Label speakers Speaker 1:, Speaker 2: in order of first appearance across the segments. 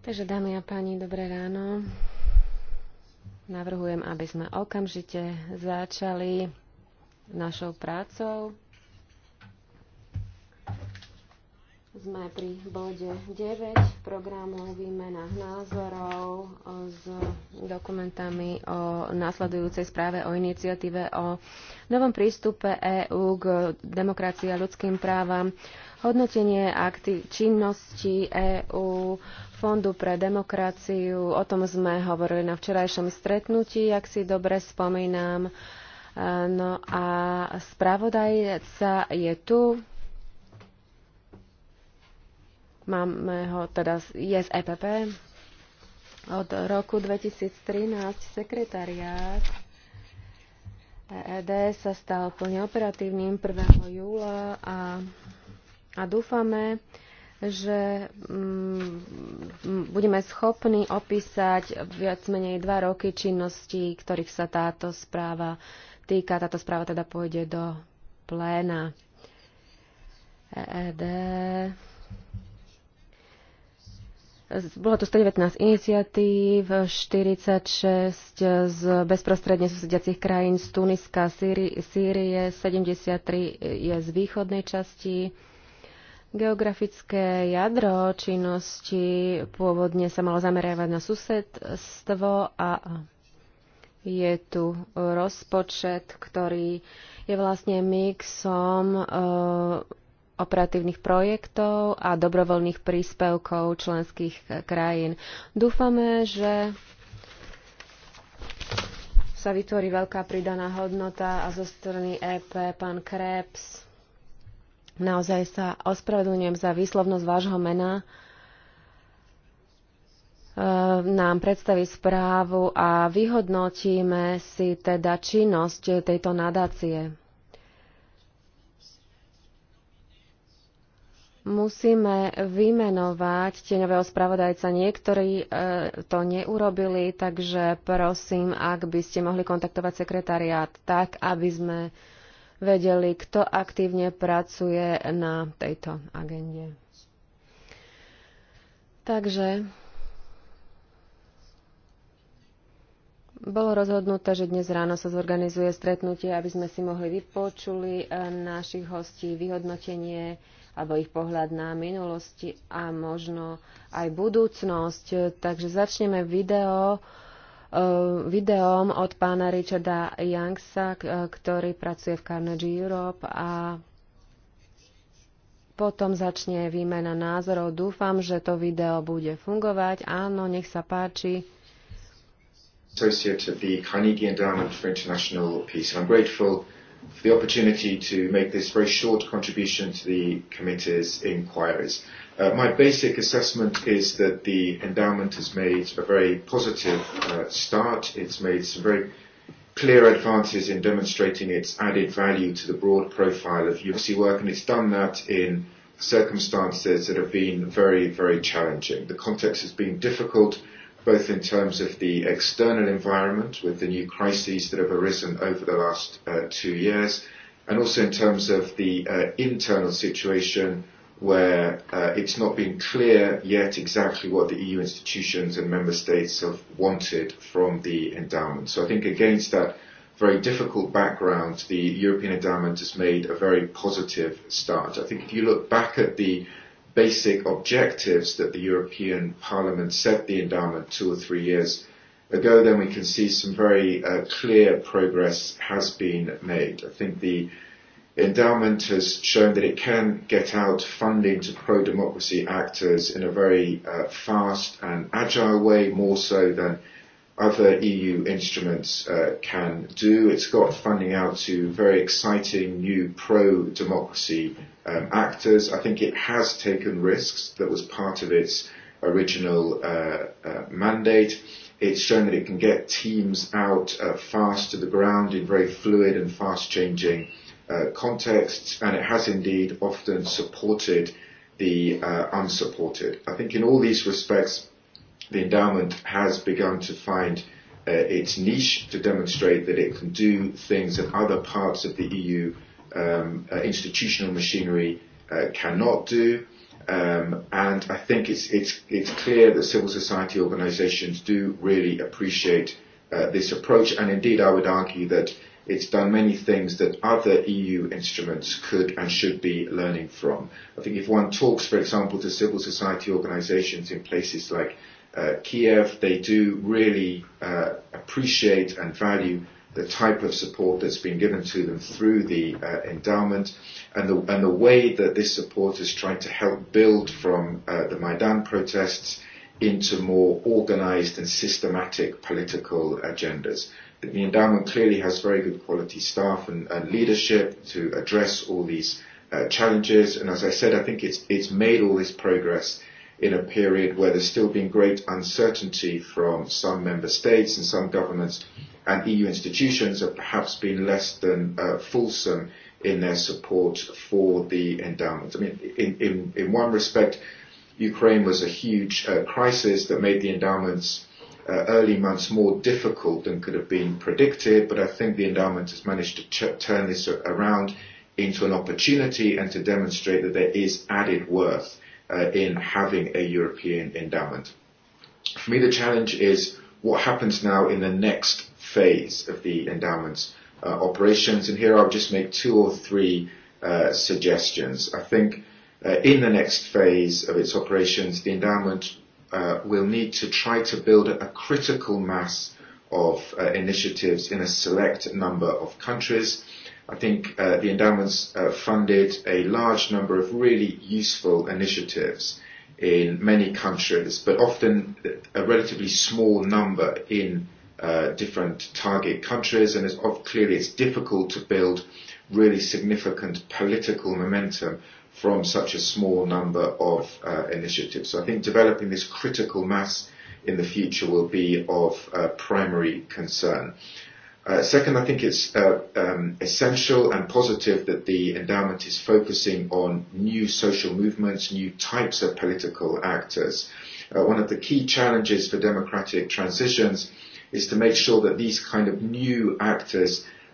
Speaker 1: Takže dámy a páni, dobré ráno. Navrhujem, aby sme okamžite začali našou prácou. Sme pri bode 9 programu výmena názorov s dokumentami o následujúcej správe o iniciatíve o novom prístupe EÚ k demokracii a ľudským právam Hodnotenie akti- činnosti EÚ, Fondu pre demokraciu, o tom sme hovorili na včerajšom stretnutí, ak si dobre spomínam. E, no a spravodajca je tu. Máme ho teda, je z EPP. Od roku 2013 sekretariát EED sa stal plne operatívnym 1. júla a a dúfame, že mm, budeme schopní opísať viac menej dva roky činností, ktorých sa táto správa týka. Táto správa teda pôjde do pléna. EED. Bolo tu 119 iniciatív, 46 z bezprostredne susediacich krajín z Tuniska, Sýrie, 73 je z východnej časti. Geografické jadro činnosti pôvodne sa malo zameriavať na susedstvo a je tu rozpočet, ktorý je vlastne mixom e, operatívnych projektov a dobrovoľných príspevkov členských krajín. Dúfame, že sa vytvorí veľká pridaná hodnota a zo strany EP pán Krebs Naozaj sa ospravedlňujem za výslovnosť vášho mena. Ehm, nám predstaví správu a vyhodnotíme si teda činnosť tejto nadácie. musíme vymenovať tieňového spravodajca. Niektorí e, to neurobili, takže prosím, ak by ste mohli kontaktovať sekretariát tak, aby sme vedeli, kto aktívne pracuje na tejto agende. Takže bolo rozhodnuté, že dnes ráno sa zorganizuje stretnutie, aby sme si mohli vypočuli eh, našich hostí vyhodnotenie alebo ich pohľad na minulosti a možno aj budúcnosť. Takže začneme video. Eh, videom od pána Richarda Youngsa, eh, ktorý pracuje v Carnegie Europe a potom začne výmena názorov. Dúfam, že to video bude fungovať. Áno, nech sa páči.
Speaker 2: Associate of the Carnegie Endowment for International Peace. I'm grateful for the opportunity to make this very short contribution to the committee's inquiries. Uh, my basic assessment is that the endowment has made a very positive uh, start. It's made some very clear advances in demonstrating its added value to the broad profile of UFC work, and it's done that in circumstances that have been very, very challenging. The context has been difficult, both in terms of the external environment with the new crises that have arisen over the last uh, two years, and also in terms of the uh, internal situation where uh, it's not been clear yet exactly what the EU institutions and member states have wanted from the endowment. So I think against that very difficult background, the European endowment has made a very positive start. I think if you look back at the basic objectives that the European Parliament set the endowment two or three years ago, then we can see some very uh, clear progress has been made. I think the endowment has shown that it can get out funding to pro-democracy actors in a very uh, fast and agile way, more so than other EU instruments uh, can do. It's got funding out to very exciting new pro-democracy um, actors. I think it has taken risks. That was part of its original uh, uh, mandate. It's shown that it can get teams out uh, fast to the ground in very fluid and fast-changing Uh, contexts, and it has indeed often supported the uh, unsupported. I think in all these respects, the endowment has begun to find uh, its niche to demonstrate that it can do things that other parts of the EU um, uh, institutional machinery uh, cannot do. Um, and I think it's, it's, it's clear that civil society organisations do really appreciate uh, this approach. And indeed, I would argue that It's done many things that other EU instruments could and should be learning from. I think if one talks, for example, to civil society organizations in places like uh, Kiev, they do really uh, appreciate and value the type of support that's been given to them through the uh, endowment and the, and the way that this support is trying to help build from uh, the Maidan protests into more organized and systematic political agendas the endowment clearly has very good quality staff and, and leadership to address all these uh, challenges. And as I said, I think it's, it's made all this progress in a period where there's still been great uncertainty from some member states and some governments, and EU institutions have perhaps been less than uh, fulsome in their support for the endowment. I mean, in, in, in one respect, Ukraine was a huge uh, crisis that made the endowments uh, early months more difficult than could have been predicted, but I think the endowment has managed to ch- turn this around into an opportunity and to demonstrate that there is added worth uh, in having a European endowment. For me, the challenge is what happens now in the next phase of the endowment's uh, operations, and here I'll just make two or three uh, suggestions. I think uh, in the next phase of its operations, the endowment uh, we'll need to try to build a critical mass of uh, initiatives in a select number of countries. I think uh, the endowments uh, funded a large number of really useful initiatives in many countries, but often a relatively small number in uh, different target countries, and it's, clearly it's difficult to build really significant political momentum from such a small number of uh, initiatives. So I think developing this critical mass in the future will be of uh, primary concern. Uh, second, I think it's uh, um, essential and positive that the endowment is focusing on new social movements, new types of political actors. Uh, one of the key challenges for democratic transitions is to make sure that these kind of new actors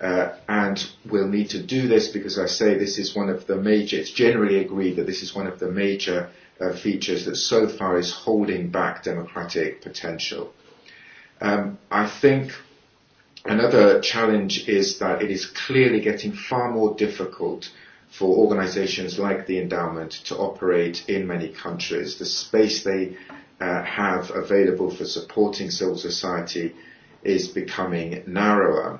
Speaker 2: Uh, and we'll need to do this because I say this is one of the major, it's generally agreed that this is one of the major uh, features that so far is holding back democratic potential. Um, I think another challenge is that it is clearly getting far more difficult for organizations like the endowment to operate in many countries. The space they uh, have available for supporting civil society is becoming narrower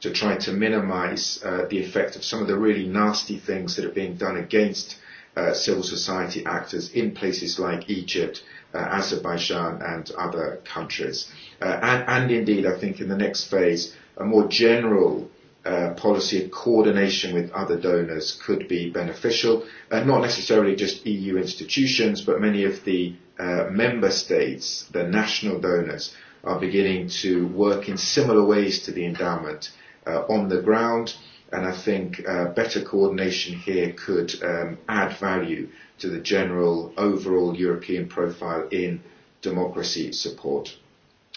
Speaker 2: to try to minimize uh, the effect of some of the really nasty things that are being done against uh, civil society actors in places like Egypt, uh, Azerbaijan and other countries. Uh, and, and indeed, I think in the next phase, a more general uh, policy of coordination with other donors could be beneficial, uh, not necessarily just EU institutions, but many of the uh, member states, the national donors, are beginning to work in similar ways to the endowment uh, on the ground. And I think uh, better coordination here could um, add value to the general overall European profile in democracy support.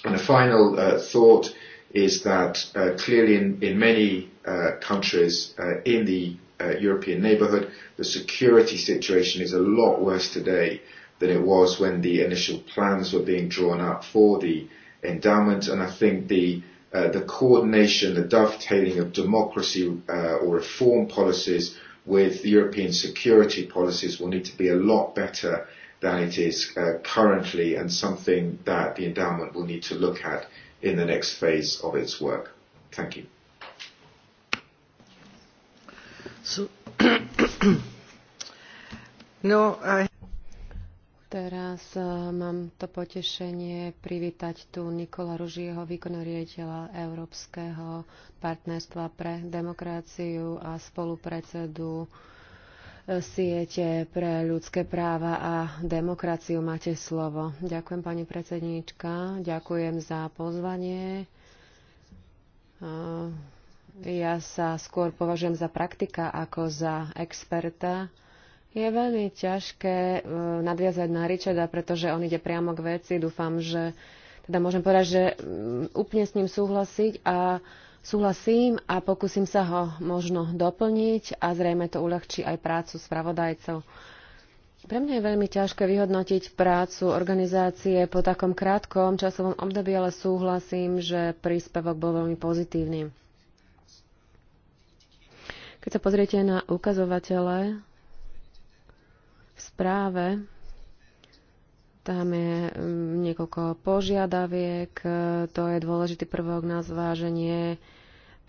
Speaker 2: And a final uh, thought is that uh, clearly in, in many uh, countries uh, in the uh, European neighbourhood, the security situation is a lot worse today than it was when the initial plans were being drawn up for the endowment. And I think the Uh, the coordination, the dovetailing of democracy uh, or reform policies with European security policies will need to be a lot better than it is uh, currently and something that the endowment will need to look at in the next phase of its work. Thank you. So, no, I Teraz
Speaker 1: e, mám to potešenie privítať tu Nikola Ružieho, výkonného Európskeho partnerstva pre demokraciu a spolupredsedu e, siete pre ľudské práva a demokraciu. Máte slovo. Ďakujem, pani predsedníčka. Ďakujem za pozvanie. E, ja sa skôr považujem za praktika ako za experta. Je veľmi ťažké e, nadviazať na Richarda, pretože on ide priamo k veci. Dúfam, že teda môžem povedať, že mm, úplne s ním súhlasiť a súhlasím a pokúsim sa ho možno doplniť a zrejme to uľahčí aj prácu spravodajcov. Pre mňa je veľmi ťažké vyhodnotiť prácu organizácie po takom krátkom časovom období, ale súhlasím, že príspevok bol veľmi pozitívny. Keď sa pozriete na ukazovatele, správe tam je mm, niekoľko požiadaviek, to je dôležitý prvok na zváženie,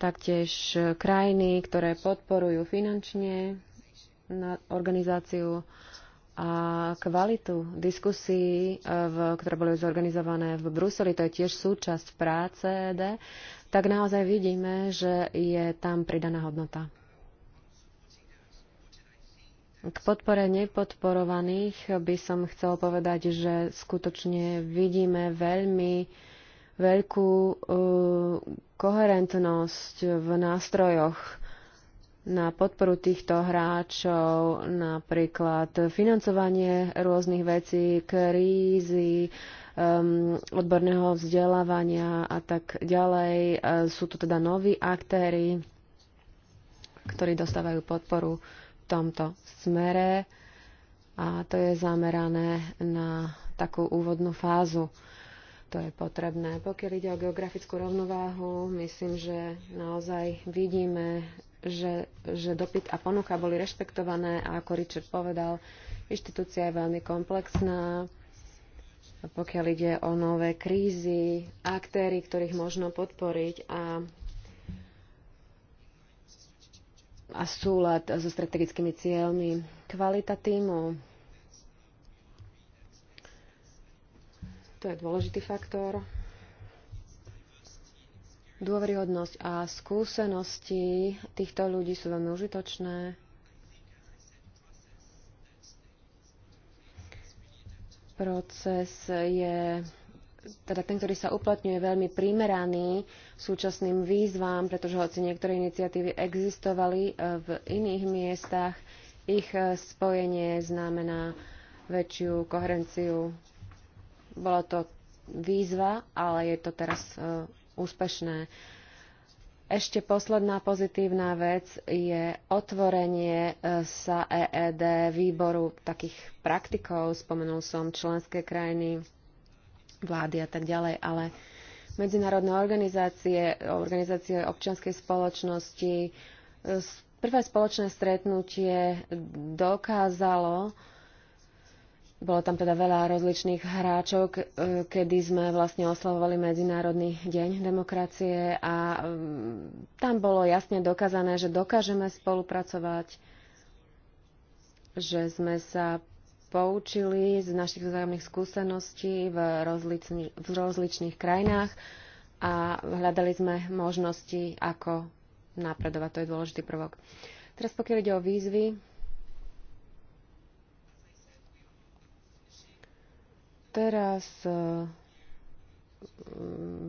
Speaker 1: taktiež krajiny, ktoré podporujú finančne na organizáciu a kvalitu diskusí, eh, v, ktoré boli zorganizované v Bruseli, to je tiež súčasť práce D, tak naozaj vidíme, že je tam pridaná hodnota. K podpore nepodporovaných by som chcel povedať, že skutočne vidíme veľmi veľkú uh, koherentnosť v nástrojoch na podporu týchto hráčov, napríklad financovanie rôznych vecí, krízy, um, odborného vzdelávania a tak ďalej. E, sú tu teda noví aktéry, ktorí dostávajú podporu tomto smere a to je zamerané na takú úvodnú fázu. To je potrebné. Pokiaľ ide o geografickú rovnováhu, myslím, že naozaj vidíme, že, že dopyt a ponuka boli rešpektované a ako Richard povedal, inštitúcia je veľmi komplexná pokiaľ ide o nové krízy, aktéry, ktorých možno podporiť a a súlad so strategickými cieľmi. Kvalita týmu. To je dôležitý faktor. Dôveryhodnosť a skúsenosti týchto ľudí sú veľmi užitočné. Proces je teda ten, ktorý sa uplatňuje, veľmi primeraný súčasným výzvám, pretože hoci niektoré iniciatívy existovali e, v iných miestach, ich e, spojenie znamená väčšiu koherenciu. Bola to výzva, ale je to teraz e, úspešné. Ešte posledná pozitívna vec je otvorenie sa EED výboru takých praktikov. Spomenul som členské krajiny vlády a tak ďalej, ale medzinárodné organizácie, organizácie občianskej spoločnosti, prvé spoločné stretnutie dokázalo, bolo tam teda veľa rozličných hráčov, kedy sme vlastne oslavovali Medzinárodný deň demokracie a mm, tam bolo jasne dokázané, že dokážeme spolupracovať, že sme sa poučili z našich vzájomných skúseností v, rozlični, v rozličných krajinách a hľadali sme možnosti, ako napredovať. To je dôležitý prvok. Teraz pokiaľ ide o výzvy, teraz e,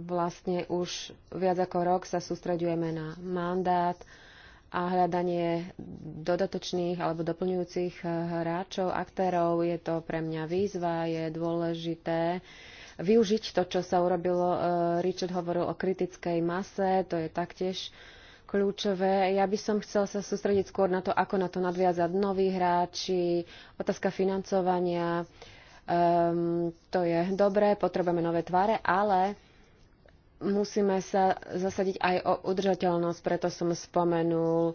Speaker 1: vlastne už viac ako rok sa sústredujeme na mandát, a hľadanie dodatočných alebo doplňujúcich eh, hráčov, aktérov. Je to pre mňa výzva, je dôležité využiť to, čo sa urobilo. Eh, Richard hovoril o kritickej mase, to je taktiež kľúčové. Ja by som chcel sa sústrediť skôr na to, ako na to nadviazať noví hráči, otázka financovania. Um, to je dobré, potrebujeme nové tváre, ale musíme sa zasadiť aj o udržateľnosť, preto som spomenul e,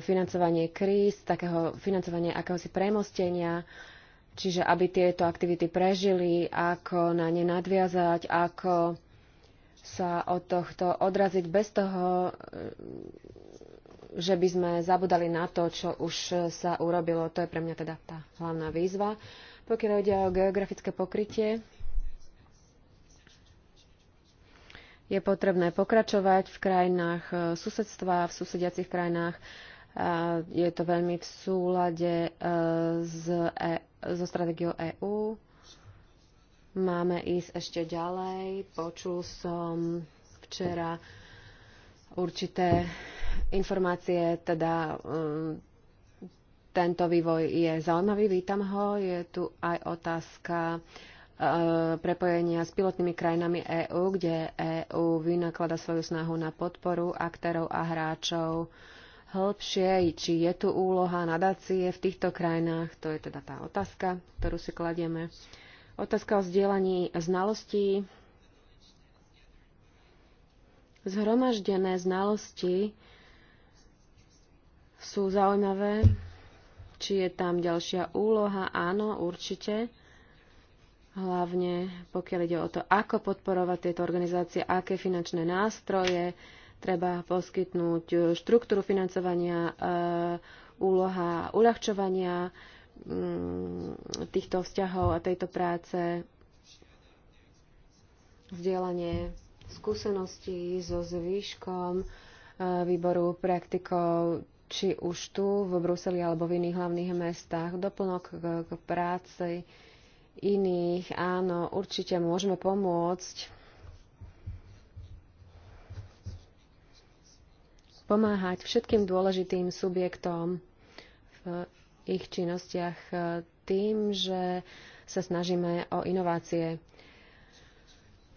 Speaker 1: financovanie kríz, takého financovanie akéhosi premostenia, čiže aby tieto aktivity prežili, ako na ne nadviazať, ako sa od tohto odraziť bez toho, e, že by sme zabudali na to, čo už sa urobilo. To je pre mňa teda tá hlavná výzva. Pokiaľ ide o geografické pokrytie, je potrebné pokračovať v krajinách e, susedstva, v susediacich krajinách. je to veľmi v súlade e, e so stratégiou EÚ. Máme ísť ešte ďalej. Počul som včera určité informácie, teda um, tento vývoj je zaujímavý, vítam ho. Je tu aj otázka E, prepojenia s pilotnými krajinami EÚ, kde EÚ vynaklada svoju snahu na podporu aktérov a hráčov hĺbšie, či je tu úloha nadácie v týchto krajinách, to je teda tá otázka, ktorú si kladieme. Otázka o zdieľaní znalostí. Zhromaždené znalosti sú zaujímavé. Či je tam ďalšia úloha? Áno, určite hlavne pokiaľ ide o to, ako podporovať tieto organizácie, aké finančné nástroje treba poskytnúť, štruktúru financovania, eh, úloha uľahčovania mm, týchto vzťahov a tejto práce, vzdielanie skúseností so zvýškom eh, výboru praktikov, či už tu v Bruseli alebo v iných hlavných mestách, doplnok k práci iných. Áno, určite môžeme pomôcť. Pomáhať všetkým dôležitým subjektom v ich činnostiach tým, že sa snažíme o inovácie.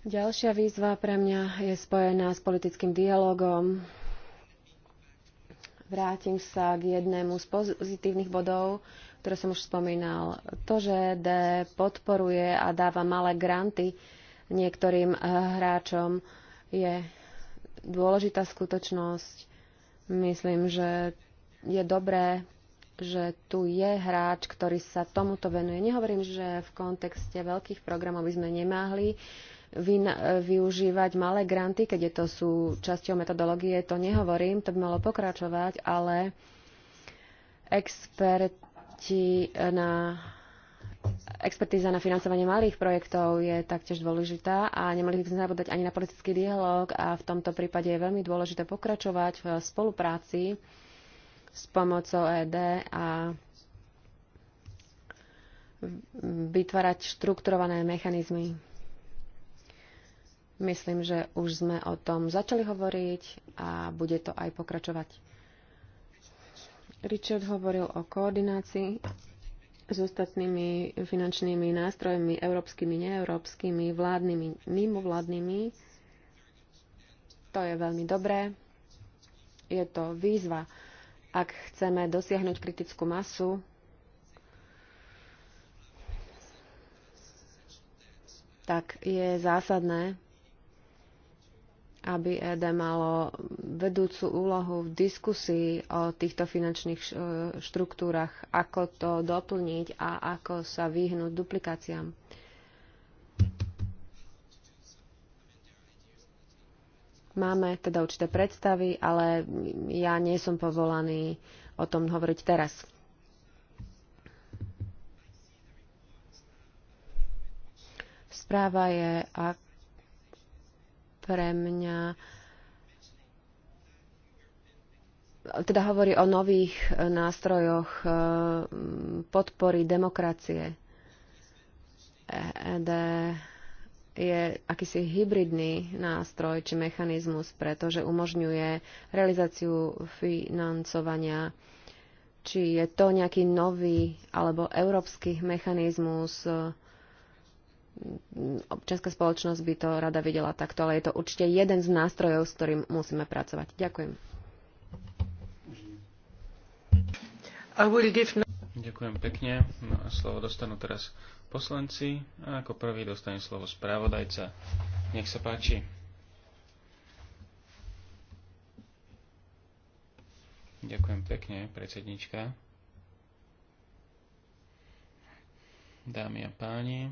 Speaker 1: Ďalšia výzva pre mňa je spojená s politickým dialogom. Vrátim sa k jednému z pozitívnych bodov, ktoré som už spomínal. To, že D podporuje a dáva malé granty niektorým eh, hráčom, je dôležitá skutočnosť. Myslím, že je dobré, že tu je hráč, ktorý sa tomuto venuje. Nehovorím, že v kontexte veľkých programov by sme nemáhli využívať malé granty, keď je to sú časťou metodológie, to nehovorím, to by malo pokračovať, ale expert experti eh, na expertíza na financovanie malých projektov je taktiež dôležitá a nemali by sme zabúdať ani na politický dialog a v tomto prípade je veľmi dôležité pokračovať v spolupráci s pomocou ED a vytvárať štrukturované mechanizmy. Myslím, že už sme o tom začali hovoriť a bude to aj pokračovať. Richard hovoril o koordinácii s ostatnými finančnými nástrojmi, európskymi, neeurópskymi, vládnymi, mimovládnymi. To je veľmi dobré. Je to výzva, ak chceme dosiahnuť kritickú masu. Tak je zásadné, aby ED malo vedúcu úlohu v diskusii o týchto finančných štruktúrach, ako to doplniť a ako sa vyhnúť duplikáciám. Máme teda určité predstavy, ale ja nie som povolaný o tom hovoriť teraz. Správa je ak pre mňa teda hovorí o nových e, nástrojoch e, podpory demokracie. EED je akýsi hybridný nástroj či mechanizmus, pretože umožňuje realizáciu financovania, či je to nejaký nový alebo európsky mechanizmus občianská spoločnosť by to rada videla takto, ale je to určite jeden z nástrojov, s ktorým musíme pracovať. Ďakujem.
Speaker 3: Give... No- Ďakujem pekne. No a slovo dostanú teraz poslanci a ako prvý dostane slovo správodajca. Nech sa páči. Ďakujem pekne, predsednička. Dámy a páni,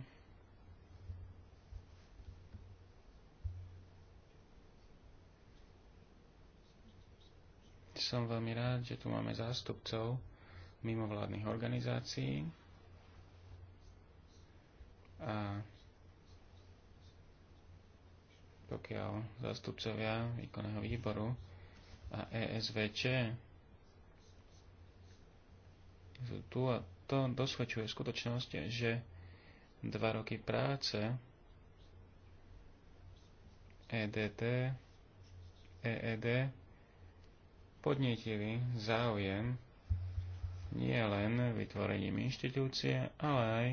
Speaker 3: som veľmi rád, že tu máme zástupcov mimovládnych organizácií a pokiaľ zástupcovia výkonného výboru a ESVČ tu a to dosvedčuje skutočnosť, že dva roky práce EDT, EED podnetili záujem nie len vytvorením inštitúcie, ale aj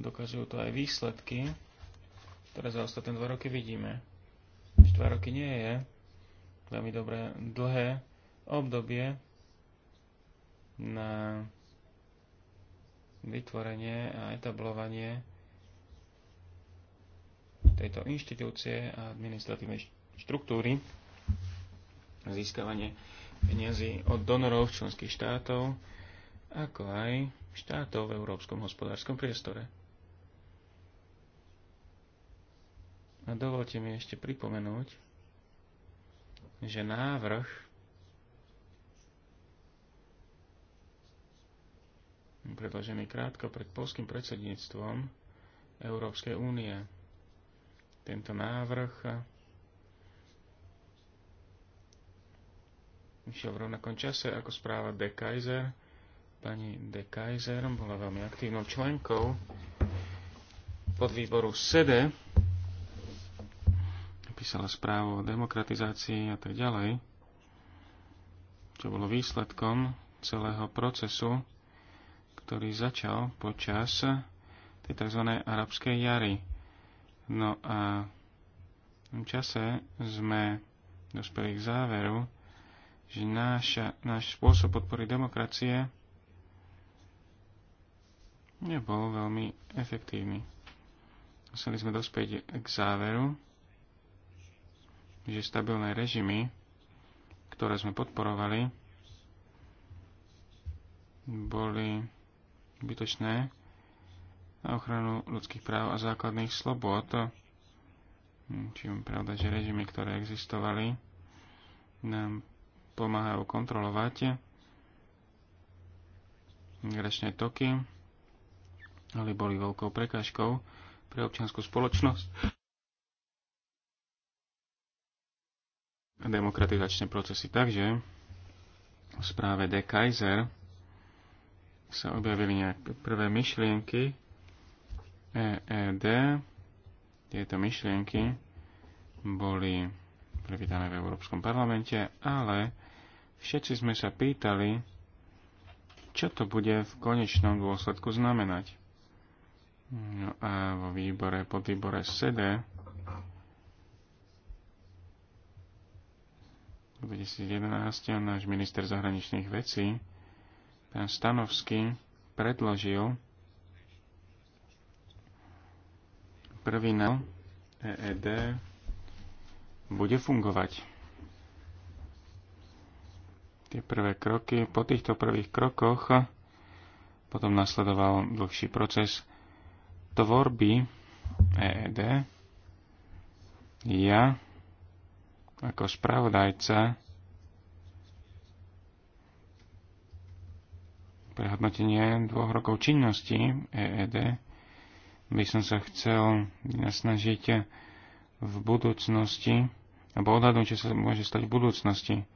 Speaker 3: dokazujú to aj výsledky, ktoré za ostatné dva roky vidíme. Už dva roky nie je veľmi dobré dlhé obdobie na vytvorenie a etablovanie tejto inštitúcie a administratívnej štruktúry získavanie peniazy od donorov členských štátov, ako aj štátov v európskom hospodárskom priestore. A dovolte mi ešte pripomenúť, že návrh predložený krátko pred polským predsedníctvom Európskej únie. Tento návrh išiel v rovnakom čase ako správa De Kaiser. Pani De Kaiser bola veľmi aktívnou členkou pod výboru SEDE. Písala správu o demokratizácii a tak ďalej, čo bolo výsledkom celého procesu, ktorý začal počas tej tzv. arabskej jary. No a v čase sme dospeli k záveru, že náš, náš spôsob podpory demokracie nebol veľmi efektívny. Museli sme dospieť k záveru, že stabilné režimy, ktoré sme podporovali, boli bytočné na ochranu ľudských práv a základných slobod. Čím hm, pravda, že režimy, ktoré existovali, nám pomáhajú kontrolovať migračné toky, ale boli veľkou prekážkou pre občianskú spoločnosť. demokratizačné procesy. Takže v správe De Kaiser sa objavili nejaké prvé myšlienky EED. Tieto myšlienky boli privítané v Európskom parlamente, ale Všetci sme sa pýtali, čo to bude v konečnom dôsledku znamenať. No a vo výbore, pod výbore SEDE v 2011 náš minister zahraničných vecí, pán Stanovský, predložil prvý EED bude fungovať tie prvé kroky. Po týchto prvých krokoch potom nasledoval dlhší proces tvorby EED. Ja ako spravodajca prehodnotenie dvoch rokov činnosti EED by som sa chcel nasnažiť v budúcnosti, alebo odhadnúť, čo sa môže stať v budúcnosti.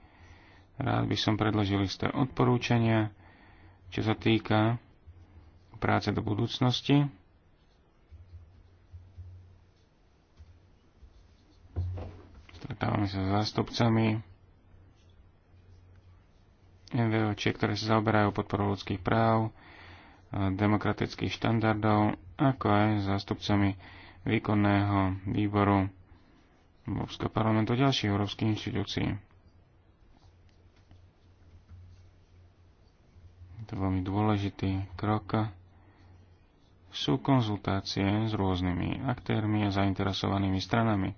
Speaker 3: Rád by som predložil isté odporúčania, čo sa týka práce do budúcnosti. Stretávame sa s zástupcami MVOČ, ktoré sa zaoberajú podporou ľudských práv, demokratických štandardov, ako aj s zástupcami výkonného výboru Európskeho parlamentu a ďalších európskych inštitúcií. je to veľmi dôležitý krok, sú konzultácie s rôznymi aktérmi a zainteresovanými stranami.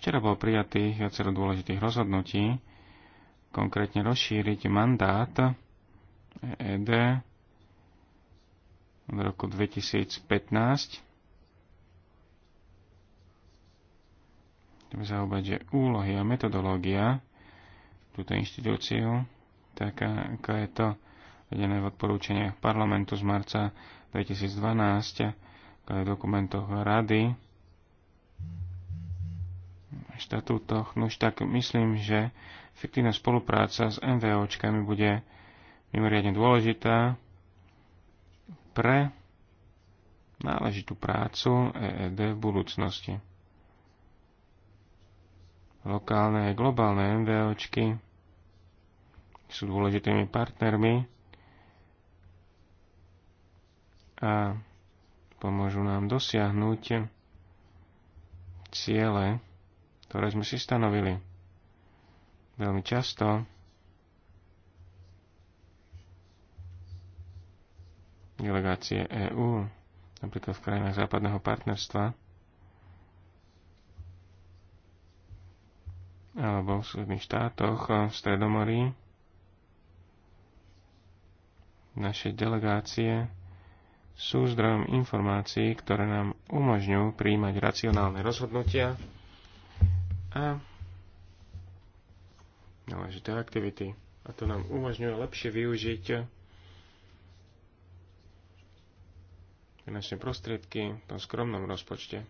Speaker 3: Včera bol prijatých viacero dôležitých rozhodnutí, konkrétne rozšíriť mandát EED od roku 2015 Chcem zaobať, že úlohy a metodológia túto inštitúciu, tak ako je to vedené v odporúčaniach parlamentu z marca 2012, aj v dokumentoch rady, štatútoch. Nuž tak myslím, že efektívna spolupráca s MVOčkami bude mimoriadne dôležitá pre náležitú prácu EED v budúcnosti. Lokálne a globálne MVOčky sú dôležitými partnermi a pomôžu nám dosiahnuť ciele, ktoré sme si stanovili. Veľmi často delegácie EÚ, napríklad v krajinách západného partnerstva, alebo v súdnych štátoch v Stredomorí, naše delegácie sú zdrojom informácií, ktoré nám umožňujú príjmať racionálne rozhodnutia a náležité aktivity. A to nám umožňuje lepšie využiť finančné prostriedky v tom skromnom rozpočte.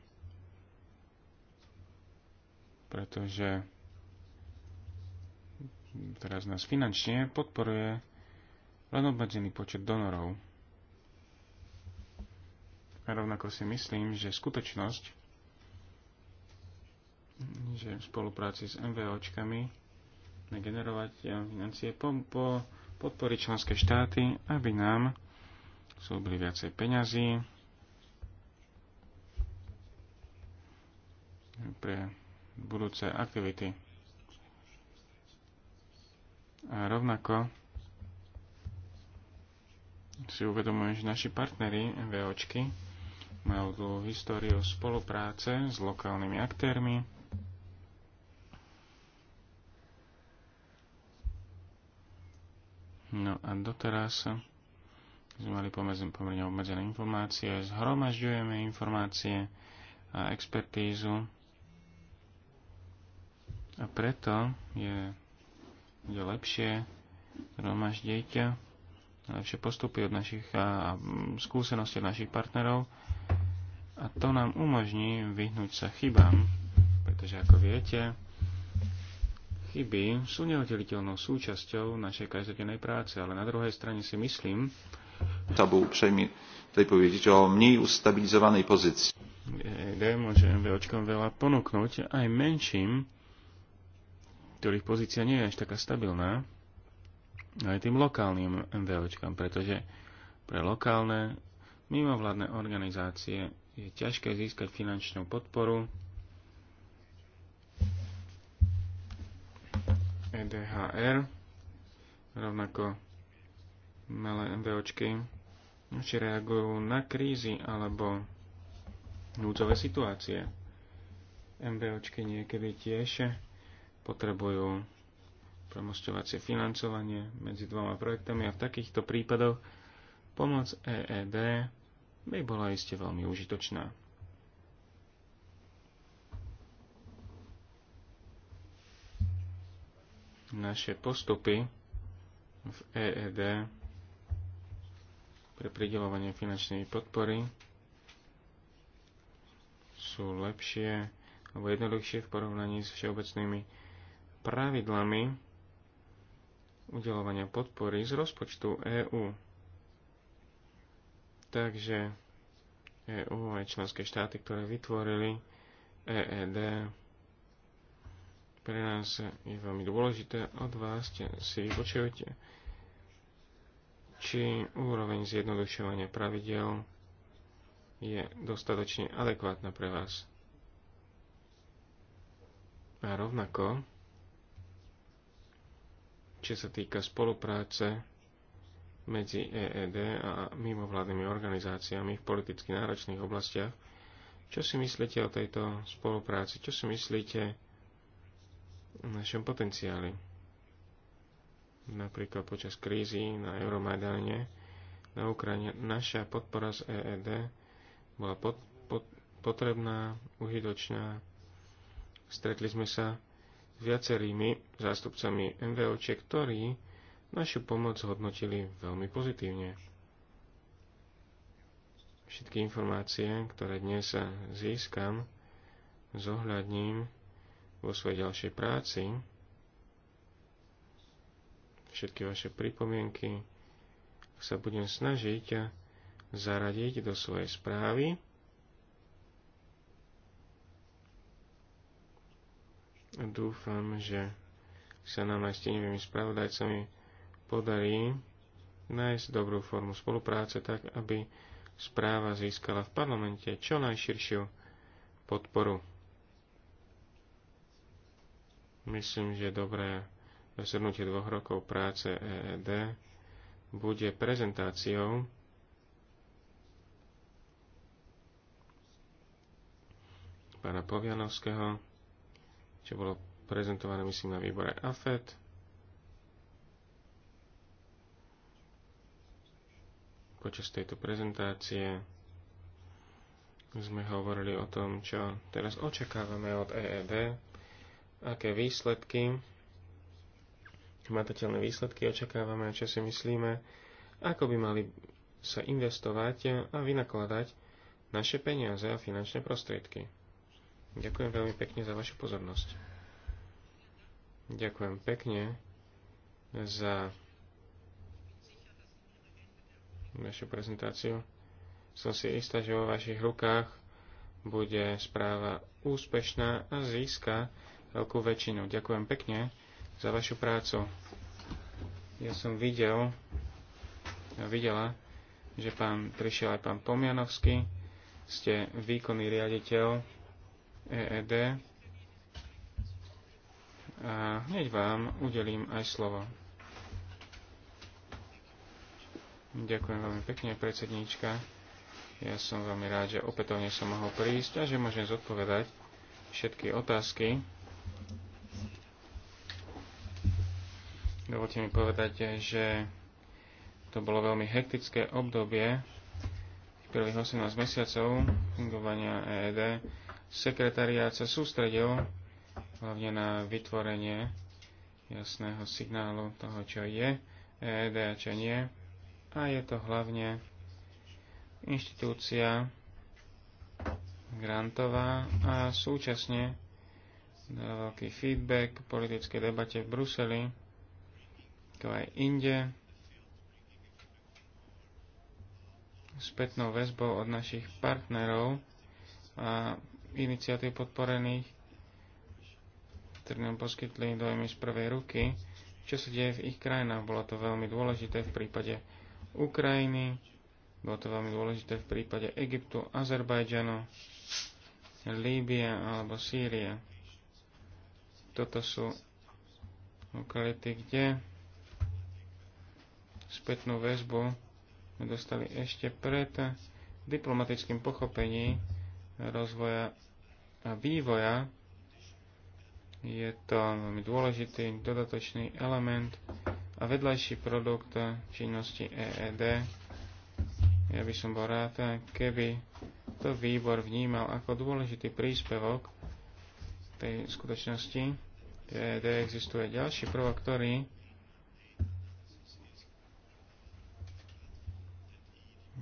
Speaker 3: Pretože teraz nás finančne podporuje len obmedzený počet donorov. Rovnako si myslím, že skutočnosť, že v spolupráci s MVOčkami generovať financie po, po podpory členské štáty, aby nám slúbili viacej peňazí pre budúce aktivity. A rovnako si uvedomujem, že naši partnery, VOčky majú dlhú históriu spolupráce s lokálnymi aktérmi. No a doteraz sme mali pomerne obmedzené informácie, zhromažďujeme informácie a expertízu a preto je, je lepšie zhromaždiť lepšie postupy od našich a, a skúsenosti od našich partnerov a to nám umožní vyhnúť sa chybám, pretože ako viete, chyby sú neoddeliteľnou súčasťou našej každodennej práce, ale na druhej strane si myslím,
Speaker 4: to był uprzejmi tutaj powiedzieć
Speaker 3: o ustabilizovanej pozícii. pozycji. môže MVOčkom veľa ponúknuť aj menším, ktorých pozícia nie je až taká stabilná, aj tým lokálnym MVOčkom, pretože pre lokálne mimovládne organizácie je ťažké získať finančnú podporu. EDHR, rovnako malé MVOčky, či reagujú na krízy alebo núdzové situácie. MVOčky niekedy tiež potrebujú premostovacie financovanie medzi dvoma projektami a v takýchto prípadoch pomoc EED by bola iste veľmi užitočná. Naše postupy v EED pre pridelovanie finančnej podpory sú lepšie alebo jednoduchšie v porovnaní s všeobecnými pravidlami udelovania podpory z rozpočtu EÚ. Takže EU aj členské štáty, ktoré vytvorili EED, pre nás je veľmi dôležité od vás si vypočujete, či úroveň zjednodušovania pravidel je dostatočne adekvátna pre vás. A rovnako, čo sa týka spolupráce medzi EED a mimovládnymi organizáciami v politicky náročných oblastiach. Čo si myslíte o tejto spolupráci? Čo si myslíte o našom potenciáli? Napríklad počas krízy na Euromajdáne na Ukrajine naša podpora z EED bola pod, pod, potrebná, uhydočná. Stretli sme sa s viacerými zástupcami MVOčiek, ktorí našu pomoc hodnotili veľmi pozitívne. Všetky informácie, ktoré dnes získam, zohľadním vo svojej ďalšej práci. Všetky vaše pripomienky sa budem snažiť zaradiť do svojej správy. Dúfam, že sa nám aj s tými spravodajcami podarí nájsť dobrú formu spolupráce tak, aby správa získala v parlamente čo najširšiu podporu. Myslím, že dobré zhrnutie dvoch rokov práce EED bude prezentáciou pána Povianovského, čo bolo prezentované, myslím, na výbore AFET. Počas tejto prezentácie sme hovorili o tom, čo teraz očakávame od EED, aké výsledky, matateľné výsledky očakávame a čo si myslíme, ako by mali sa investovať a vynakladať naše peniaze a finančné prostriedky. Ďakujem veľmi pekne za vašu pozornosť. Ďakujem pekne za našu prezentáciu. Som si istá, že vo vašich rukách bude správa úspešná a získa veľkú väčšinu. Ďakujem pekne za vašu prácu. Ja som videl, ja videla, že pán, prišiel aj pán Pomianovský, ste výkonný riaditeľ EED a hneď vám udelím aj slovo. Ďakujem veľmi pekne, predsedníčka. Ja som veľmi rád, že opätovne som mohol prísť a že môžem zodpovedať všetky otázky. Dovolte mi povedať, že to bolo veľmi hektické obdobie prvých 18 mesiacov fungovania EED. Sekretariát sa sústredil hlavne na vytvorenie jasného signálu toho, čo je EED a čo nie a je to hlavne inštitúcia grantová a súčasne dá veľký feedback po politickej debate v Bruseli, to aj inde, spätnou väzbou od našich partnerov a iniciatív podporených, ktoré nám poskytli dojmy z prvej ruky, čo sa deje v ich krajinách. Bolo to veľmi dôležité v prípade Ukrajiny. Bolo to veľmi dôležité v prípade Egyptu, Azerbajdžanu, Líbia alebo Sýrie. Toto sú lokality, kde spätnú väzbu sme dostali ešte pred diplomatickým pochopením rozvoja a vývoja. Je to veľmi dôležitý dodatočný element a vedľajší produkt činnosti EED. Ja by som bol rád, keby to výbor vnímal ako dôležitý príspevok tej skutočnosti. EED existuje ďalší prvok, ktorý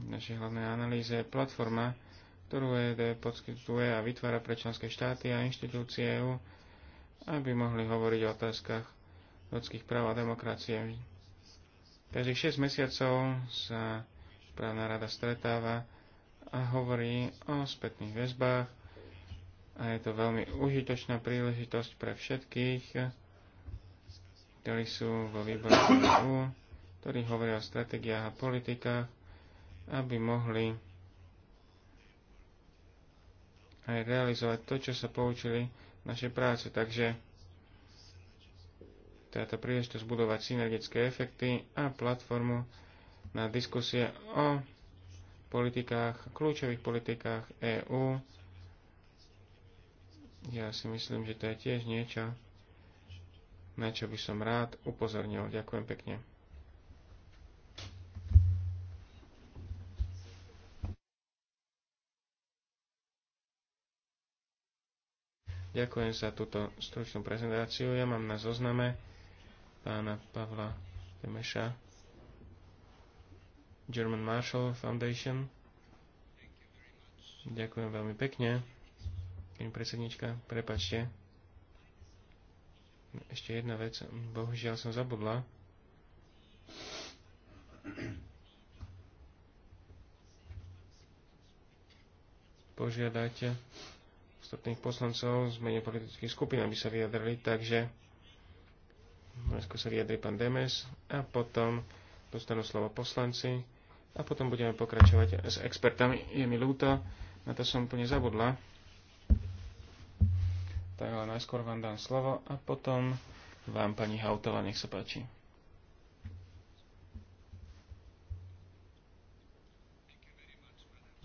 Speaker 3: v našej hlavnej analýze je platforma, ktorú EED poskytuje a vytvára pre členské štáty a inštitúcie EU, aby mohli hovoriť o otázkach ľudských práv a demokracie. Každých 6 mesiacov sa právna rada stretáva a hovorí o spätných väzbách a je to veľmi užitočná príležitosť pre všetkých, ktorí sú vo výbore EU, ktorí hovoria o stratégiách a politikách, aby mohli aj realizovať to, čo sa poučili v našej práce. Takže táto príležitosť budovať synergické efekty a platformu na diskusie o politikách, kľúčových politikách EÚ. Ja si myslím, že to je tiež niečo, na čo by som rád upozornil. Ďakujem pekne. Ďakujem za túto stručnú prezentáciu. Ja mám na zozname pána Pavla Temeša, German Marshall Foundation. Ďakujem veľmi pekne. Pani predsednička, prepačte. Ešte jedna vec, bohužiaľ som zabudla. Požiadajte ostatných poslancov z menej politických skupín, aby sa vyjadrali, takže Najskôr sa vyjadri pán Demes a potom dostanú slovo poslanci a potom budeme pokračovať s expertami. Je mi ľúto, na to som úplne zabudla. Tak ale najskôr vám dám slovo a potom vám pani Hautova, nech sa páči.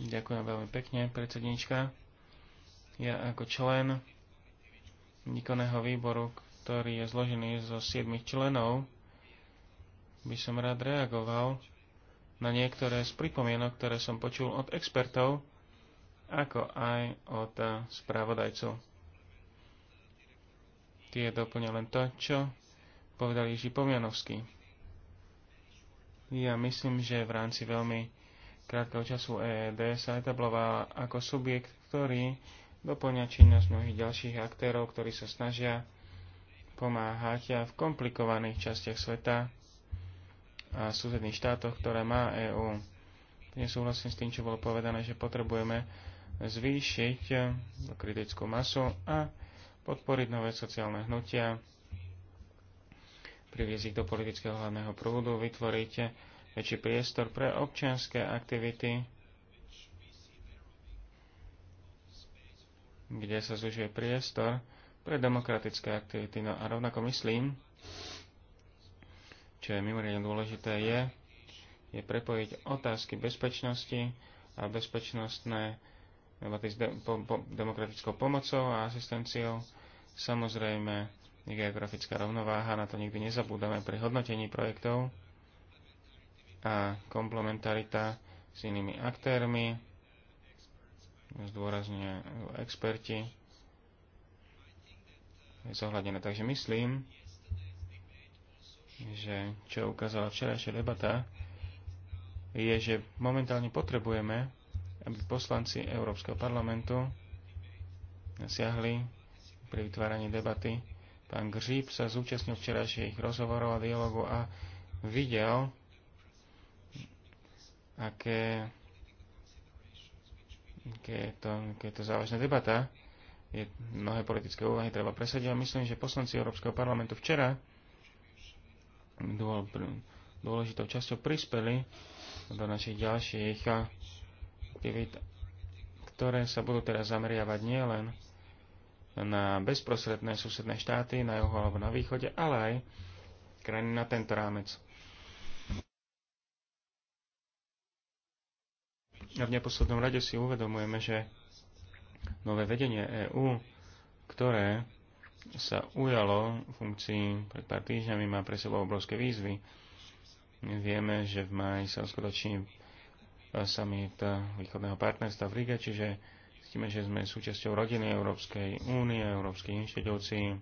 Speaker 3: Ďakujem veľmi pekne, predsednička. Ja ako člen výkonného výboru ktorý je zložený zo 7 členov, by som rád reagoval na niektoré z pripomienok, ktoré som počul od expertov, ako aj od správodajcov. Tie doplňa len to, čo povedal Jiří Pomianovský. Ja myslím, že v rámci veľmi krátkeho času EED sa etablovala ako subjekt, ktorý doplňa činnosť mnohých ďalších aktérov, ktorí sa snažia pomáhať v komplikovaných častiach sveta a susedných štátoch, ktoré má EÚ. Nesúhlasím s tým, čo bolo povedané, že potrebujeme zvýšiť kritickú masu a podporiť nové sociálne hnutia, priviesť ich do politického hlavného prúdu, vytvoriť väčší priestor pre občianské aktivity, kde sa zužuje priestor pre demokratické aktivity. No a rovnako myslím, čo je mimoriadne dôležité, je, je prepojiť otázky bezpečnosti a bezpečnostné debaty s de- po- po- demokratickou pomocou a asistenciou. Samozrejme, geografická rovnováha, na to nikdy nezabúdame pri hodnotení projektov a komplementarita s inými aktérmi, zdôrazňuje experti zohľadené. Takže myslím, že čo ukázala včerajšia debata, je, že momentálne potrebujeme, aby poslanci Európskeho parlamentu siahli pri vytváraní debaty. Pán Gržíp sa zúčastnil včerajších rozhovorov a dialogu a videl, aké, aké, je to, aké je to závažná debata je mnohé politické úvahy treba presadiť a myslím, že poslanci Európskeho parlamentu včera dôležitou časťou prispeli do našich ďalších aktivít, ktoré sa budú teraz zameriavať nielen na bezprostredné susedné štáty na juhu alebo na východe, ale aj krajiny na tento rámec. A v neposlednom rade si uvedomujeme, že Nové vedenie EÚ, ktoré sa ujalo funkcií pred pár týždňami, má pre sebou obrovské výzvy. Vieme, že v Maji sa uskutoční e, summit e, východného partnerstva v Rige, čiže cítime, že sme súčasťou rodiny Európskej únie, Európskej inštitúcií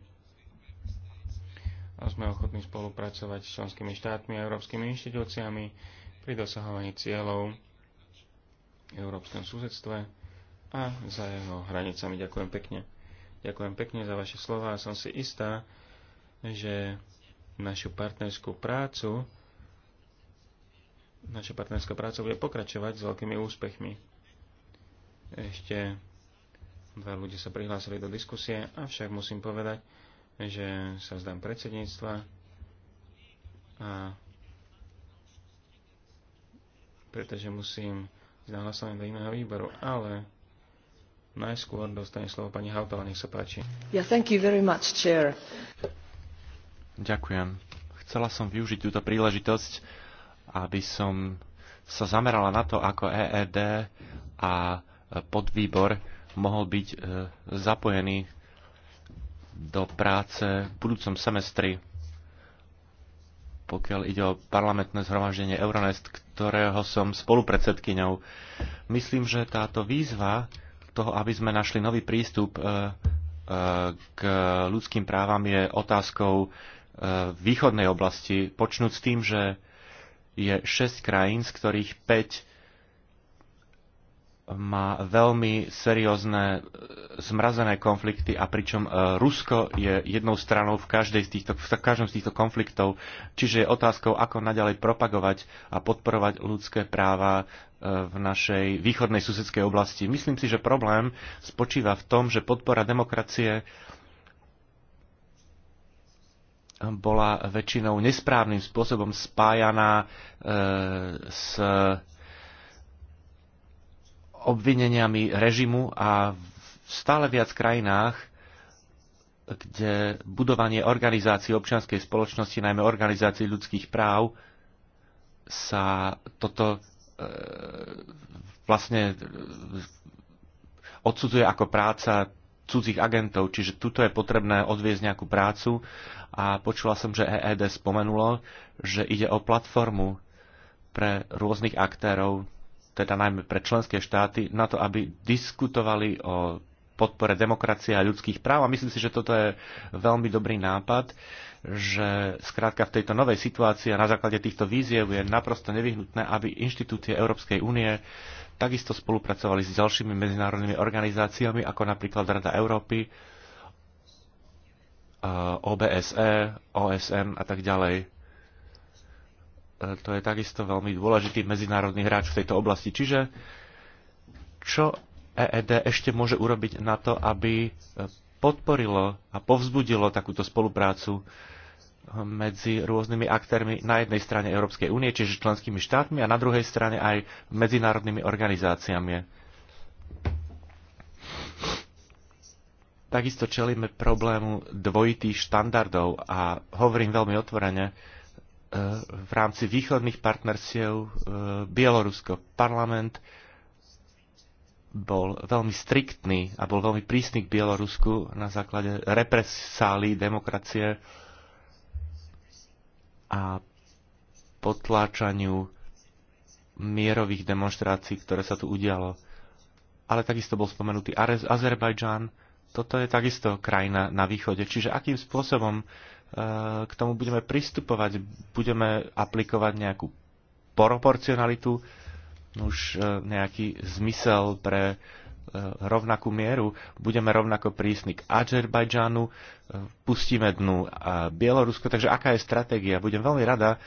Speaker 3: a sme ochotní spolupracovať s členskými štátmi a európskymi inštitúciami pri dosahovaní cieľov v európskom susedstve a za jeho hranicami. Ďakujem pekne. Ďakujem pekne za vaše slova a som si istá, že našu partnerskú prácu naša partnerská práca bude pokračovať s veľkými úspechmi. Ešte dva ľudia sa prihlásili do diskusie, avšak musím povedať, že sa zdám predsedníctva a pretože musím ísť na do iného výboru, ale Najskôr dostane slovo pani Hautala, nech sa páči.
Speaker 1: Yeah, thank you very much, chair.
Speaker 5: Ďakujem. Chcela som využiť túto príležitosť, aby som sa zamerala na to, ako EED a podvýbor mohol byť e, zapojený do práce v budúcom semestri, pokiaľ ide o parlamentné zhromaždenie Euronest, ktorého som spolupredsedkyňou. Myslím, že táto výzva toho, aby sme našli nový prístup e, e, k ľudským právam, je otázkou e, východnej oblasti, počnúť s tým, že je 6 krajín, z ktorých 5 má veľmi seriózne e, zmrazené konflikty a pričom e, Rusko je jednou stranou v, každej z týchto, v každom z týchto konfliktov, čiže je otázkou, ako naďalej propagovať a podporovať ľudské práva e, v našej východnej susedskej oblasti. Myslím si, že problém spočíva v tom, že podpora demokracie bola väčšinou nesprávnym spôsobom spájaná e, s obvineniami režimu a v stále viac krajinách, kde budovanie organizácií občianskej spoločnosti, najmä organizácií ľudských práv, sa toto e, vlastne e, odsudzuje ako práca cudzích agentov, čiže tuto je potrebné odviezť nejakú prácu a počula som, že EED spomenulo, že ide o platformu pre rôznych aktérov teda najmä pre členské štáty, na to, aby diskutovali o podpore demokracie a ľudských práv. A myslím si, že toto je veľmi dobrý nápad, že skrátka v tejto novej situácii a na základe týchto víziev je naprosto nevyhnutné, aby inštitúcie Európskej únie takisto spolupracovali s ďalšími medzinárodnými organizáciami, ako napríklad Rada Európy, eh, OBSE, OSN a tak ďalej to je takisto veľmi dôležitý medzinárodný hráč v tejto oblasti. Čiže čo EED ešte môže urobiť na to, aby podporilo a povzbudilo takúto spoluprácu medzi rôznymi aktérmi na jednej strane Európskej únie, čiže členskými štátmi, a na druhej strane aj medzinárodnými organizáciami. Takisto čelíme problému dvojitých štandardov a hovorím veľmi otvorene, Eh, v rámci východných partnerstiev eh, Bielorusko. Parlament bol veľmi striktný a bol veľmi prísny k Bielorusku na základe represálí demokracie a potláčaniu mierových demonstrácií, ktoré sa tu udialo. Ale takisto bol spomenutý Azerbajdžan. Toto je takisto krajina na východe. Čiže akým spôsobom E, k tomu budeme pristupovať, budeme aplikovať nejakú proporcionalitu, už e, nejaký zmysel pre e, rovnakú mieru, budeme rovnako prísni k Azerbajdžanu, pustíme dnu a Bielorusko, takže aká je stratégia? Budem veľmi rada,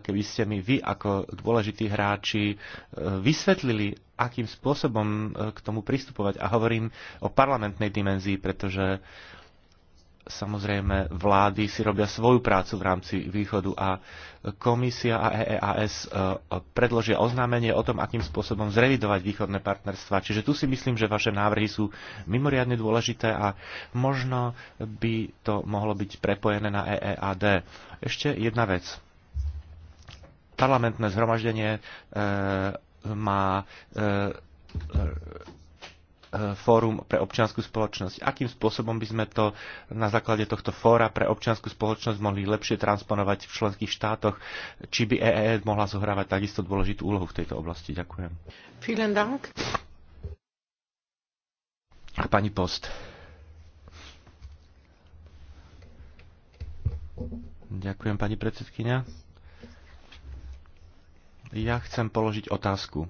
Speaker 5: keby ste mi vy ako dôležití hráči vysvetlili, akým spôsobom k tomu pristupovať. A hovorím o parlamentnej dimenzii, pretože uh, Samozrejme, vlády si robia svoju prácu v rámci východu a komisia a EEAS e, predložia oznámenie o tom, akým spôsobom zrevidovať východné partnerstva. Čiže tu si myslím, že vaše návrhy sú mimoriadne dôležité a možno by to mohlo byť prepojené na EEAD. Ešte jedna vec. Parlamentné zhromaždenie e, má e, Eh, fórum pre občianskú spoločnosť. Akým spôsobom by sme to na základe tohto fóra pre občianskú spoločnosť mohli lepšie transponovať v členských štátoch? Či by EEE e e mohla zohrávať takisto dôležitú úlohu v tejto oblasti? Ďakujem. Vielen Dank. A pani Post. Ďakujem, pani predsedkynia. Ja chcem položiť otázku.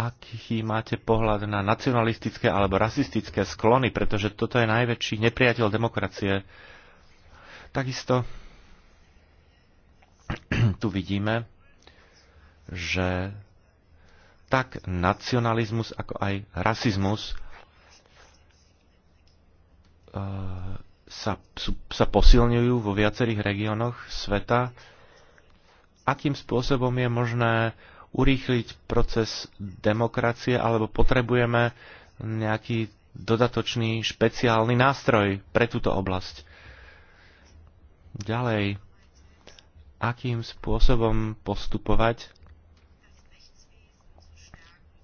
Speaker 5: aký máte pohľad na nacionalistické alebo rasistické sklony, pretože toto je najväčší nepriateľ demokracie. Takisto tu vidíme, že tak nacionalizmus, ako aj rasizmus eh, sa, sa posilňujú vo viacerých regiónoch sveta. Akým spôsobom je možné urýchliť proces demokracie alebo potrebujeme nejaký dodatočný špeciálny nástroj pre túto oblasť. Ďalej, akým spôsobom postupovať,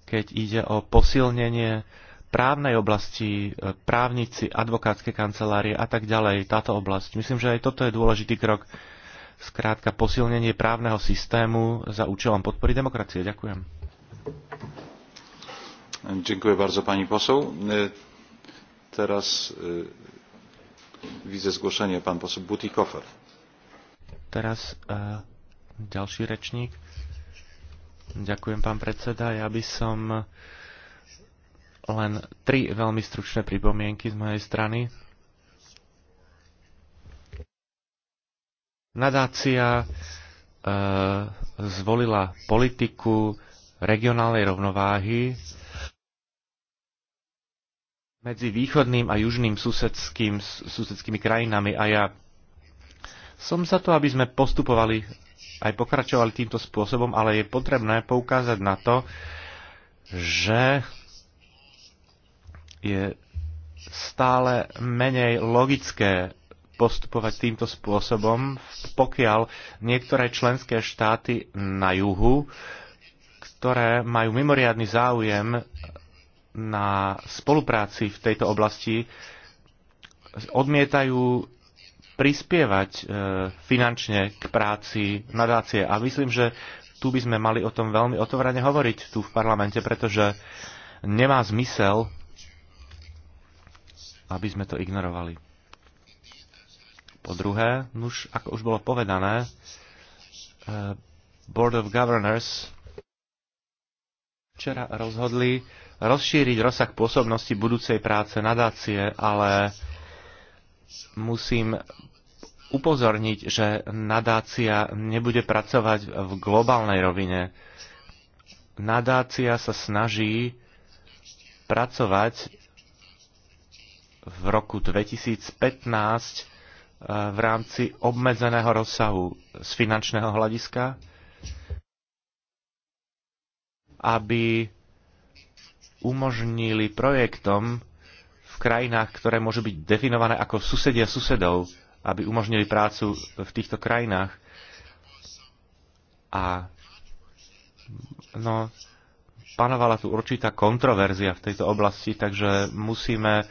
Speaker 5: keď ide o posilnenie právnej oblasti, právnici, advokátske kancelárie a tak ďalej, táto oblasť. Myslím, že aj toto je dôležitý krok. Skrátka posilnenie právneho systému za účelom podpory demokracie. Ďakujem.
Speaker 4: Dziękuję bardzo pani poseł. E, teraz e, widzę zgłoszenie pan poseł Butikofer.
Speaker 5: Teraz e, ďalší rečník. Ďakujem pán predseda. Ja by som len tri veľmi stručné pripomienky z mojej strany Nadácia e, zvolila politiku regionálnej rovnováhy medzi východným a južným susedským, susedskými krajinami a ja som za to, aby sme postupovali aj pokračovali týmto spôsobom, ale je potrebné poukázať na to, že je stále menej logické postupovať týmto spôsobom, pokiaľ niektoré členské štáty na juhu, ktoré majú mimoriadny záujem na spolupráci v tejto oblasti, odmietajú prispievať e, finančne k práci nadácie. A myslím, že tu by sme mali o tom veľmi otvorene hovoriť tu v parlamente, pretože nemá zmysel, aby sme to ignorovali. Po druhé, už, ako už bolo povedané, eh, Board of Governors včera rozhodli rozšíriť rozsah pôsobnosti budúcej práce nadácie, ale musím upozorniť, že nadácia nebude pracovať v globálnej rovine. Nadácia sa snaží pracovať v roku 2015 v rámci obmedzeného rozsahu z finančného hľadiska, aby umožnili projektom v krajinách, ktoré môžu byť definované ako susedia susedov, aby umožnili prácu v týchto krajinách. A no, panovala tu určitá kontroverzia v tejto oblasti, takže musíme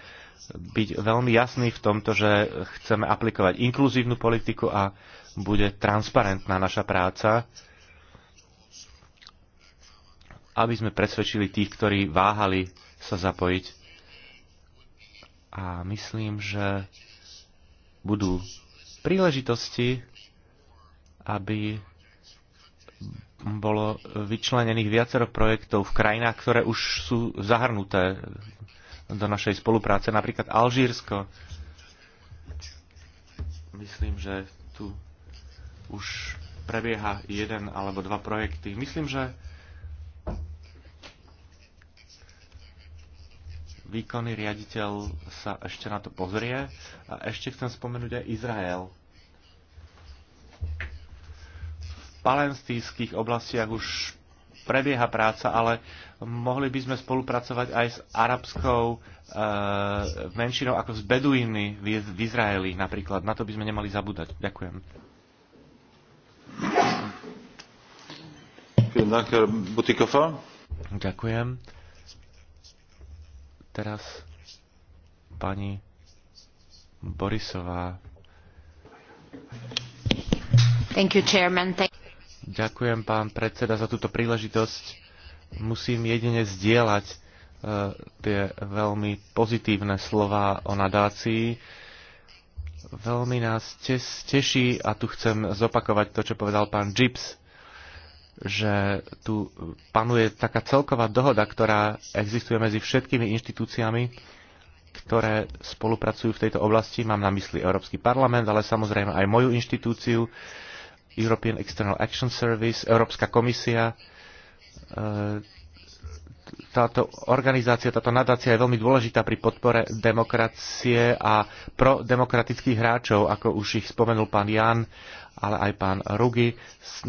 Speaker 5: byť veľmi jasný v tomto, že chceme aplikovať inkluzívnu politiku a bude transparentná naša práca, aby sme presvedčili tých, ktorí váhali sa zapojiť. A myslím, že budú príležitosti, aby bolo vyčlenených viacero projektov v krajinách, ktoré už sú zahrnuté do našej spolupráce, napríklad Alžírsko. Myslím, že tu už prebieha jeden alebo dva projekty. Myslím, že výkonný riaditeľ sa ešte na to pozrie a ešte chcem spomenúť aj Izrael. V palestinských oblastiach už prebieha práca, ale mohli by sme spolupracovať aj s arabskou e, menšinou ako s beduínmi v, v Izraeli napríklad. Na to by sme nemali zabúdať. Ďakujem. Ďakujem. Teraz pani Borisová. You, Ďakujem, pán predseda, za túto príležitosť musím jedine zdieľať e, tie veľmi pozitívne slova o nadácii. Veľmi nás teší a tu chcem zopakovať to, čo povedal pán Gips, že tu panuje taká celková dohoda, ktorá existuje medzi všetkými inštitúciami, ktoré spolupracujú v tejto oblasti. Mám na mysli Európsky parlament, ale samozrejme aj moju inštitúciu, European External Action Service, Európska komisia, E, táto organizácia, táto nadácia je veľmi dôležitá pri podpore demokracie a prodemokratických hráčov, ako už ich spomenul pán Jan, ale aj pán Rugi.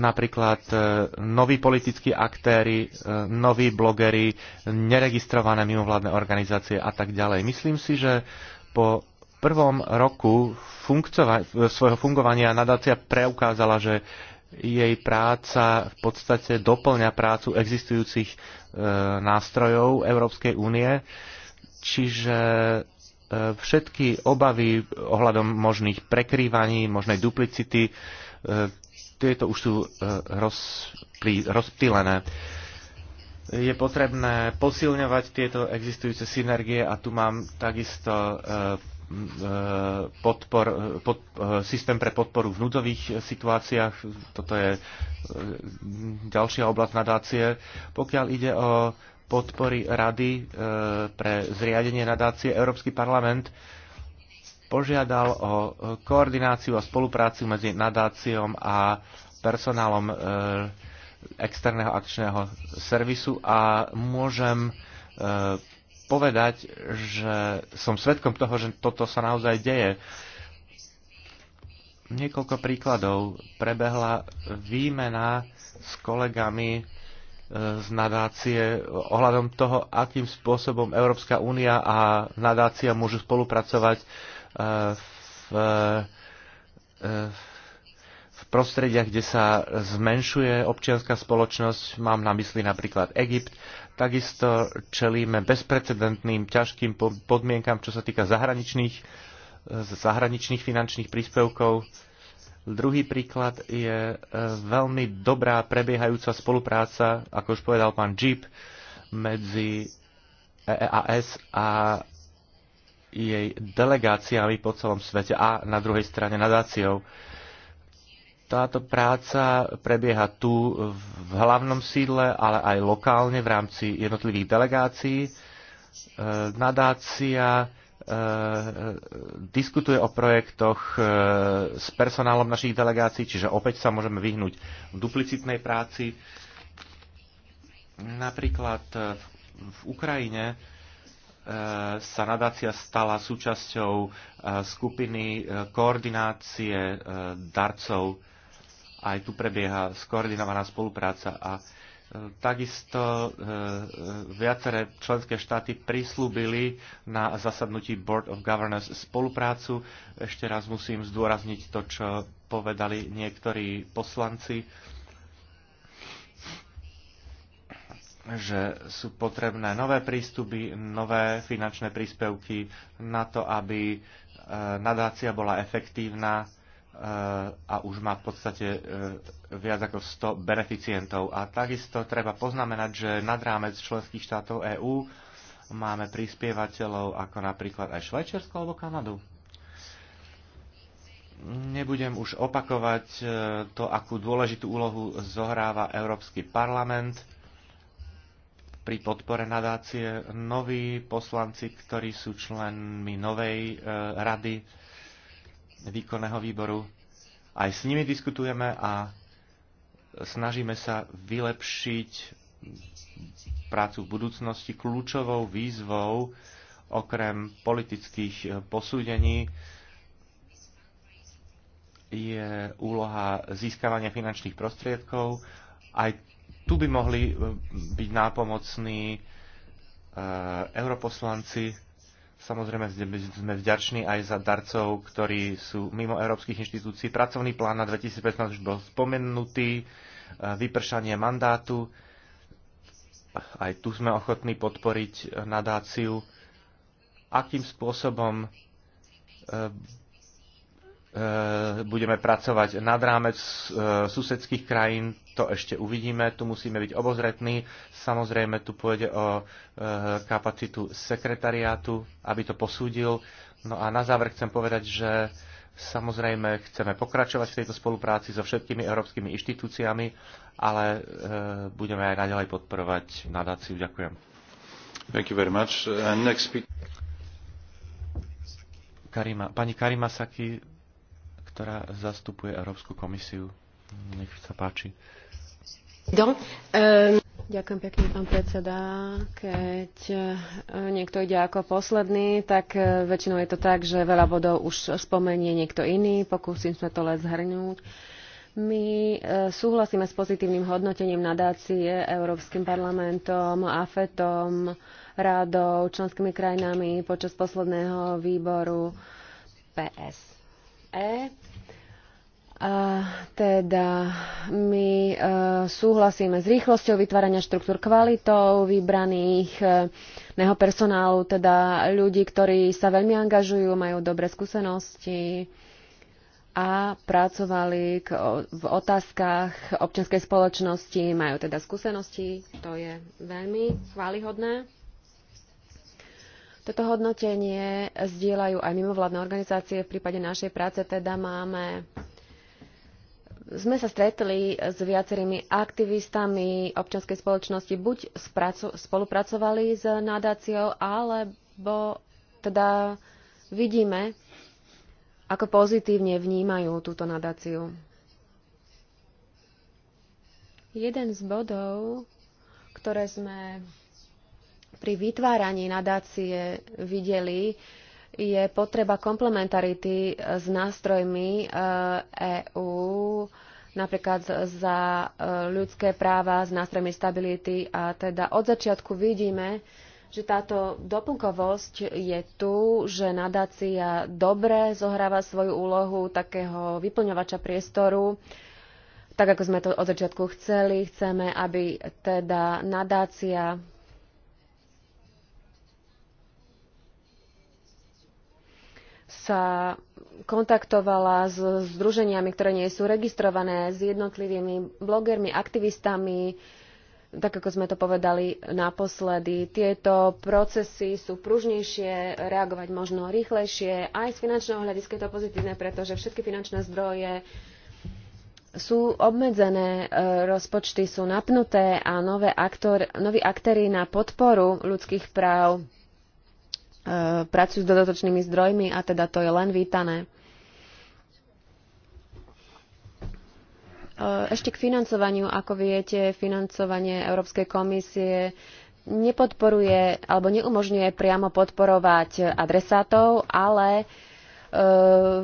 Speaker 5: Napríklad e, noví politickí aktéry, e, noví blogery, neregistrované mimovládne organizácie a tak ďalej. Myslím si, že po prvom roku svojho fungovania nadácia preukázala, že jej práca v podstate doplňa prácu existujúcich e, nástrojov Európskej únie, čiže e, všetky obavy ohľadom možných prekrývaní, možnej duplicity, e, tieto už sú e, rozplí, rozptýlené. Je potrebné posilňovať tieto existujúce synergie a tu mám takisto e, Eh, podpor, eh, pod, eh, systém pre podporu v núdzových situáciách. Toto je ďalšia oblasť nadácie. Pokiaľ ide o podpory rady pre zriadenie nadácie, Európsky parlament požiadal o koordináciu a spoluprácu medzi nadáciom a personálom externého akčného servisu a môžem povedať, že som svetkom toho, že toto sa naozaj deje. Niekoľko príkladov. Prebehla výmena s kolegami e, z nadácie ohľadom toho, akým spôsobom Európska únia a nadácia môžu spolupracovať e, v, e, v prostrediach, kde sa zmenšuje občianská spoločnosť. Mám na mysli napríklad Egypt Takisto čelíme bezprecedentným ťažkým podmienkam, čo sa týka zahraničných, e, zahraničných finančných príspevkov. Druhý príklad je e, veľmi dobrá prebiehajúca spolupráca, ako už povedal pán Jeep, medzi EAS a jej delegáciami po celom svete a na druhej strane nadáciou. Táto práca prebieha tu v hlavnom sídle, ale aj lokálne v rámci jednotlivých delegácií. E, nadácia e, diskutuje o projektoch e, s personálom našich delegácií, čiže opäť sa môžeme vyhnúť v duplicitnej práci. Napríklad v Ukrajine sa nadácia stala súčasťou skupiny koordinácie darcov aj tu prebieha skoordinovaná spolupráca a e, Takisto e, e, viaceré členské štáty prislúbili na zasadnutí Board of Governors spoluprácu. Ešte raz musím zdôrazniť to, čo povedali niektorí poslanci, že sú potrebné nové prístupy, nové finančné príspevky na to, aby nadácia bola efektívna a už má v podstate e, viac ako 100 beneficientov. A takisto treba poznamenať, že nad rámec členských štátov EÚ máme prispievateľov ako napríklad aj Švajčiarsko alebo Kanadu. Nebudem už opakovať e, to, akú dôležitú úlohu zohráva Európsky parlament pri podpore nadácie. Noví poslanci, ktorí sú členmi novej e, rady, výkonného výboru. Aj s nimi diskutujeme a snažíme sa vylepšiť prácu v budúcnosti. Kľúčovou výzvou, okrem politických posúdení, je úloha získavania finančných prostriedkov. Aj tu by mohli byť nápomocní eh, europoslanci Samozrejme sme vďační aj za darcov, ktorí sú mimo európskych inštitúcií. Pracovný plán na 2015 už bol spomenutý, e, vypršanie mandátu. Aj tu sme ochotní podporiť nadáciu. Akým spôsobom e, Eh, budeme pracovať nad rámec eh, susedských krajín, to ešte uvidíme, tu musíme byť obozretní. Samozrejme, tu pôjde o eh, kapacitu sekretariátu, aby to posúdil. No a na záver chcem povedať, že Samozrejme, chceme pokračovať v tejto spolupráci so všetkými európskymi inštitúciami, ale e, budeme aj naďalej podporovať nadáciu. Ďakujem. Thank you very
Speaker 4: much. And uh, next speaker.
Speaker 5: Karima, pani Karima Saki ktorá zastupuje Európsku komisiu. Nech sa páči.
Speaker 1: Do, um... Ehm, Ďakujem pekne, pán predseda. Keď eh, niekto ide ako posledný, tak eh, väčšinou je to tak, že veľa bodov už spomenie niekto iný. Pokúsim sa to len zhrnúť. My eh, súhlasíme s pozitívnym hodnotením nadácie Európskym parlamentom, AFETom, rádou, členskými krajinami počas posledného výboru PSE. A teda my e, súhlasíme s rýchlosťou vytvárania štruktúr kvalitou vybraných e, personálu, teda ľudí, ktorí sa veľmi angažujú, majú dobré skúsenosti a pracovali k, o, v otázkach občianskej spoločnosti, majú teda skúsenosti, to je veľmi chválihodné. Toto hodnotenie zdieľajú aj mimovládne organizácie. V prípade našej práce teda máme sme sa stretli s viacerými aktivistami občianskej spoločnosti, buď spolupracovali s nadáciou, alebo teda vidíme, ako pozitívne vnímajú túto nadáciu. Jeden z bodov, ktoré sme pri vytváraní nadácie videli, je potreba komplementarity e, s nástrojmi EÚ, e napríklad za e, ľudské práva, s nástrojmi stability. A teda od začiatku vidíme, že táto doplnkovosť je tu, že nadácia dobre zohráva svoju úlohu takého vyplňovača priestoru, tak ako sme to od začiatku chceli. Chceme, aby teda nadácia sa kontaktovala s združeniami, ktoré nie sú registrované, s jednotlivými blogermi, aktivistami, tak ako sme to povedali naposledy. Tieto procesy sú pružnejšie, reagovať možno rýchlejšie. Aj z finančného hľadiska je to pozitívne, pretože všetky finančné zdroje sú obmedzené, e, rozpočty sú napnuté a nové aktor, noví aktéry na podporu ľudských práv E, pracujú s dodatočnými zdrojmi a teda to je len vítané. E, ešte k financovaniu. Ako viete, financovanie Európskej komisie nepodporuje alebo neumožňuje priamo podporovať adresátov, ale e,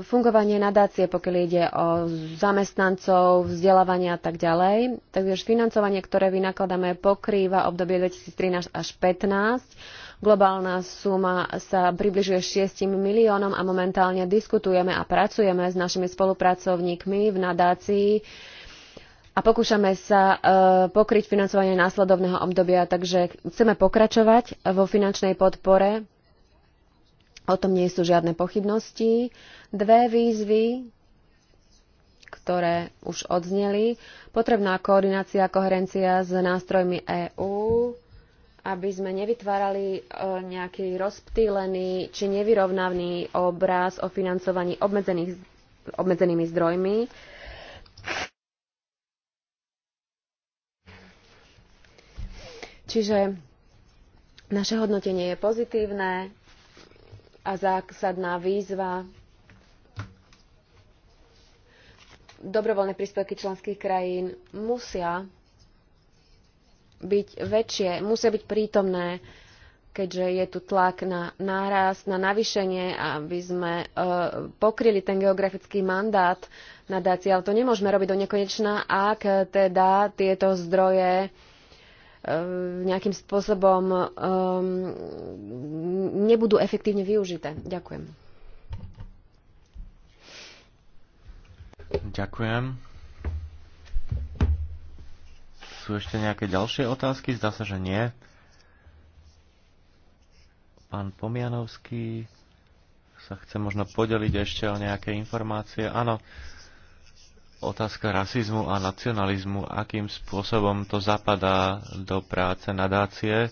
Speaker 1: fungovanie nadácie, pokiaľ ide o zamestnancov, vzdelávania a tak ďalej. Takže financovanie, ktoré vynakladáme, pokrýva obdobie 2013 až 2015 Globálna suma sa približuje 6 miliónom a momentálne diskutujeme a pracujeme s našimi spolupracovníkmi v nadácii a pokúšame sa e, pokryť financovanie následovného obdobia, takže chceme pokračovať vo finančnej podpore. O tom nie sú žiadne pochybnosti. Dve výzvy, ktoré už odzneli. Potrebná koordinácia a koherencia s nástrojmi EÚ aby sme nevytvárali e, nejaký rozptýlený či nevyrovnaný obraz o financovaní obmedzenými zdrojmi. Čiže naše hodnotenie je pozitívne a zásadná výzva dobrovoľné príspevky členských krajín musia byť väčšie, musia byť prítomné, keďže je tu tlak na nárast, na navýšenie, aby sme e, pokryli ten geografický mandát na dáci, ale to nemôžeme robiť do nekonečna, ak teda tieto zdroje e, nejakým spôsobom e, nebudú efektívne využité. Ďakujem.
Speaker 5: Ďakujem. Sú ešte nejaké ďalšie otázky? Zdá sa, že nie. Pán Pomianovský sa chce možno podeliť ešte o nejaké informácie. Áno, otázka rasizmu a nacionalizmu, akým spôsobom to zapadá do práce nadácie,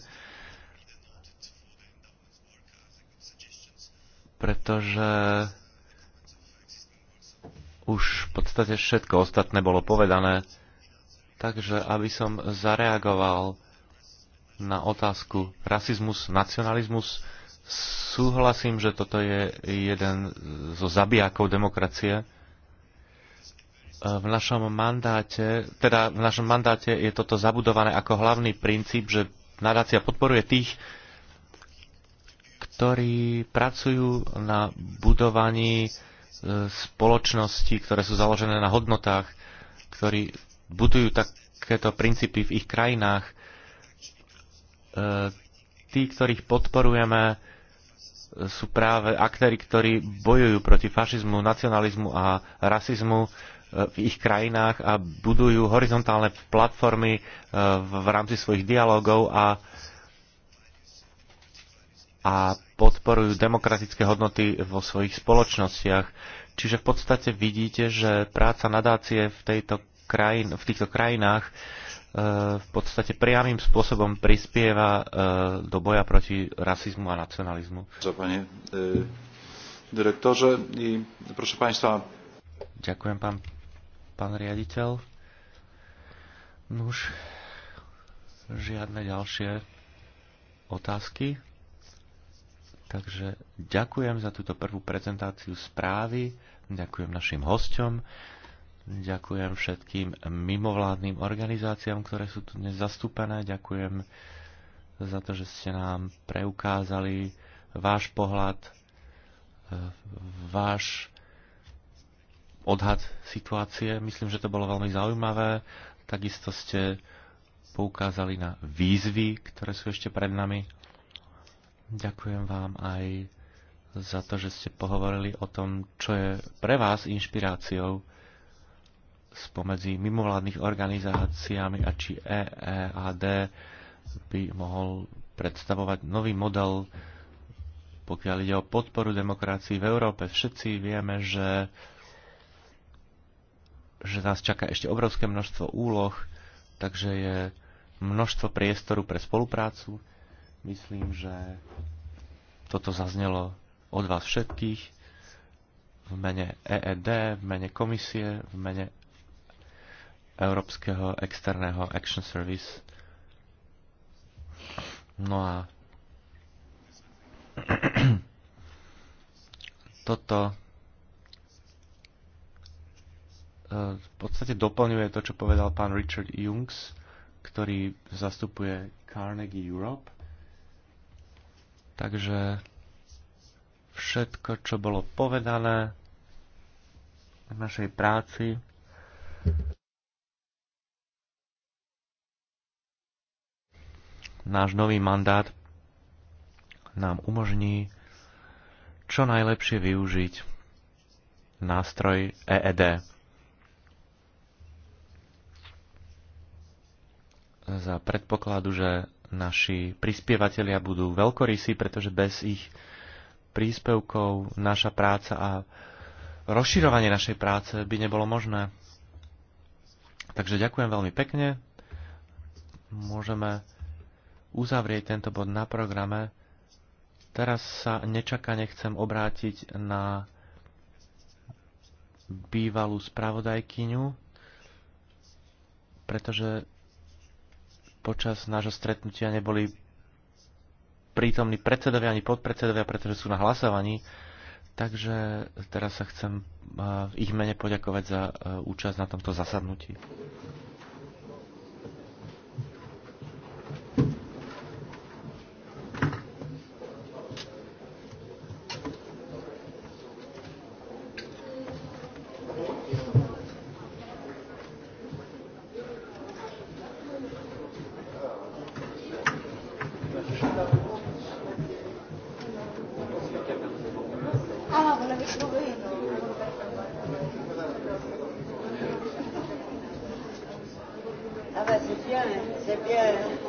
Speaker 5: pretože už v podstate všetko ostatné bolo povedané. Takže aby som zareagoval na otázku rasizmus, nacionalizmus, súhlasím, že toto je jeden zo zabijakov demokracie. V našom mandáte, teda v našom mandáte je toto zabudované ako hlavný princíp, že nadácia podporuje tých, ktorí pracujú na budovaní e, spoločnosti, ktoré sú založené na hodnotách, ktorí budujú takéto princípy v ich krajinách. E, tí, ktorých podporujeme, e, sú práve aktéry, ktorí bojujú proti fašizmu, nacionalizmu a rasizmu e, v ich krajinách a budujú horizontálne platformy v rámci svojich dialogov a, a podporujú demokratické hodnoty vo svojich spoločnostiach. Čiže v podstate vidíte, že práca nadácie v tejto krajin, v týchto krajinách e, v podstate priamým spôsobom prispieva e, do boja proti rasizmu a nacionalizmu. Panie
Speaker 4: e, dyrektorze i proszę państwa.
Speaker 5: Ďakujem pán, pán riaditeľ. Nuž, žiadne ďalšie otázky. Takže ďakujem za túto prvú prezentáciu správy, ďakujem našim hosťom. Ďakujem všetkým mimovládnym organizáciám, ktoré sú tu dnes zastúpené. Ďakujem za to, že ste nám preukázali váš pohľad, váš odhad situácie. Myslím, že to bolo veľmi zaujímavé. Takisto ste poukázali na výzvy, ktoré sú ešte pred nami. Ďakujem vám aj za to, že ste pohovorili o tom, čo je pre vás inšpiráciou spomedzi mimovládnych organizáciami a či EEAD by mohol predstavovať nový model, pokiaľ ide o podporu demokracii v Európe. Všetci vieme, že, že nás čaká ešte obrovské množstvo úloh, takže je množstvo priestoru pre spoluprácu. Myslím, že toto zaznelo od vás všetkých v mene EED, v mene komisie, v mene Európskeho externého Action Service. No a toto e, v podstate doplňuje to, čo povedal pán Richard Jungs, ktorý zastupuje Carnegie Europe. Takže všetko, čo bolo povedané v našej práci, náš nový mandát nám umožní čo najlepšie využiť nástroj EED. Za predpokladu, že naši prispievateľia budú veľkorysí, pretože bez ich príspevkov naša práca a rozširovanie našej práce by nebolo možné. Takže ďakujem veľmi pekne. Môžeme uzavrieť tento bod na programe. Teraz sa nečakane chcem obrátiť na bývalú spravodajkyňu, pretože počas nášho stretnutia neboli prítomní predsedovia ani podpredsedovia, pretože sú na hlasovaní. Takže teraz sa chcem eh, v ich mene poďakovať za eh, účasť na tomto zasadnutí.
Speaker 1: Ah ben c'est bien, c'est bien.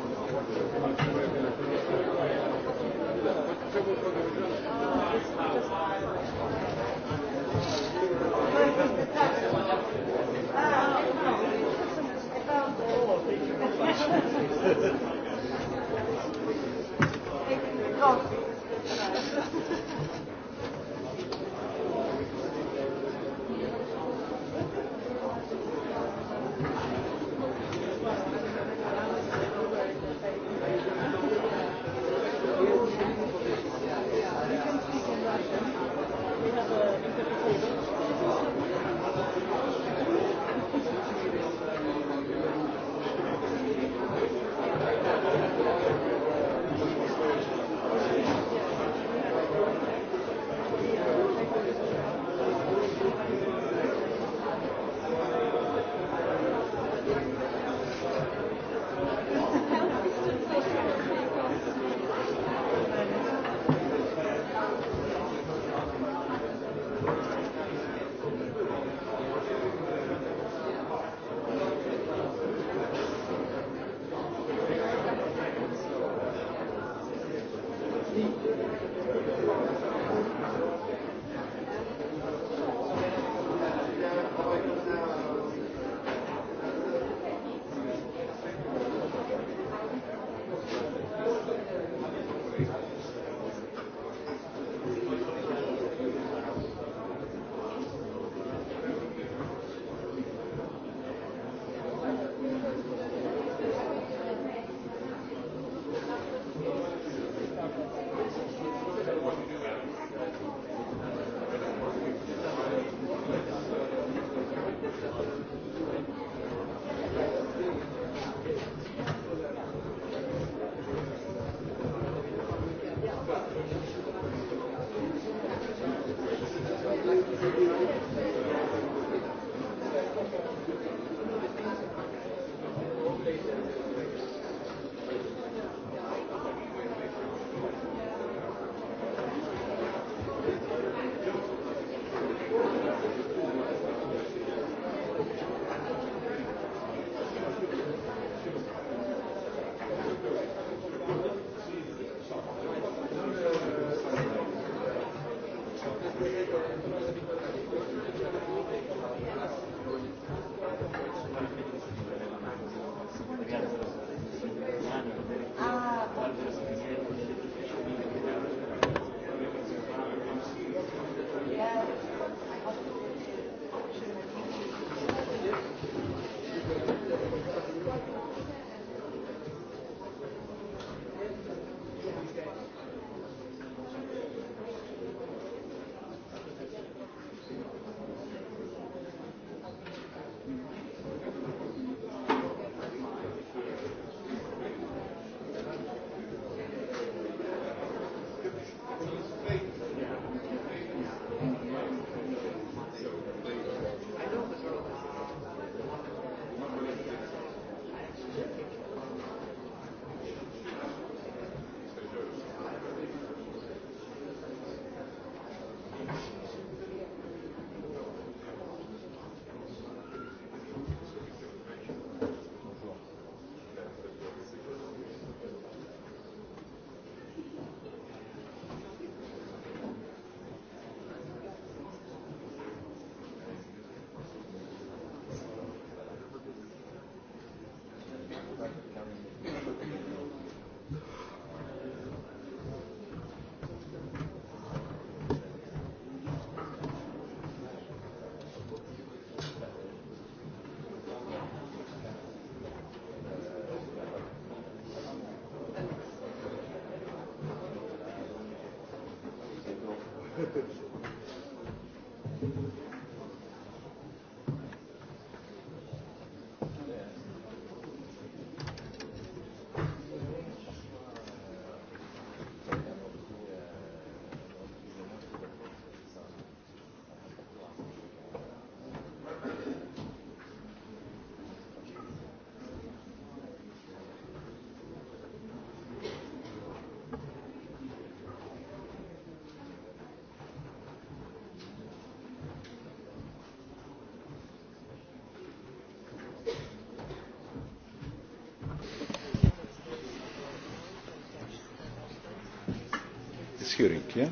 Speaker 4: hearing, yeah?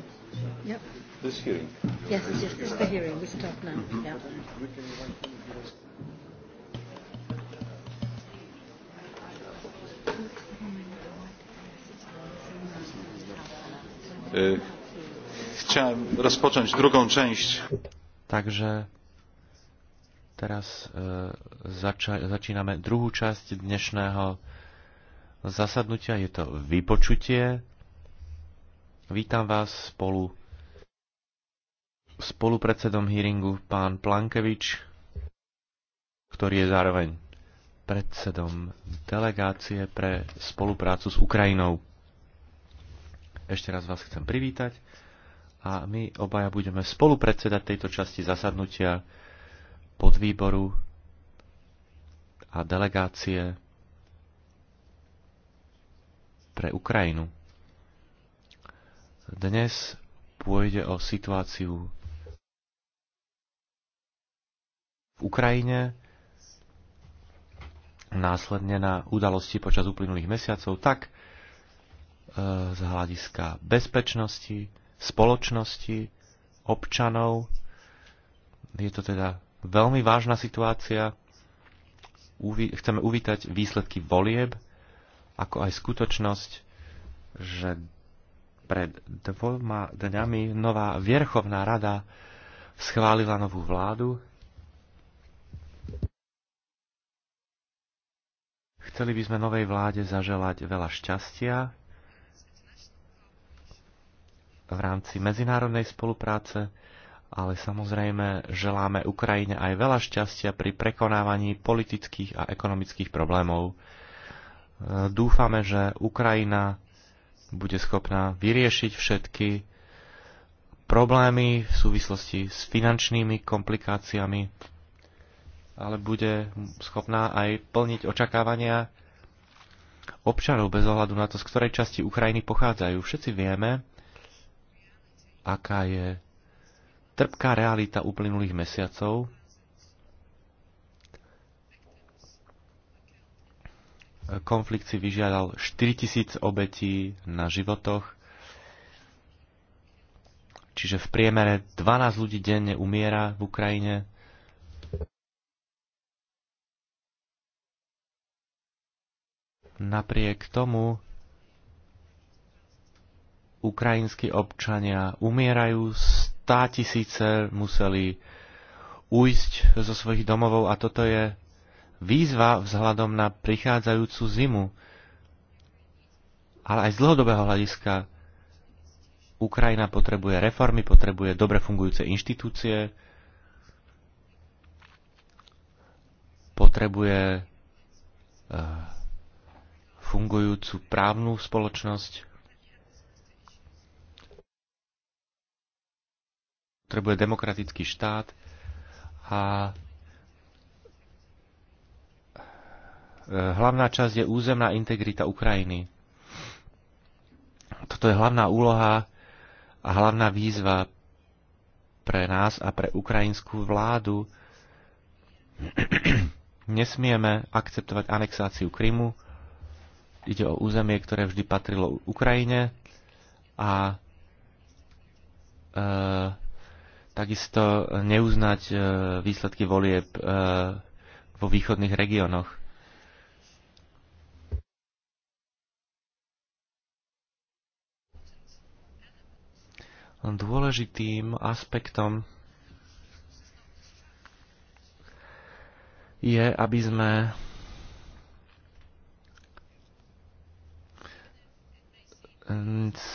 Speaker 4: Yep. This hearing. Yes, yes, it's the hearing. stop now. Yeah. E, chciałem rozpocząć drugą część.
Speaker 5: Także teraz zača- začíname druhú časť dnešného zasadnutia. Jest to wypoczucie. Vítam vás spolu spolupredsedom hearingu pán Plankevič, ktorý je zároveň predsedom delegácie pre spoluprácu s Ukrajinou. Ešte raz vás chcem privítať a my obaja budeme spolupredsedať tejto časti zasadnutia podvýboru a delegácie pre Ukrajinu. Dnes pôjde o situáciu v Ukrajine, následne na udalosti počas uplynulých mesiacov, tak e, z hľadiska bezpečnosti, spoločnosti, občanov. Je to teda veľmi vážna situácia. Chceme uvítať výsledky volieb, ako aj skutočnosť, že pred dvoma dňami nová Vierchovná rada schválila novú vládu. Chceli by sme novej vláde zaželať veľa šťastia v rámci medzinárodnej spolupráce, ale samozrejme želáme Ukrajine aj veľa šťastia pri prekonávaní politických a ekonomických problémov. Dúfame, že Ukrajina bude schopná vyriešiť všetky problémy v súvislosti s finančnými komplikáciami, ale bude schopná aj plniť očakávania občanov bez ohľadu na to, z ktorej časti Ukrajiny pochádzajú. Všetci vieme, aká je trpká realita uplynulých mesiacov konflikt si vyžiadal 4000 obetí na životoch, čiže v priemere 12 ľudí denne umiera v Ukrajine. Napriek tomu ukrajinskí občania umierajú, 100 tisíce museli ujsť zo svojich domovov a toto je výzva vzhľadom na prichádzajúcu zimu, ale aj z dlhodobého hľadiska Ukrajina potrebuje reformy, potrebuje dobre fungujúce inštitúcie, potrebuje eh, fungujúcu právnu spoločnosť, potrebuje demokratický štát a Eh, hlavná časť je územná integrita Ukrajiny. Toto je hlavná úloha a hlavná výzva pre nás a pre ukrajinskú vládu. Nesmieme akceptovať anexáciu Krymu. Ide o územie, ktoré vždy patrilo Ukrajine a e, takisto neuznať e, výsledky volieb e, vo východných regiónoch dôležitým aspektom je, aby sme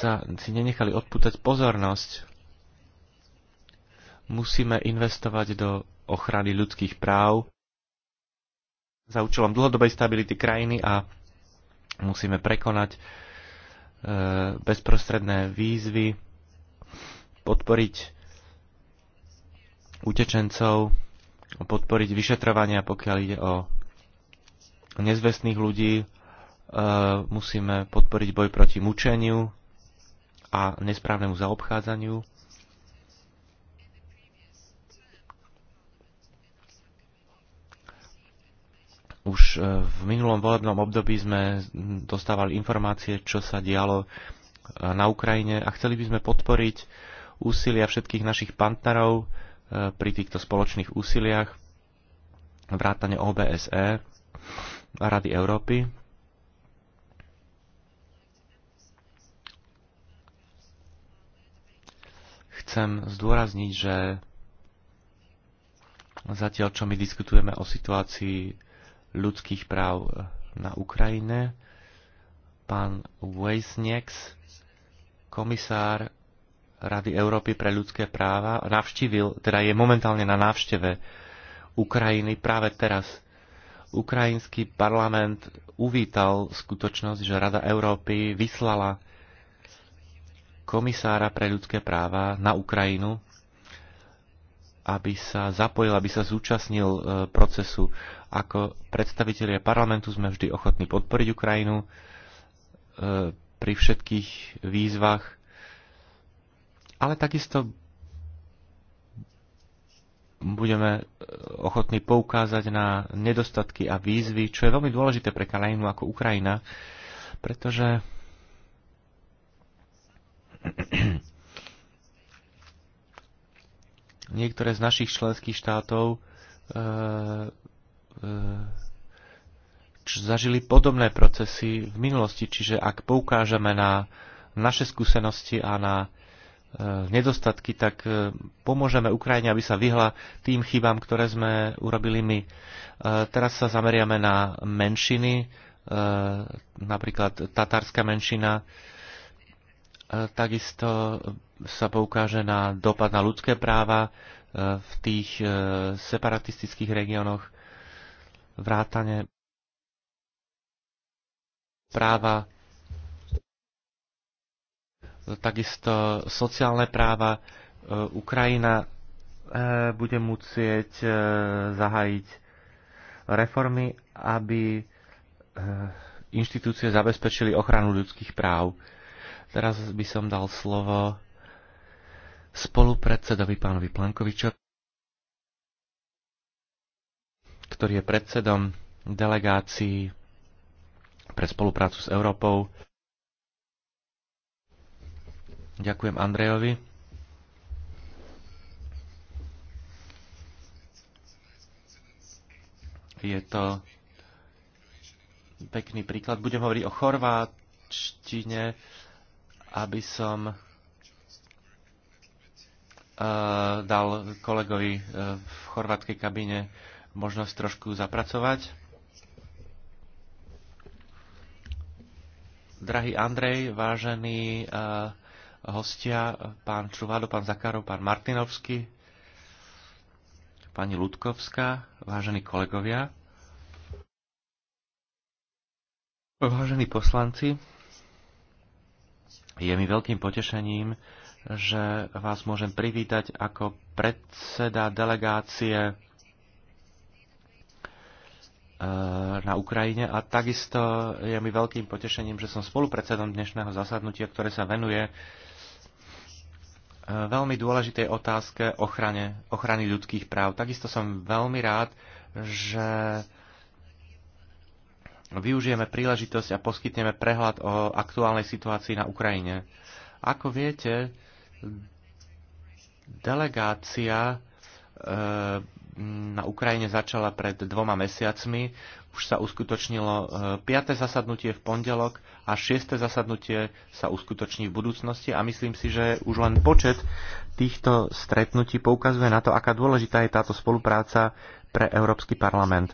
Speaker 5: sa si nenechali odputať pozornosť. Musíme investovať do ochrany ľudských práv za účelom dlhodobej stability krajiny a musíme prekonať e, bezprostredné výzvy podporiť utečencov, podporiť vyšetrovania, pokiaľ ide o nezvestných ľudí, e, musíme podporiť boj proti mučeniu a nesprávnemu zaobchádzaniu. Už e, v minulom volebnom období sme dostávali informácie, čo sa dialo e, na Ukrajine a chceli by sme podporiť úsilia všetkých našich partnerov e, pri týchto spoločných úsiliach vrátane OBSE a Rady Európy. Chcem zdôrazniť, že zatiaľ čo my diskutujeme o situácii ľudských práv na Ukrajine, pán Weisnieks, komisár Rady Európy pre ľudské práva navštívil, teda je momentálne na návšteve Ukrajiny práve teraz. Ukrajinský parlament uvítal skutočnosť, že Rada Európy vyslala komisára pre ľudské práva na Ukrajinu, aby sa zapojil, aby sa zúčastnil e, procesu. Ako predstavitelia parlamentu sme vždy ochotní podporiť Ukrajinu e, pri všetkých výzvach ale takisto budeme e, ochotní poukázať na nedostatky a výzvy, čo je veľmi dôležité pre krajinu ako Ukrajina, pretože niektoré z našich členských štátov e, e, zažili podobné procesy v minulosti, čiže ak poukážeme na naše skúsenosti a na Eh, nedostatky, tak eh, pomôžeme Ukrajine, aby sa vyhla tým chybám, ktoré sme urobili my. Eh, teraz sa zameriame na menšiny, napríklad tatárska menšina. Takisto sa poukáže na dopad na ľudské práva v tých separatistických regiónoch vrátane práva takisto sociálne práva. E, Ukrajina e, bude musieť e, zahájiť reformy, aby inštitúcie zabezpečili ochranu ľudských práv. Teraz by som dal slovo spolupredsedovi pánovi Plankovičovi, ktorý je predsedom delegácií pre spoluprácu s Európou Ďakujem Andrejovi. Je to pekný príklad. Budem hovoriť o chorváčtine, aby som uh, dal kolegovi uh, v chorvátskej kabíne možnosť trošku zapracovať. Drahý Andrej, vážený uh, hostia, pán Čuvado, pán Zakarov, pán Martinovský, pani Ludkovská, vážení kolegovia, vážení poslanci, je mi veľkým potešením, že vás môžem privítať ako predseda delegácie eh, na Ukrajine a takisto je mi veľkým potešením, že som spolupredsedom dnešného zasadnutia, ktoré sa venuje veľmi dôležitej otázke ochrane, ochrany ľudských práv. Takisto som veľmi rád, že využijeme príležitosť a poskytneme prehľad o aktuálnej situácii na Ukrajine. Ako viete, delegácia e, na Ukrajine začala pred dvoma mesiacmi už sa uskutočnilo 5. E, zasadnutie v pondelok a 6. zasadnutie sa uskutoční v budúcnosti a myslím si, že už len počet týchto stretnutí poukazuje na to, aká dôležitá je táto spolupráca pre Európsky parlament.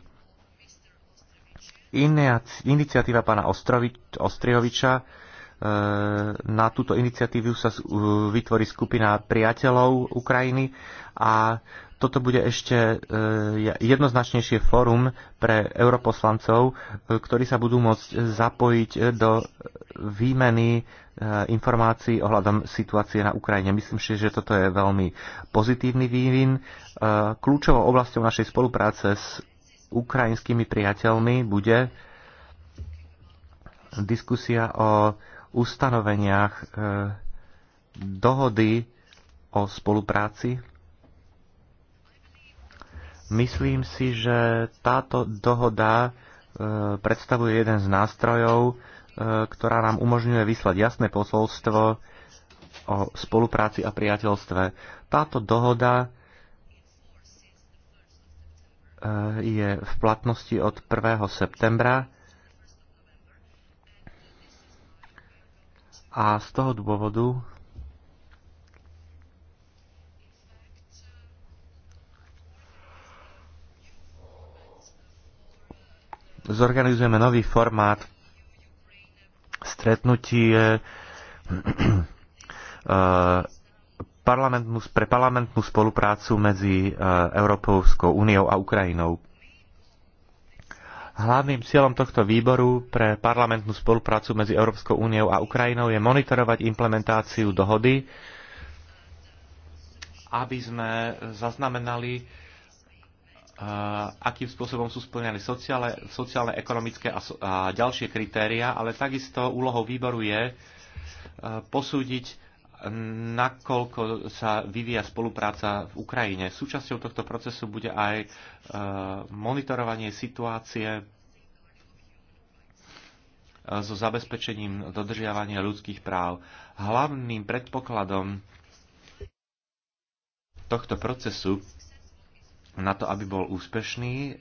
Speaker 5: Iniciatíva pána Ostrihoviča. E, na túto iniciatívu sa vytvorí skupina priateľov Ukrajiny a toto bude ešte e, jednoznačnejšie fórum pre europoslancov, e, ktorí sa budú môcť zapojiť do výmeny e, informácií ohľadom situácie na Ukrajine. Myslím si, že toto je veľmi pozitívny vývin. Kľúčovou oblasťou našej spolupráce s ukrajinskými priateľmi bude diskusia o ustanoveniach dohody o spolupráci Myslím si, že táto dohoda e, predstavuje jeden z nástrojov, e, ktorá nám umožňuje vyslať jasné posolstvo o spolupráci a priateľstve. Táto dohoda e, je v platnosti od 1. septembra a z toho dôvodu zorganizujeme nový formát stretnutie eh, parlamentnú, pre parlamentnú spoluprácu medzi eh, Európskou úniou a Ukrajinou. Hlavným cieľom tohto výboru pre parlamentnú spoluprácu medzi Európskou úniou a Ukrajinou je monitorovať implementáciu dohody, aby sme zaznamenali akým spôsobom sú splňané sociálne, sociálne ekonomické a, so, a ďalšie kritéria, ale takisto úlohou výboru je e, posúdiť, nakoľko sa vyvíja spolupráca v Ukrajine. Súčasťou tohto procesu bude aj e, monitorovanie situácie e, so zabezpečením dodržiavania ľudských práv. Hlavným predpokladom tohto procesu na to, aby bol úspešný,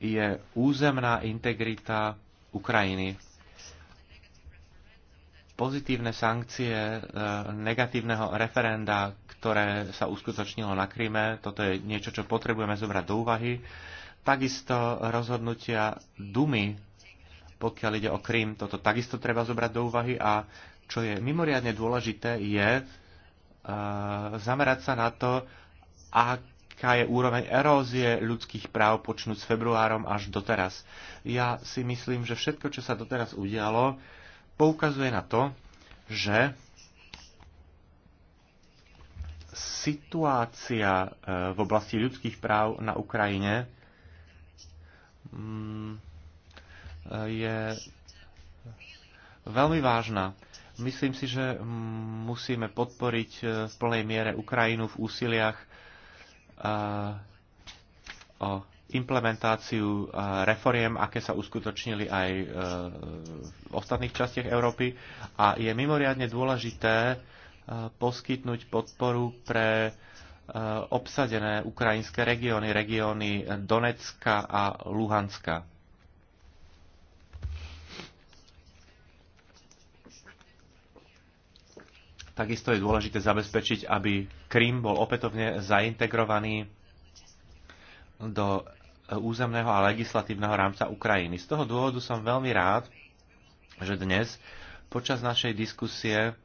Speaker 5: je územná integrita Ukrajiny. Pozitívne sankcie e, negatívneho referenda, ktoré sa uskutočnilo na Kryme, toto je niečo, čo potrebujeme zobrať do úvahy. Takisto rozhodnutia Dumy, pokiaľ ide o Krym, toto takisto treba zobrať do úvahy a čo je mimoriadne dôležité, je e, zamerať sa na to, ak aká je úroveň erózie ľudských práv počnúť s februárom až doteraz. Ja si myslím, že všetko, čo sa doteraz udialo, poukazuje na to, že situácia e, v oblasti ľudských práv na Ukrajine mm, e, je veľmi vážna. Myslím si, že musíme podporiť e, v plnej miere Ukrajinu v úsiliach o implementáciu reforiem, aké sa uskutočnili aj e, v ostatných častiach Európy a je mimoriadne dôležité e, poskytnúť podporu pre e, obsadené ukrajinské regióny, regióny Donecka a Luhanska. Takisto je dôležité zabezpečiť, aby Krym bol opätovne zaintegrovaný do územného a legislatívneho rámca Ukrajiny. Z toho dôvodu som veľmi rád, že dnes počas našej diskusie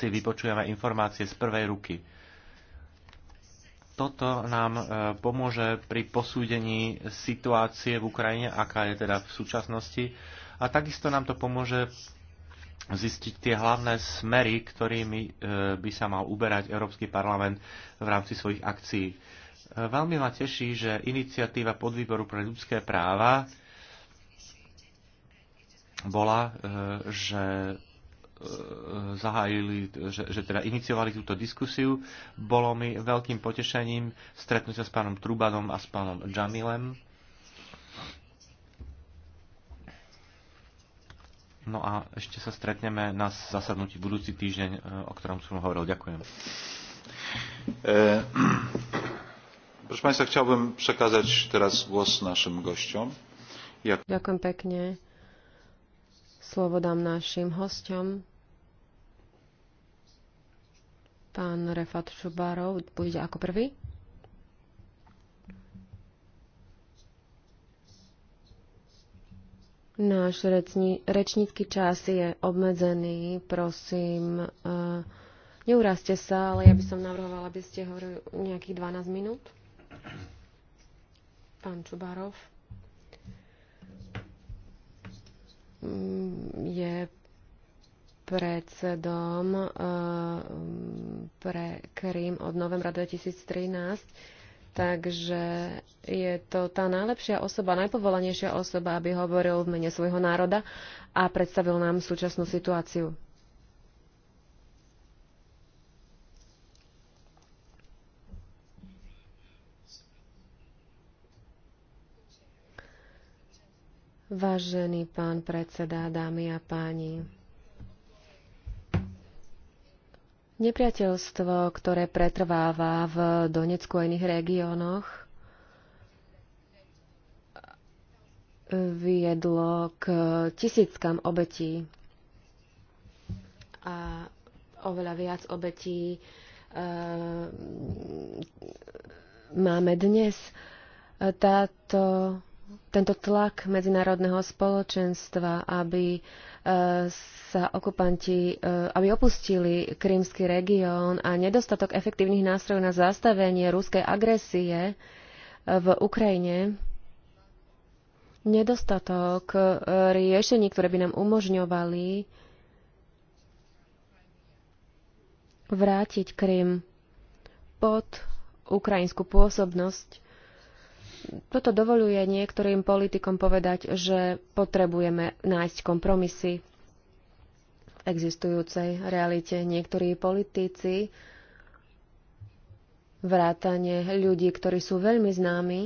Speaker 5: si vypočujeme informácie z prvej ruky. Toto nám e, pomôže pri posúdení situácie v Ukrajine, aká je teda v súčasnosti, a takisto nám to pomôže zistiť tie hlavné smery, ktorými e, by sa mal uberať Európsky parlament v rámci svojich akcií. E, veľmi ma teší, že iniciatíva podvýboru pre ľudské práva bola, e, že zahájili, že, že teda iniciovali túto diskusiu. Bolo mi veľkým potešením stretnúť sa s pánom Trubanom a s pánom Jamilem No a ešte sa stretneme na zasadnutí budúci týždeň, e, o ktorom som hovoril. Ďakujem.
Speaker 4: E, sa chcel bym prekázať teraz głos našim gošťom. Jak...
Speaker 1: Ďakujem pekne. Slovo dám našim hosťom. Pán Refat Šubárov bude ako prvý. Náš rečni, rečnícky čas je obmedzený, prosím, uh, e, neurazte sa, ale ja by som navrhovala, aby ste hovorili nejakých 12 minút. Pán Čubárov mm, je predsedom uh, pre Krím od novembra 2013 Takže je to tá najlepšia osoba, najpovolanejšia osoba, aby hovoril v mene svojho národa a predstavil nám súčasnú situáciu. Vážený pán predseda, dámy a páni. Nepriateľstvo, ktoré pretrváva v Donecku a iných regiónoch, viedlo k tisíckam obetí a oveľa viac obetí e, máme dnes. Táto tento tlak medzinárodného spoločenstva, aby e, sa okupanti, e, aby opustili krímsky región a nedostatok efektívnych nástrojov na zastavenie ruskej agresie e, v Ukrajine, nedostatok riešení, ktoré by nám umožňovali vrátiť Krym pod ukrajinskú pôsobnosť toto dovoluje niektorým politikom povedať, že potrebujeme nájsť kompromisy v existujúcej realite. Niektorí politici, vrátane ľudí, ktorí sú veľmi známi,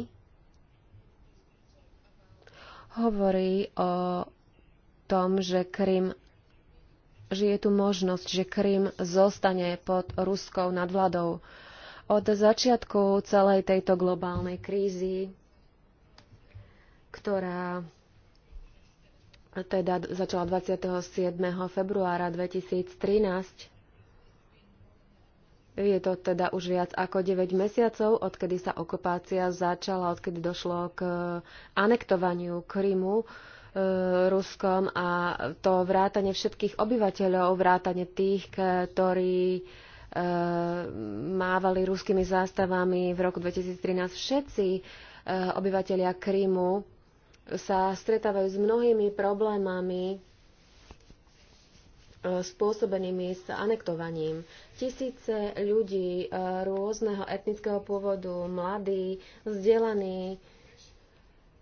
Speaker 1: hovorí o tom, že Krym že je tu možnosť, že Krym zostane pod ruskou nadvladou od začiatku celej tejto globálnej krízy, ktorá teda začala 27. februára 2013. Je to teda už viac ako 9 mesiacov, odkedy sa okupácia začala, odkedy došlo k anektovaniu Krymu e, Ruskom a to vrátanie všetkých obyvateľov, vrátanie tých, ktorí Eh, mávali ruskými zástavami v roku 2013. Všetci eh, obyvateľia Krymu sa stretávajú s mnohými problémami eh, spôsobenými s anektovaním. Tisíce ľudí rôzneho etnického pôvodu, mladí, vzdelaní,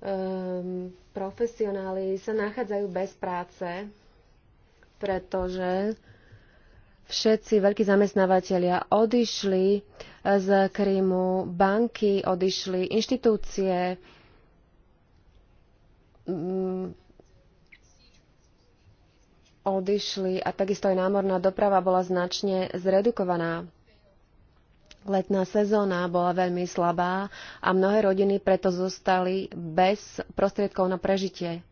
Speaker 1: um, profesionáli sa nachádzajú bez práce, pretože všetci veľkí zamestnávateľia odišli e, z Krymu, banky odišli, inštitúcie, mm, odišli a takisto aj námorná doprava bola značne zredukovaná. Letná sezóna bola veľmi slabá a mnohé rodiny preto zostali bez prostriedkov na prežitie.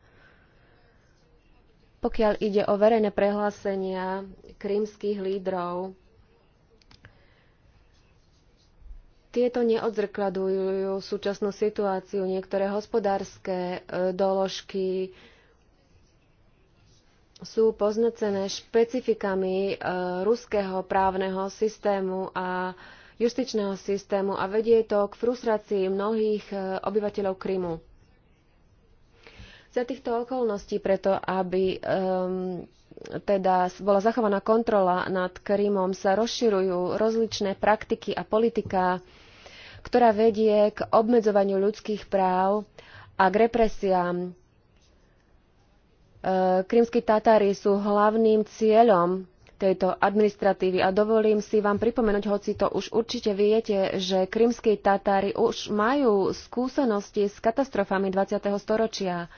Speaker 1: Pokiaľ ide o verejné prehlásenia krímskych lídrov, tieto neodzrkladujú súčasnú situáciu. Niektoré hospodárske e, doložky sú poznacené špecifikami e, ruského právneho systému a justičného systému a vedie to k frustrácii mnohých e, obyvateľov Krymu za týchto okolností, preto aby um, teda bola zachovaná kontrola nad Krymom, sa rozširujú rozličné praktiky a politika, ktorá vedie k obmedzovaniu ľudských práv a k represiám. Ehm, krymskí Tatári sú hlavným cieľom tejto administratívy a dovolím si vám pripomenúť, hoci to už určite viete, že krymskí Tatári už majú skúsenosti s katastrofami 20. storočia.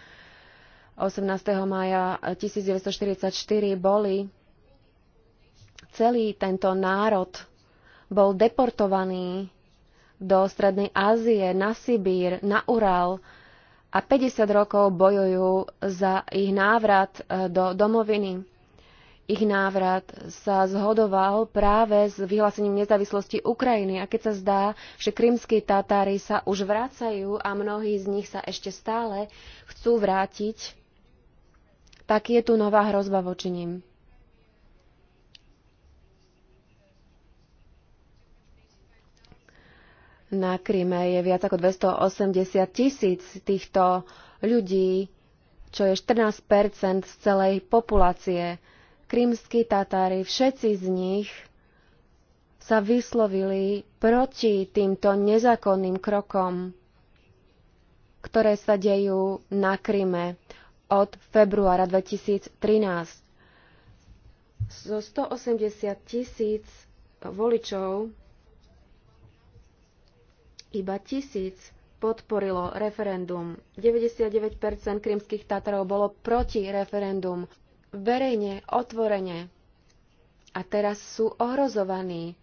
Speaker 1: 18. maja 1944 eh, boli celý tento národ bol deportovaný do Strednej Ázie, na Sibír, na Ural a 50 rokov bojujú za ich návrat eh, do domoviny. Ich návrat sa zhodoval práve s vyhlásením nezávislosti Ukrajiny a keď sa zdá, že krymskí Tatári sa už vracajú a mnohí z nich sa ešte stále chcú vrátiť, tak je tu nová hrozba voči nim. Na Kryme je viac ako 280 tisíc týchto ľudí, čo je 14 z celej populácie. Krymskí Tatári, všetci z nich sa vyslovili proti týmto nezákonným krokom, ktoré sa dejú na Kryme od februára 2013. Zo 180 tisíc voličov iba tisíc podporilo referendum. 99% krymských Tatarov bolo proti referendum. Verejne, otvorene. A teraz sú ohrozovaní,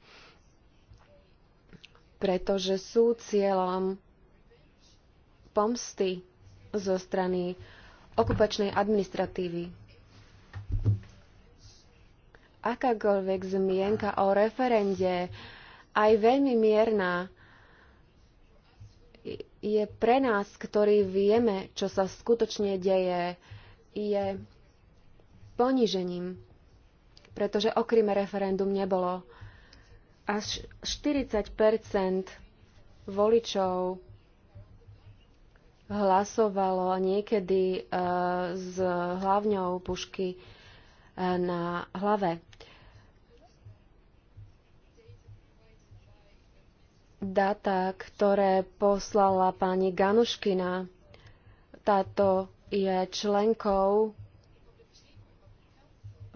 Speaker 1: pretože sú cieľom pomsty zo strany okupačnej administratívy. Akákoľvek zmienka o referende, aj veľmi mierna, je pre nás, ktorí vieme, čo sa skutočne deje, je ponižením, pretože okrem referendum nebolo. Až 40 voličov hlasovalo niekedy e, s hlavňou pušky e, na hlave. Data, ktoré poslala pani Ganuškina, táto je členkou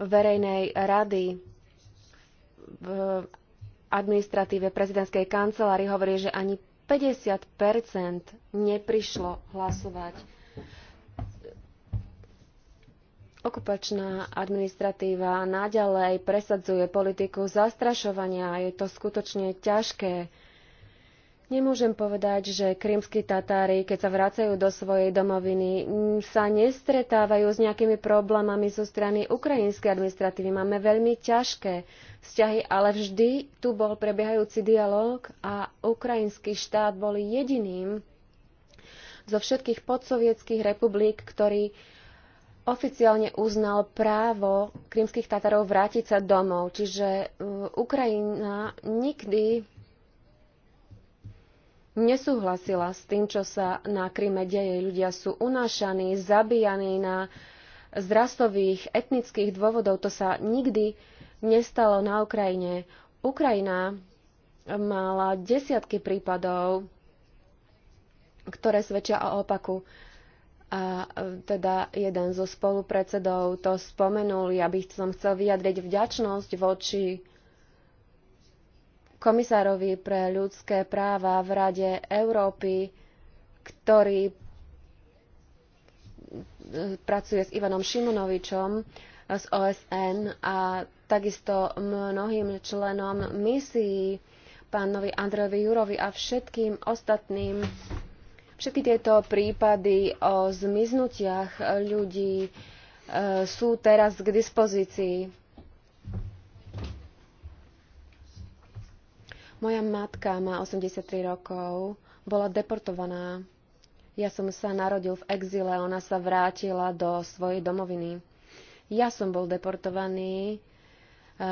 Speaker 1: verejnej rady v administratíve prezidentskej kancelárii hovorí, že ani 50 neprišlo hlasovať. Okupačná administratíva naďalej presadzuje politiku zastrašovania a je to skutočne ťažké Nemôžem povedať, že krímsky Tatári, keď sa vracajú do svojej domoviny, mm, sa nestretávajú s nejakými problémami zo strany ukrajinskej administratívy. Máme veľmi ťažké vzťahy, ale vždy tu bol prebiehajúci dialog a ukrajinský štát bol jediným zo všetkých podsovietských republik, ktorý oficiálne uznal právo krímskych Tatarov vrátiť sa domov. Čiže uh, Ukrajina nikdy nesúhlasila s tým, čo sa na Kryme deje. Ľudia sú unášaní, zabíjaní na z etnických dôvodov. To sa nikdy nestalo na Ukrajine. Ukrajina mala desiatky prípadov, ktoré svedčia o opaku. A e, teda jeden zo spolupredsedov to spomenul. Ja by som chcel vyjadriť vďačnosť voči komisárovi pre ľudské práva v Rade Európy, ktorý e, pracuje s Ivanom Šimonovičom e, z OSN a takisto mnohým členom misií, pánovi Andrejovi Jurovi a všetkým ostatným. Všetky tieto prípady o zmiznutiach ľudí e, sú teraz k dispozícii Moja matka má 83 rokov, bola deportovaná. Ja som sa narodil v exile, ona sa vrátila do svojej domoviny. Ja som bol deportovaný. E,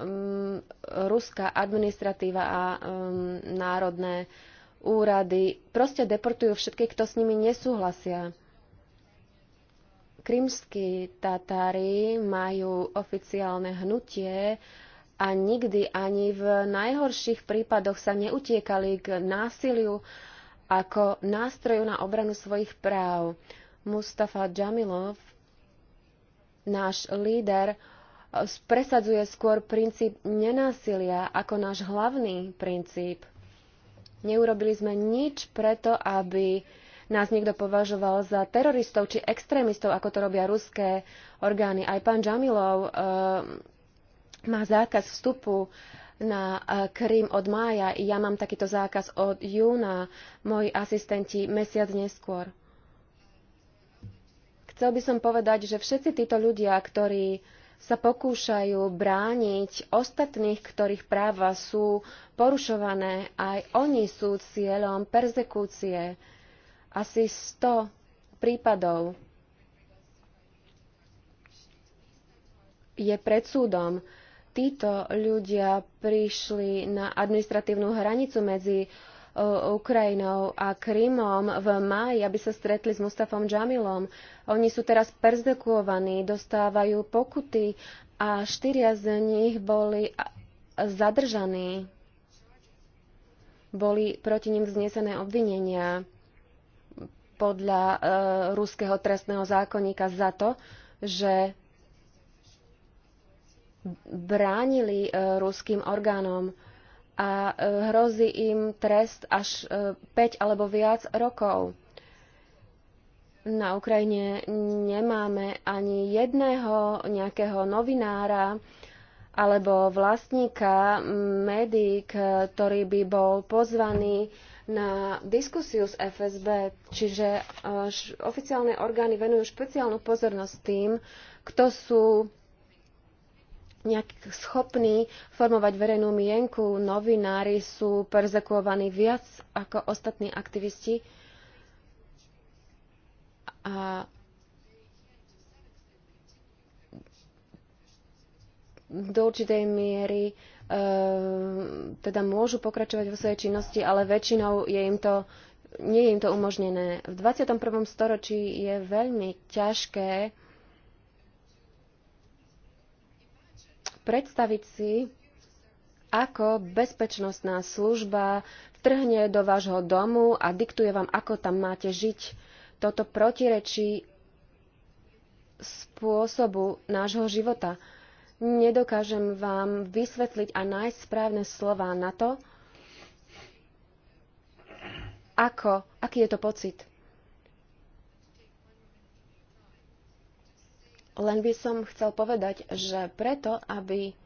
Speaker 1: um, ruská administratíva a um, národné úrady proste deportujú všetkých, kto s nimi nesúhlasia. Krymskí Tatári majú oficiálne hnutie, a nikdy ani v najhorších prípadoch sa neutiekali k násiliu ako nástroju na obranu svojich práv. Mustafa Džamilov, náš líder, presadzuje skôr princíp nenásilia ako náš hlavný princíp. Neurobili sme nič preto, aby nás niekto považoval za teroristov či extrémistov, ako to robia ruské orgány. Aj pán Džamilov má zákaz vstupu na e, Krym od mája. Ja mám takýto zákaz od júna, moji asistenti mesiac neskôr. Chcel by som povedať, že všetci títo ľudia, ktorí sa pokúšajú brániť ostatných, ktorých práva sú porušované. Aj oni sú cieľom perzekúcie. Asi 100 prípadov je pred súdom títo ľudia prišli na administratívnu hranicu medzi e, Ukrajinou a Krymom v máji, aby sa stretli s Mustafom Džamilom. Oni sú teraz perzekuovaní, dostávajú pokuty a štyria z nich boli zadržaní. Boli proti ním vznesené obvinenia podľa e, ruského trestného zákonníka za to, že bránili e, ruským orgánom a e, hrozí im trest až 5 e, alebo viac rokov. Na Ukrajine nemáme ani jedného nejakého novinára alebo vlastníka médií, ktorý by bol pozvaný na diskusiu s FSB, čiže oficiálne orgány venujú špeciálnu pozornosť tým, kto sú nejak schopní formovať verejnú mienku. Novinári sú perzekuovaní viac ako ostatní aktivisti. A do určitej miery e, teda môžu pokračovať vo svojej činnosti, ale väčšinou je im to, nie je im to umožnené. V 21. storočí je veľmi ťažké predstaviť si, ako bezpečnostná služba vtrhne do vášho domu a diktuje vám, ako tam máte žiť. Toto protirečí spôsobu nášho života. Nedokážem vám vysvetliť a nájsť správne slova na to, ako, aký je to pocit. Len by som chcel povedať, že preto, aby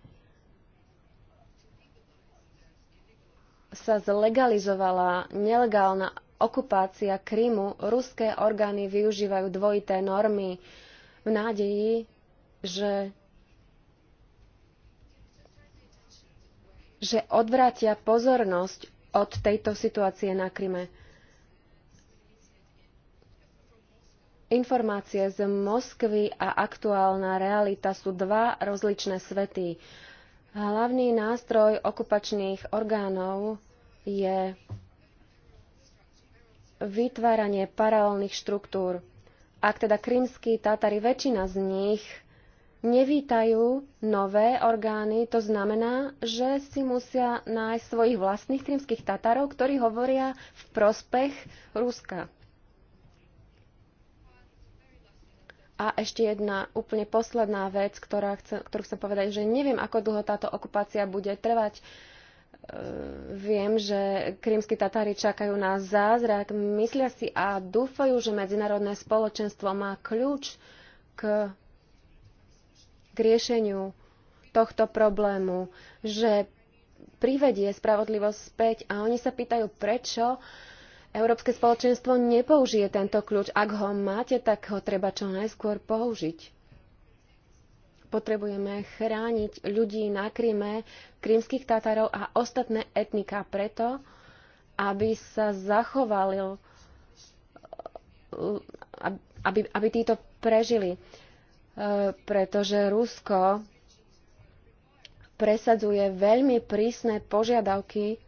Speaker 1: sa zlegalizovala nelegálna okupácia Krymu, ruské orgány využívajú dvojité normy v nádeji, že že odvrátia pozornosť od tejto situácie na Kryme. Informácie z Moskvy a aktuálna realita sú dva rozličné svety. Hlavný nástroj okupačných orgánov je vytváranie paralelných štruktúr. Ak teda krymskí Tatari, väčšina z nich nevítajú nové orgány, to znamená, že si musia nájsť svojich vlastných krymských Tatarov, ktorí hovoria v prospech Ruska. A ešte jedna úplne posledná vec, ktorá chcem, ktorú chcem povedať, že neviem, ako dlho táto okupácia bude trvať. E, viem, že krímsky Tatári čakajú na zázrak, myslia si a dúfajú, že medzinárodné spoločenstvo má kľúč k, k riešeniu tohto problému, že privedie spravodlivosť späť a oni sa pýtajú prečo Európske spoločenstvo nepoužije tento kľúč. Ak ho máte, tak ho treba čo najskôr použiť. Potrebujeme chrániť ľudí na Kryme, krímskych Tatarov a ostatné etnika preto, aby sa zachovalil, aby, aby títo prežili. E, pretože Rusko presadzuje veľmi prísne požiadavky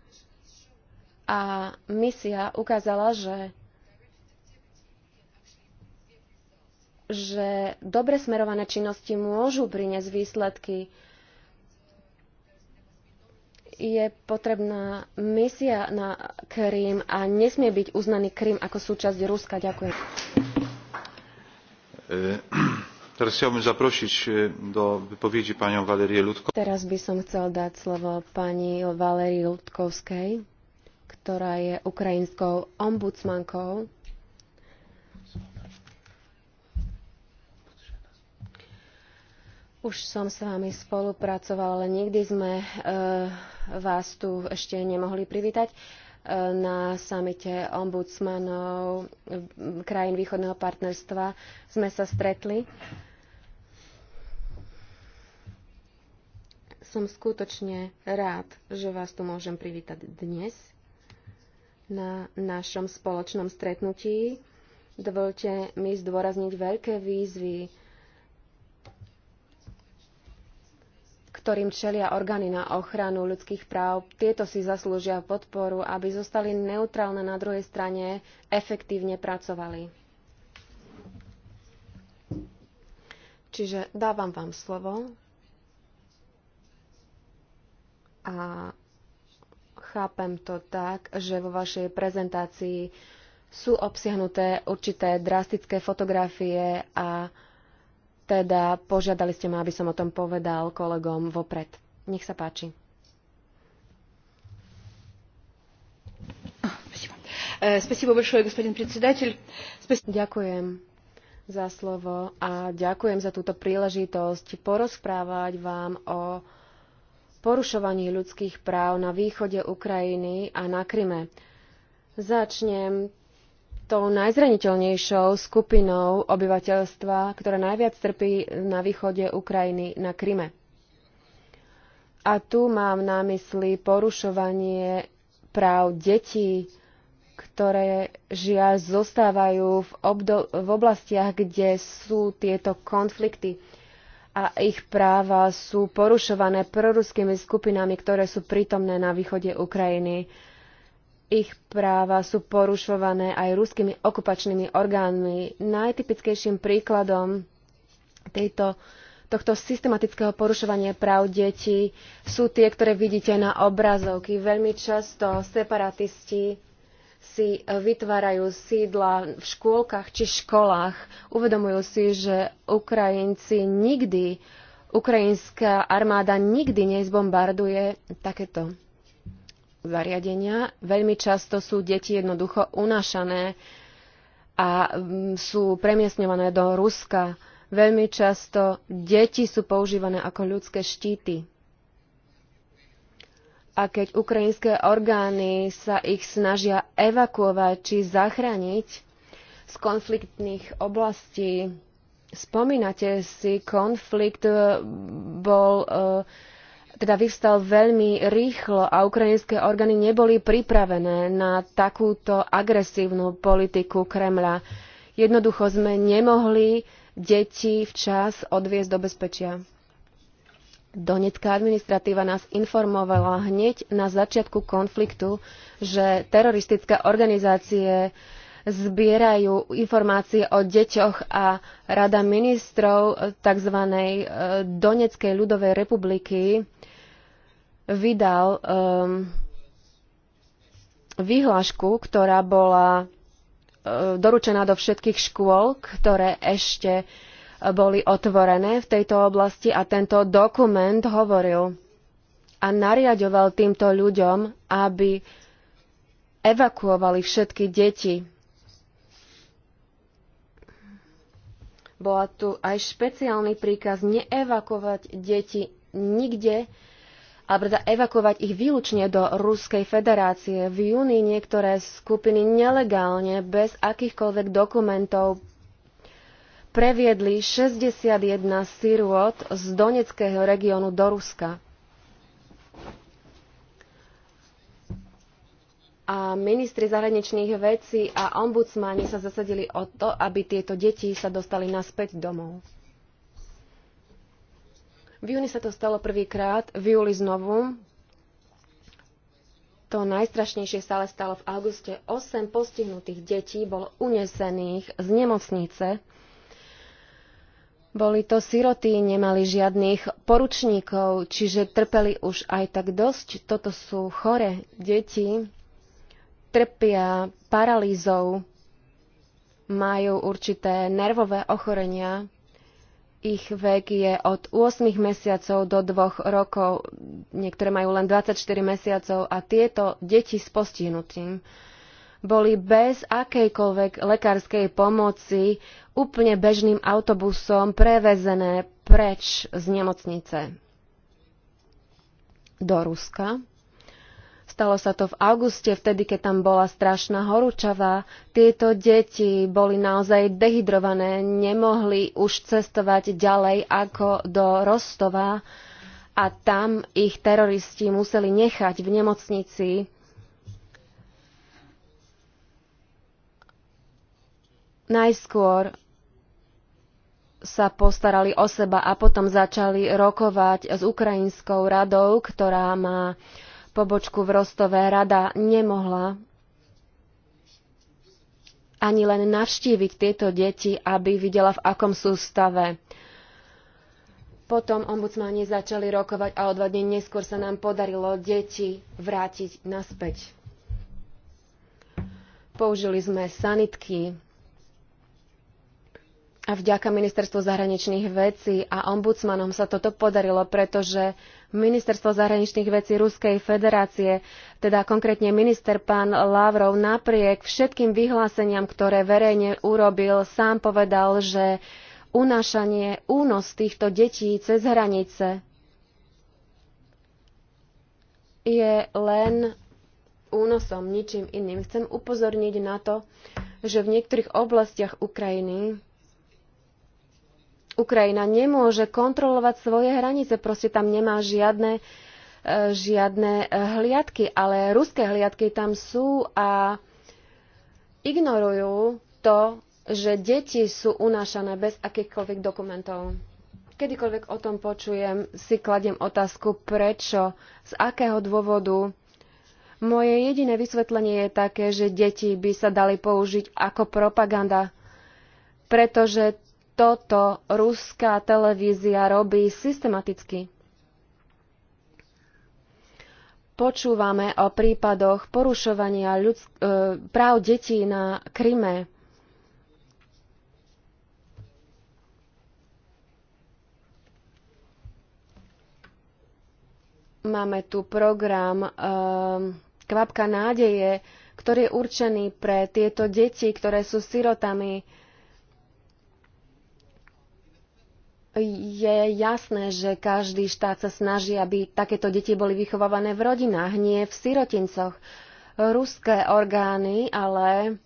Speaker 1: a misia ukázala, že že dobre smerované činnosti môžu priniesť výsledky. Je potrebná misia na Krím a nesmie byť uznaný Krím ako súčasť Ruska. Ďakujem.
Speaker 4: E, teraz bym zaprosiť e, do vypovedi pani Valérie Ludkowską.
Speaker 1: Teraz by som chcel dať slovo pani Valerii Ludkovskej ktorá je ukrajinskou ombudsmankou. Už som s vami spolupracovala, ale nikdy sme e, vás tu ešte nemohli privítať e, na samite ombudsmanov krajín východného partnerstva. Sme sa stretli. Som skutočne rád, že vás tu môžem privítať dnes na našom spoločnom stretnutí. Dovolte mi zdôrazniť veľké výzvy, ktorým čelia orgány na ochranu ľudských práv. Tieto si zaslúžia podporu, aby zostali neutrálne na druhej strane, efektívne pracovali. Čiže dávam vám slovo a chápem to tak, že vo vašej prezentácii sú obsiahnuté určité drastické fotografie a teda požiadali ste ma, aby som o tom povedal kolegom vopred. Nech sa páči. Ďakujem za slovo a ďakujem za túto príležitosť porozprávať vám o porušovaní ľudských práv na východe Ukrajiny a na Kryme. Začnem tou najzraniteľnejšou skupinou obyvateľstva, ktorá najviac trpí na východe Ukrajiny na Kryme. A tu mám na mysli porušovanie práv detí, ktoré žiaľ zostávajú v, v oblastiach, kde sú tieto konflikty a ich práva sú porušované proruskými skupinami, ktoré sú prítomné na východe Ukrajiny. Ich práva sú porušované aj ruskými okupačnými orgánmi. Najtypickejším príkladom tejto, tohto systematického porušovania práv detí sú tie, ktoré vidíte na obrazovky. Veľmi často separatisti si vytvárajú sídla v škôlkach či školách. Uvedomujú si, že Ukrajinci nikdy, ukrajinská armáda nikdy nezbombarduje takéto zariadenia. Veľmi často sú deti jednoducho unašané a mm, sú premiesňované do Ruska. Veľmi často deti sú používané ako ľudské štíty a keď ukrajinské orgány sa ich snažia evakuovať či zachrániť z konfliktných oblastí. Spomínate si, konflikt e, bol, e, teda vyvstal veľmi rýchlo a ukrajinské orgány neboli pripravené na takúto agresívnu politiku Kremľa. Jednoducho sme nemohli deti včas odviezť do bezpečia. Donetská administratíva nás informovala hneď na začiatku konfliktu, že teroristické organizácie zbierajú informácie o deťoch a Rada ministrov tzv. E, Doneckej ľudovej republiky vydal um, vyhlášku, ktorá bola um, doručená do všetkých škôl, ktoré ešte uh, boli otvorené v tejto oblasti a tento dokument hovoril a nariadoval týmto ľuďom, aby evakuovali všetky deti. Bola tu aj špeciálny príkaz neevakovať deti nikde, ale teda evakovať ich výlučne do Ruskej federácie. V júni niektoré skupiny nelegálne, bez akýchkoľvek dokumentov, previedli 61 sirôt z Doneckého regiónu do Ruska. A ministri zahraničných vecí a ombudsmani sa zasadili o to, aby tieto deti sa dostali naspäť domov. V júni sa to stalo prvýkrát, v júli znovu. To najstrašnejšie sa ale stalo v auguste. 8 postihnutých detí bolo unesených z nemocnice boli to siroty, nemali žiadnych poručníkov, čiže trpeli už aj tak dosť. Toto sú chore deti, trpia paralýzou, majú určité nervové ochorenia. Ich vek je od 8 mesiacov do 2 rokov, niektoré majú len 24 mesiacov a tieto deti s postihnutím boli bez akejkoľvek lekárskej pomoci úplne bežným autobusom prevezené preč z nemocnice do Ruska. Stalo sa to v auguste, vtedy, keď tam bola strašná horúčava. Tieto deti boli naozaj dehydrované, nemohli už cestovať ďalej ako do Rostova a tam ich teroristi museli nechať v nemocnici najskôr sa postarali o seba a potom začali rokovať s Ukrajinskou radou, ktorá má pobočku v Rostove. Rada nemohla ani len navštíviť tieto deti, aby videla, v akom sú stave. Potom ombudsmani začali rokovať a o dva dní neskôr sa nám podarilo deti vrátiť naspäť. Použili sme sanitky, a vďaka ministerstvu zahraničných vecí a ombudsmanom sa toto podarilo, pretože ministerstvo zahraničných vecí Ruskej federácie, teda konkrétne minister pán Lavrov, napriek všetkým vyhláseniam, ktoré verejne urobil, sám povedal, že unášanie, únos týchto detí cez hranice je len únosom, ničím iným. Chcem upozorniť na to, že v niektorých oblastiach Ukrajiny Ukrajina nemôže kontrolovať svoje hranice, proste tam nemá žiadne, e, žiadne e, hliadky, ale ruské hliadky tam sú a ignorujú to, že deti sú unášané bez akýchkoľvek dokumentov. Kedykoľvek o tom počujem, si kladiem otázku, prečo, z akého dôvodu. Moje jediné vysvetlenie je také, že deti by sa dali použiť ako propaganda, pretože toto ruská televízia robí systematicky. Počúvame o prípadoch porušovania ľudsk- e, práv detí na Kryme. Máme tu program e, Kvapka nádeje, ktorý je určený pre tieto deti, ktoré sú sirotami. je jasné, že každý štát sa snaží, aby takéto deti boli vychovávané v rodinách, nie v sirotincoch. Ruské orgány ale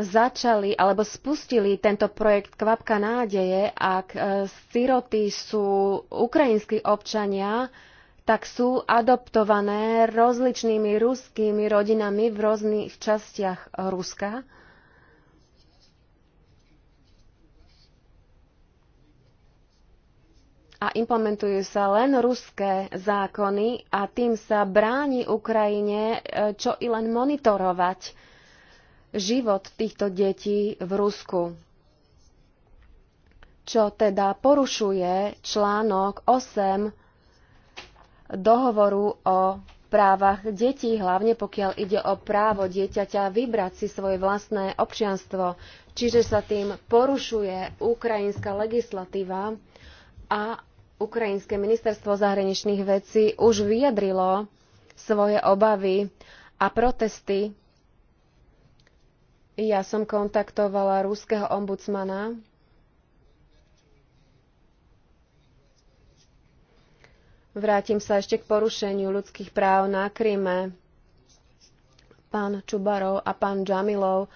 Speaker 1: začali alebo spustili tento projekt Kvapka nádeje, ak e, siroty sú ukrajinskí občania, tak sú adoptované rozličnými ruskými rodinami v rôznych častiach Ruska a implementujú sa len ruské zákony a tým sa bráni Ukrajine e, čo i len monitorovať život týchto detí v Rusku čo teda porušuje článok 8 dohovoru o právach detí, hlavne pokiaľ ide o právo dieťaťa vybrať si svoje vlastné občianstvo. Čiže sa tým porušuje ukrajinská legislatíva a Ukrajinské ministerstvo zahraničných vecí už vyjadrilo svoje obavy a protesty. Ja som kontaktovala rúského ombudsmana Vrátim sa ešte k porušeniu ľudských práv na Kryme. Pán Čubarov a pán Džamilov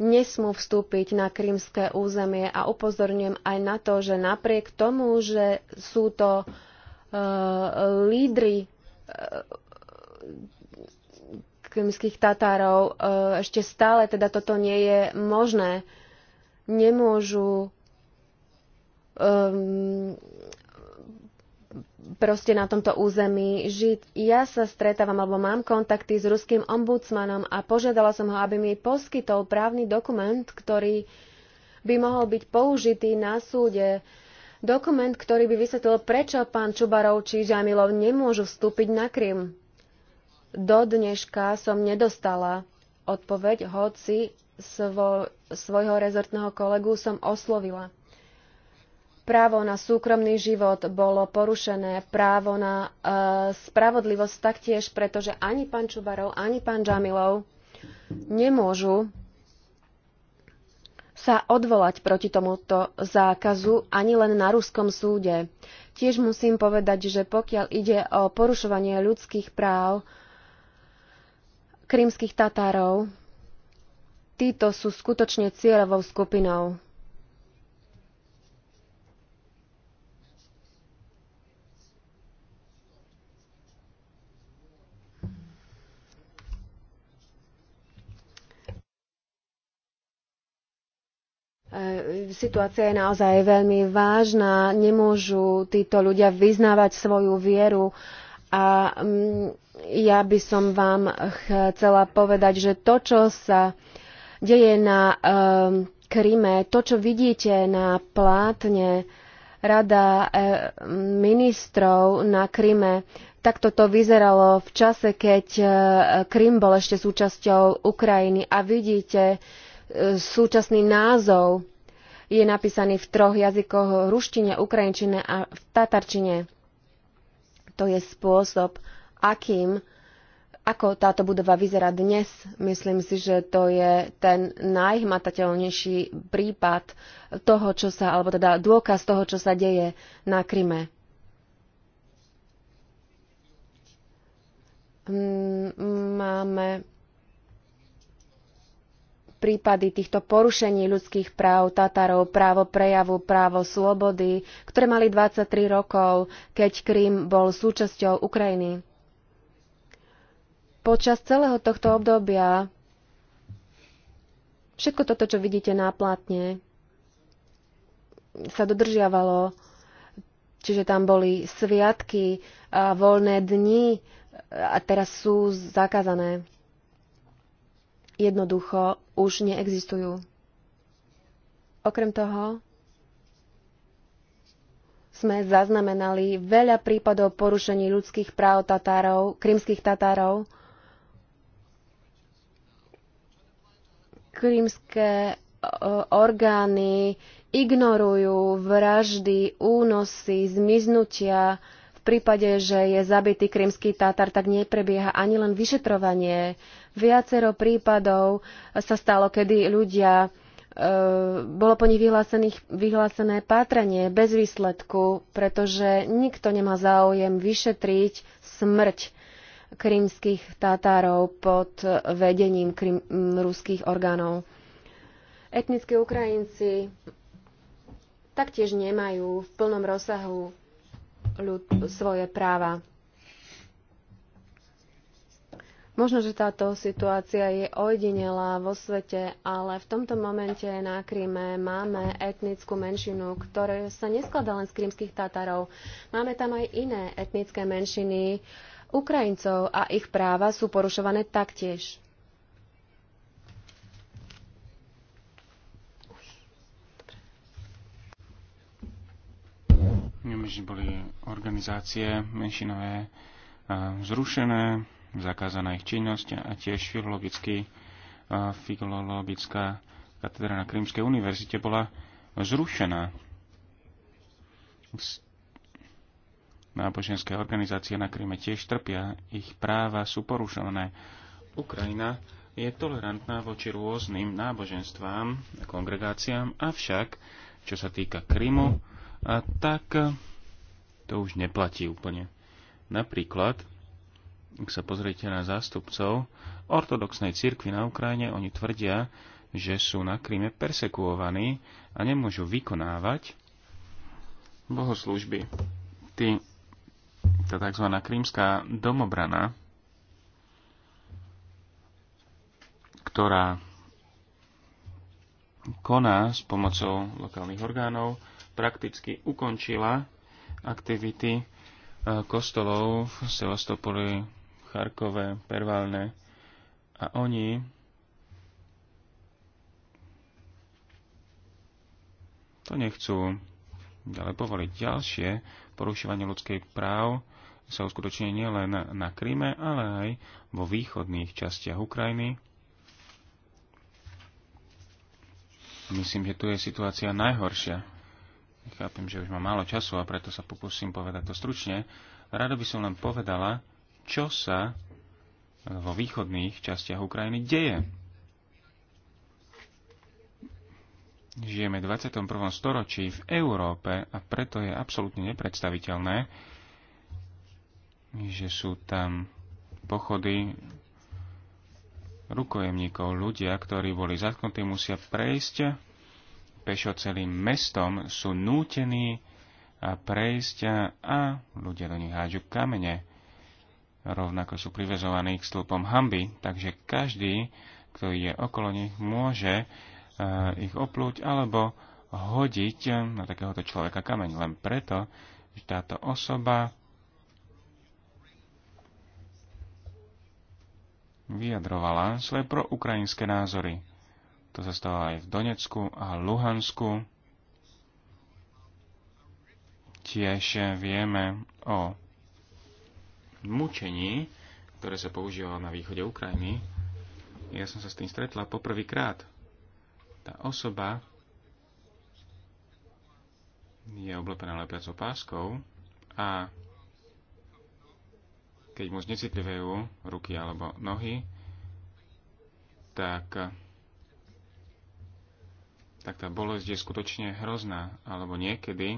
Speaker 1: nesmú vstúpiť na krímske územie a upozorňujem aj na to, že napriek tomu, že sú to uh, lídry uh, e, krymských Tatárov, uh, ešte stále teda toto nie je možné. Nemôžu proste na tomto území žiť. Ja sa stretávam alebo mám kontakty s ruským ombudsmanom a požiadala som ho, aby mi poskytol právny dokument, ktorý by mohol byť použitý na súde. Dokument, ktorý by vysvetlil, prečo pán Čubarov či Žamilov nemôžu vstúpiť na Krym. Do dneška som nedostala odpoveď, hoci svo, svojho rezortného kolegu som oslovila právo na súkromný život bolo porušené, právo na uh, spravodlivosť taktiež, pretože ani pán Čubarov, ani pán Džamilov nemôžu sa odvolať proti tomuto zákazu ani len na ruskom súde. Tiež musím povedať, že pokiaľ ide o porušovanie ľudských práv krímskych Tatárov, títo sú skutočne cieľovou skupinou. E, situácia je naozaj veľmi vážna. Nemôžu títo ľudia vyznávať svoju vieru. A mm, ja by som vám chcela povedať, že to, čo sa deje na Kryme, to, čo vidíte na plátne Rada e, ministrov na Kryme, takto to vyzeralo v čase, keď e, Krym bol ešte súčasťou Ukrajiny. A vidíte, súčasný názov je napísaný v troch jazykoch ruštine, ukrajinčine a v tatarčine. To je spôsob, akým ako táto budova vyzerá dnes, myslím si, že to je ten najhmatateľnejší prípad toho, čo sa, alebo teda dôkaz toho, čo sa deje na Kryme. Mm, máme prípady týchto porušení ľudských práv Tatarov, právo prejavu, právo slobody, ktoré mali 23 rokov, keď Krym bol súčasťou Ukrajiny. Počas celého tohto obdobia všetko toto, čo vidíte na plátne, sa dodržiavalo. Čiže tam boli sviatky, a voľné dni a teraz sú zakázané. Jednoducho už neexistujú. Okrem toho sme zaznamenali veľa prípadov porušení ľudských práv Tatárov, krymských Tatárov. Krymské orgány ignorujú vraždy, únosy, zmiznutia, prípade, že je zabitý krymský Tátar, tak neprebieha ani len vyšetrovanie. Viacero prípadov sa stalo, kedy ľudia e, bolo po nich vyhlásené pátranie bez výsledku, pretože nikto nemá záujem vyšetriť smrť krymských Tatárov pod vedením ruských orgánov. Etnickí Ukrajinci taktiež nemajú v plnom rozsahu ľud, svoje práva. Možno, že táto situácia je ojedinelá vo svete, ale v tomto momente na Kríme máme etnickú menšinu, ktorá sa neskladá len z krímskych Tatarov. Máme tam aj iné etnické menšiny, Ukrajincov a ich práva sú porušované taktiež.
Speaker 3: tým, že boli organizácie menšinové zrušené, zakázaná ich činnosť a tiež filologicky, filologická katedra na Krímskej univerzite bola zrušená. Náboženské organizácie na Kryme tiež trpia, ich práva sú porušované. Ukrajina je tolerantná voči rôznym náboženstvám a kongregáciám, avšak, čo sa týka Krymu, tak to už neplatí úplne. Napríklad, ak sa pozriete na zástupcov ortodoxnej cirkvi na Ukrajine, oni tvrdia, že sú na Kríme persekuovaní a nemôžu vykonávať bohoslužby. Tí, tá tzv. krímska domobrana, ktorá koná s pomocou lokálnych orgánov, prakticky ukončila aktivity e, kostolov v Sevastopoli, Charkove, Perválne a oni to nechcú ďalej povoliť. Ďalšie porušovanie ľudských práv sa uskutočne nielen na, na Kryme, ale aj vo východných častiach Ukrajiny. Myslím, že tu je situácia najhoršia. Chápem, že už mám málo času a preto sa pokúsim povedať to stručne. Rada by som len povedala, čo sa vo východných častiach Ukrajiny deje. Žijeme v 21. storočí v Európe a preto je absolútne nepredstaviteľné, že sú tam pochody rukojemníkov. Ľudia, ktorí boli zatknutí, musia prejsť pešo celým mestom, sú nútení prejsť a ľudia do nich hádžu kamene. Rovnako sú privezovaní k stĺpom hamby, takže každý, kto je okolo nich, môže ich oplúť alebo hodiť na takéhoto človeka kameň len preto, že táto osoba vyjadrovala svoje proukrajinské názory. To sa stalo aj v Donecku a Luhansku. Tiež vieme o mučení, ktoré sa používalo na východe Ukrajiny. Ja som sa s tým stretla poprvýkrát. Tá osoba je oblepená lepiacou páskou a keď mu znecitlivajú ruky alebo nohy, tak tak tá bolesť je skutočne hrozná. Alebo niekedy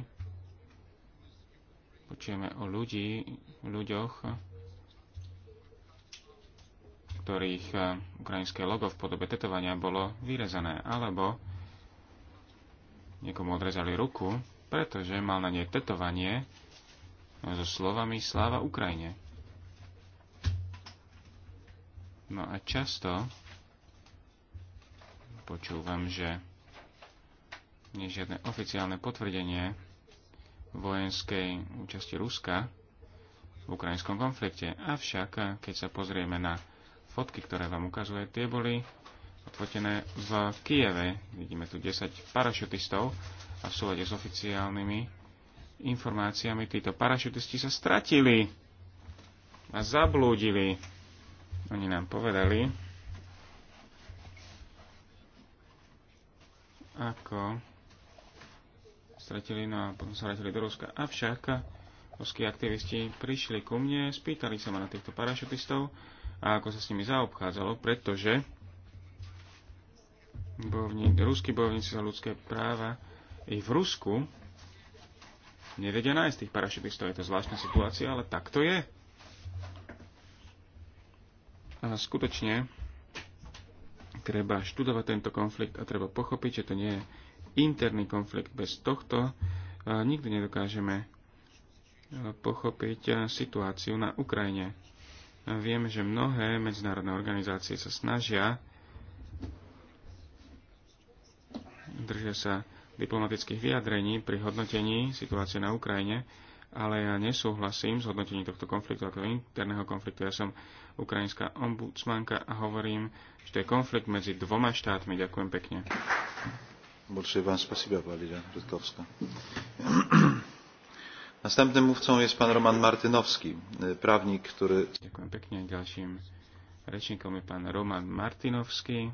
Speaker 3: počujeme o ľudí, ľuďoch, ktorých eh, ukrajinské logo v podobe tetovania bolo vyrezané, alebo niekomu odrezali ruku, pretože mal na nej tetovanie so slovami Sláva Ukrajine. No a často počúvam, že nie žiadne oficiálne potvrdenie vojenskej účasti Ruska v ukrajinskom konflikte. Avšak, keď sa pozrieme na fotky, ktoré vám ukazuje, tie boli odfotené v Kieve. Vidíme tu 10 parašutistov a v súlade s oficiálnymi informáciami títo parašutisti sa stratili a zablúdili. Oni nám povedali, ako stratili no a potom sa vrátili do Ruska. Avšak ruskí aktivisti prišli ku mne, spýtali sa ma na týchto parašutistov a ako sa s nimi zaobchádzalo, pretože bojovní, ruskí bojovníci za ľudské práva i v Rusku nevedia nájsť tých parašutistov. Je to zvláštna situácia, ale tak to je. A skutočne treba študovať tento konflikt a treba pochopiť, že to nie je interný konflikt. Bez tohto e, nikdy nedokážeme e, pochopiť e, situáciu na Ukrajine. Vieme, že mnohé medzinárodné organizácie sa snažia držia sa diplomatických vyjadrení pri hodnotení situácie na Ukrajine, ale ja nesúhlasím s hodnotením tohto konfliktu ako interného konfliktu. Ja som ukrajinská ombudsmanka a hovorím, že to je konflikt medzi dvoma štátmi. Ďakujem pekne.
Speaker 4: Большое вам спасибо, Валерия Рудковска. Następnym mówcą jest pan Roman Martynowski,
Speaker 3: prawnik, który... Dziękuję pięknie. Dalszym rečníkom je pán Roman Martinovský,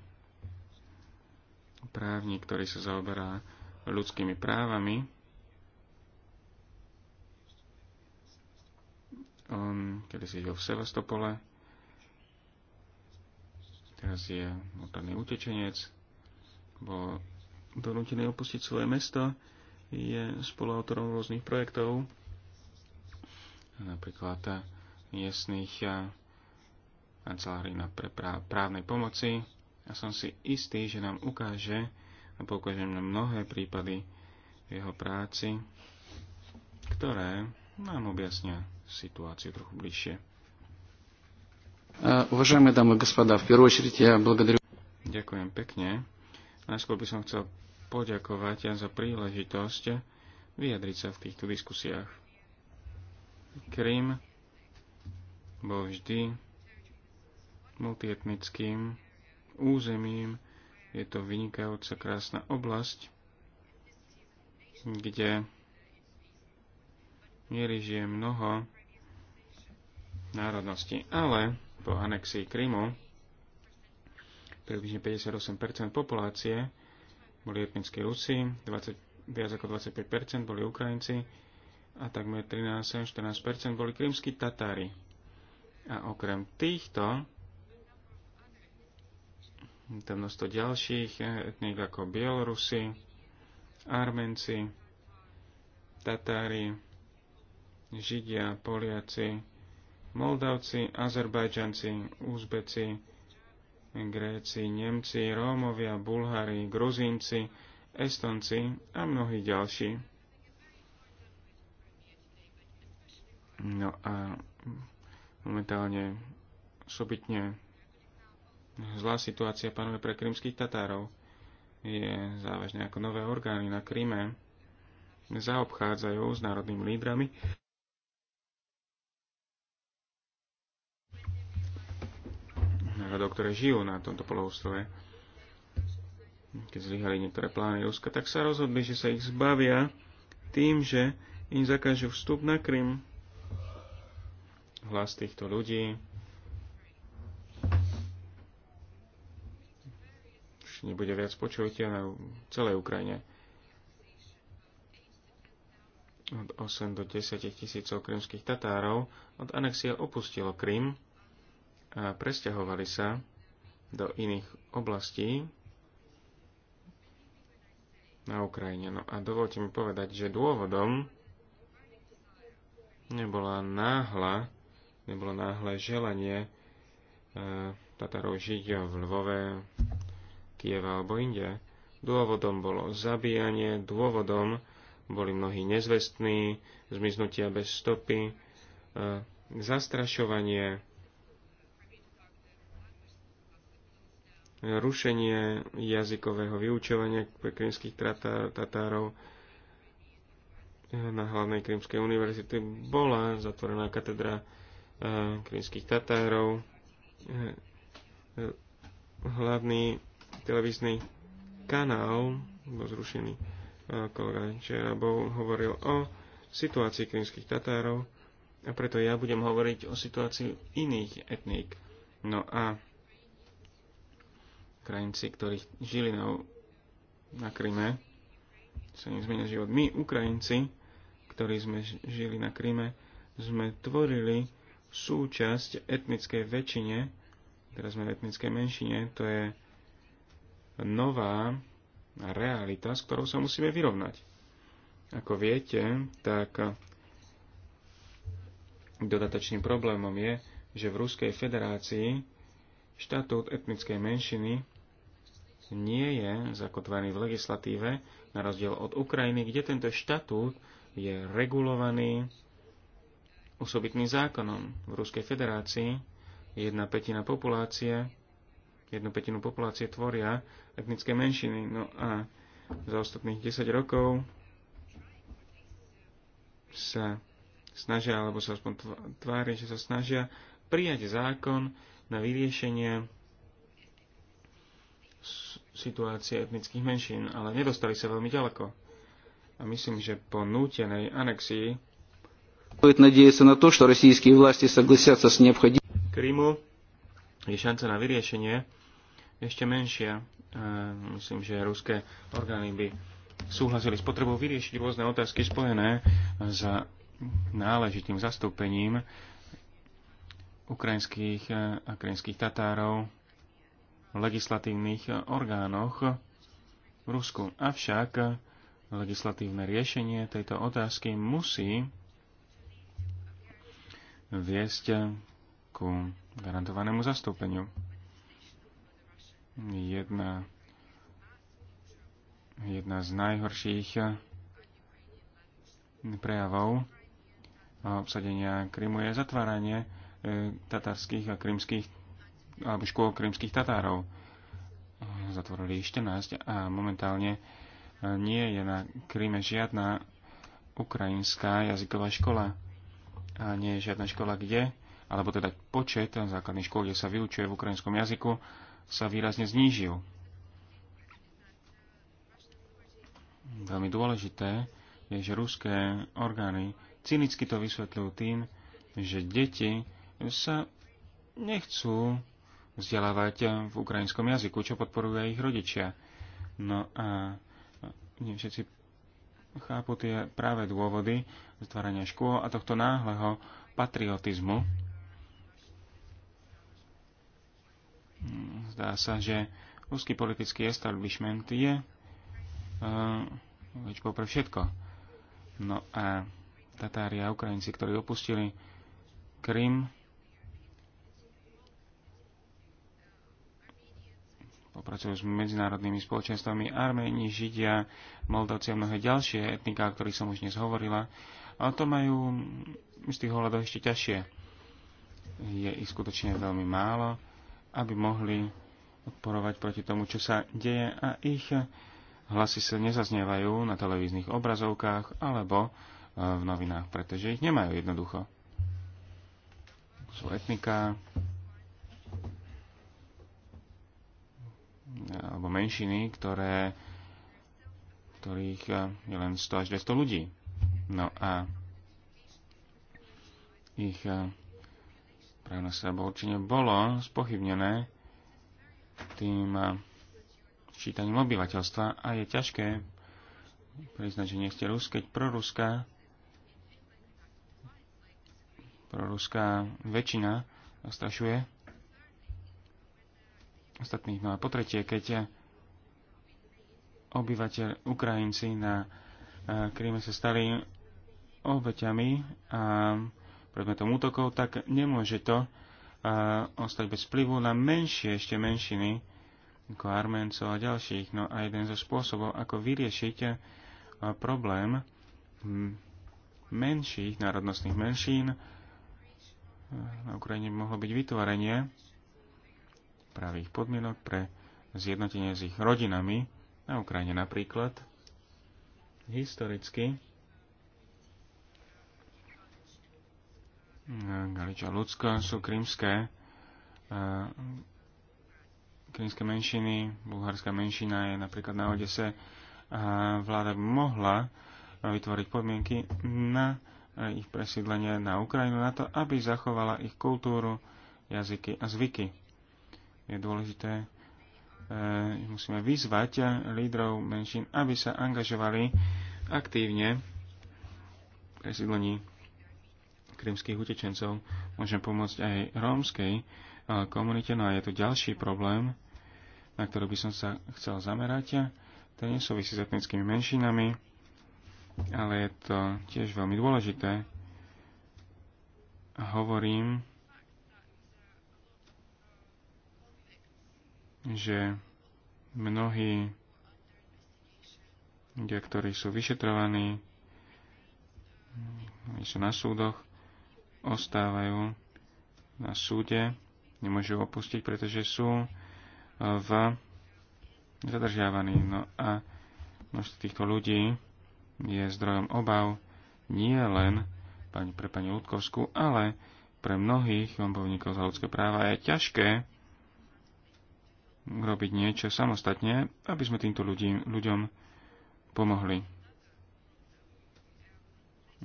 Speaker 3: právnik, ktorý sa zaoberá ľudskými právami. On kedy si žil v Sevastopole, teraz je notárny utečenec, bol donútený opustiť svoje mesto, je spoluautorom rôznych projektov, napríklad miestných eh, kancelárií na pre právnej pomoci. Ja som si istý, že nám ukáže a poukáže na mnohé prípady v jeho práci, ktoré nám objasnia situáciu trochu bližšie. Уважаемые дамы и господа, в первую очередь я благодарю... Ďakujem pekne. Najskôr by som chcel poďakovať za príležitosť vyjadriť sa v týchto diskusiách. Krym bol vždy multietnickým územím. Je to vynikajúca krásna oblasť, kde miery žije mnoho národností. Ale po anexii Krymu približne 58% populácie boli etnickí Rusi, 20, viac ako 25% boli Ukrajinci a takmer 13-14% boli krímsky Tatári. A okrem týchto to množstvo ďalších etník ako Bielorusi, Armenci, Tatári, Židia, Poliaci, Moldavci, Azerbajdžanci, Úzbeci, Gréci, Nemci, Rómovia, Bulhári, Gruzínci, Estonci a mnohí ďalší. No a momentálne osobitne zlá situácia panuje pre krymských Tatárov. Je závažné ako nové orgány na Kríme zaobchádzajú s národnými lídrami. národov, ktoré žijú na tomto polovostrove. Keď zlyhali niektoré plány Ruska, tak sa rozhodli, že sa ich zbavia tým, že im zakážu vstup na Krym. Hlas týchto ľudí už nebude viac počuteľné v celej Ukrajine. Od 8 do 10 tisícov krymských Tatárov od anexie opustilo Krym a presťahovali sa do iných oblastí na Ukrajine. No a dovolte mi povedať, že dôvodom nebola náhla, nebolo náhle želanie e, Tatarov žiť v Lvove, Kieva alebo inde. Dôvodom bolo zabíjanie, dôvodom boli mnohí nezvestní, zmiznutia bez stopy, e, zastrašovanie, rušenie jazykového vyučovania krymských Tatárov na hlavnej Krymskej univerzity bola zatvorená katedra e, krymských Tatárov. E, e, hlavný televízny kanál bol zrušený. Kolega Čerabov hovoril o situácii krymských Tatárov a preto ja budem hovoriť o situácii iných etník. No a Ukrajinci, ktorí žili na, na Kryme, sa im život. My, Ukrajinci, ktorí sme žili na Kryme, sme tvorili súčasť etnickej väčšine, teraz sme v etnickej menšine, to je nová realita, s ktorou sa musíme vyrovnať. Ako viete, tak dodatočným problémom je, že v Ruskej federácii štatút etnickej menšiny nie je zakotvený v legislatíve, na rozdiel od Ukrajiny, kde tento štatút je regulovaný osobitným zákonom. V Ruskej federácii jedna petina populácie, jednu petinu populácie tvoria etnické menšiny. No a za ostatných 10 rokov sa snažia, alebo sa aspoň tvári, že sa snažia prijať zákon na vyriešenie situácie etnických menšín, ale nedostali sa veľmi ďaleko. A myslím, že po nútenej anexii надеяться je šanca na vyriešenie ešte menšia. Myslím, že ruské orgány by súhlasili s potrebou vyriešiť rôzne otázky spojené s náležitým zastúpením ukrajinských a krajinských Tatárov legislatívnych orgánoch v Rusku. Avšak legislatívne riešenie tejto otázky musí viesť ku garantovanému zastúpeniu. Jedna, jedna z najhorších prejavov obsadenia Krymu je zatváranie e, tatarských a krymských alebo škôl krymských Tatárov. Zatvorili 14 a momentálne e, nie je na Kríme žiadna ukrajinská jazyková škola. A nie je žiadna škola, kde, alebo teda počet základných škôl, kde sa vyučuje v ukrajinskom jazyku, sa výrazne znížil. Veľmi dôležité je, že ruské orgány cynicky to vysvetľujú tým, že deti sa nechcú vzdelávať v ukrajinskom jazyku, čo podporujú aj ich rodičia. No a nie všetci chápu tie práve dôvody zatvárania škôl a tohto náhleho patriotizmu. Zdá sa, že ruský politický establishment je uh, eh, pre všetko. No a Tatári a Ukrajinci, ktorí opustili Krym, spolupracujú s medzinárodnými spoločenstvami Arméni, Židia, Moldavci a mnohé ďalšie etniká, o ktorých som už dnes hovorila. A to majú z tých hľadov ešte ťažšie. Je ich skutočne veľmi málo, aby mohli odporovať proti tomu, čo sa deje a ich hlasy sa nezaznievajú na televíznych obrazovkách alebo e, v novinách, pretože ich nemajú jednoducho. Sú etniká, alebo menšiny, ktoré, ktorých eh, je len 100 až 200 ľudí. No a ich eh, práve na seba určite bolo spochybnené tým eh, čítaním obyvateľstva a je ťažké priznať, že nie ste Rus, keď proruská proruská väčšina zastrašuje ostatných. No a po tretie, keď obyvateľ Ukrajinci na e, Kríme sa stali obeťami a predmetom útokov, tak nemôže to e, ostať bez vplyvu na menšie, ešte menšiny, ako Arméncov a ďalších. No a jeden zo spôsobov, ako vyriešiť e, problém hm, menších, národnostných menšín, na Ukrajine mohlo byť vytvorenie pravých podmienok pre zjednotenie s ich rodinami na Ukrajine napríklad. Historicky Galiča Ľudsko sú krímske eh, krímske menšiny, bulharská menšina je napríklad na Odese a eh, vláda by mohla vytvoriť podmienky na eh, ich presídlenie na Ukrajinu na to, aby zachovala ich kultúru, jazyky a zvyky je dôležité, e, musíme vyzvať lídrov menšín, aby sa angažovali aktívne v presídlení krymských utečencov. môžem pomôcť aj rómskej e, komunite, no a je tu ďalší problém, na ktorý by som sa chcel zamerať. To nesúvisí s etnickými menšinami, ale je to tiež veľmi dôležité. Hovorím že mnohí ľudia, ktorí sú vyšetrovaní, sú na súdoch, ostávajú na súde, nemôžu opustiť, pretože sú eh, v zadržiavaní. No a množstvo týchto ľudí je zdrojom obav nie len pre pani Ľudkovskú, ale pre mnohých obovníkov za ľudské práva je ťažké urobiť niečo samostatne, aby sme týmto ľudí, ľuďom pomohli.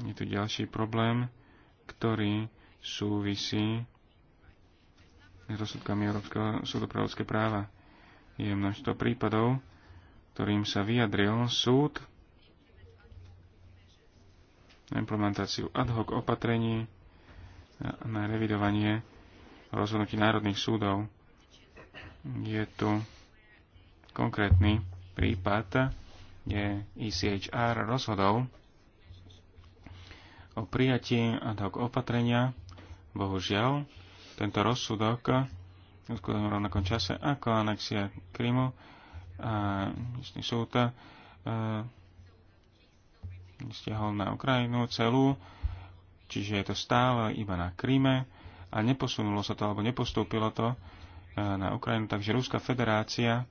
Speaker 3: Je tu ďalší problém, ktorý súvisí s rozsudkami Európskeho súdu pre ľudské práva. Je množstvo prípadov, ktorým sa vyjadril súd na implementáciu ad hoc opatrení na revidovanie rozhodnutí národných súdov je tu konkrétny prípad, kde ICHR rozhodol o prijatí ad hoc opatrenia. Bohužiaľ, tento rozsudok uskutočnil v rovnakom čase ako anexia Krymu a miestny súd eh, stiahol na Ukrajinu celú, čiže je to stále iba na Kryme a neposunulo sa to alebo nepostúpilo to na Ukrajinu, takže Ruská federácia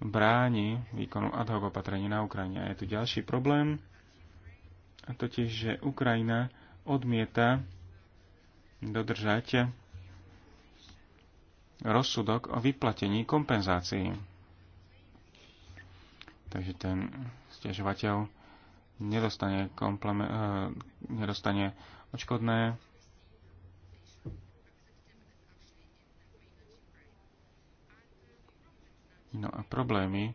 Speaker 3: bráni výkonu ad hoc opatrení na Ukrajine. A je tu ďalší problém, a totiž, že Ukrajina odmieta dodržať rozsudok o vyplatení kompenzácií. Takže ten stiažovateľ nedostane, eh, nedostane odškodné No a problémy,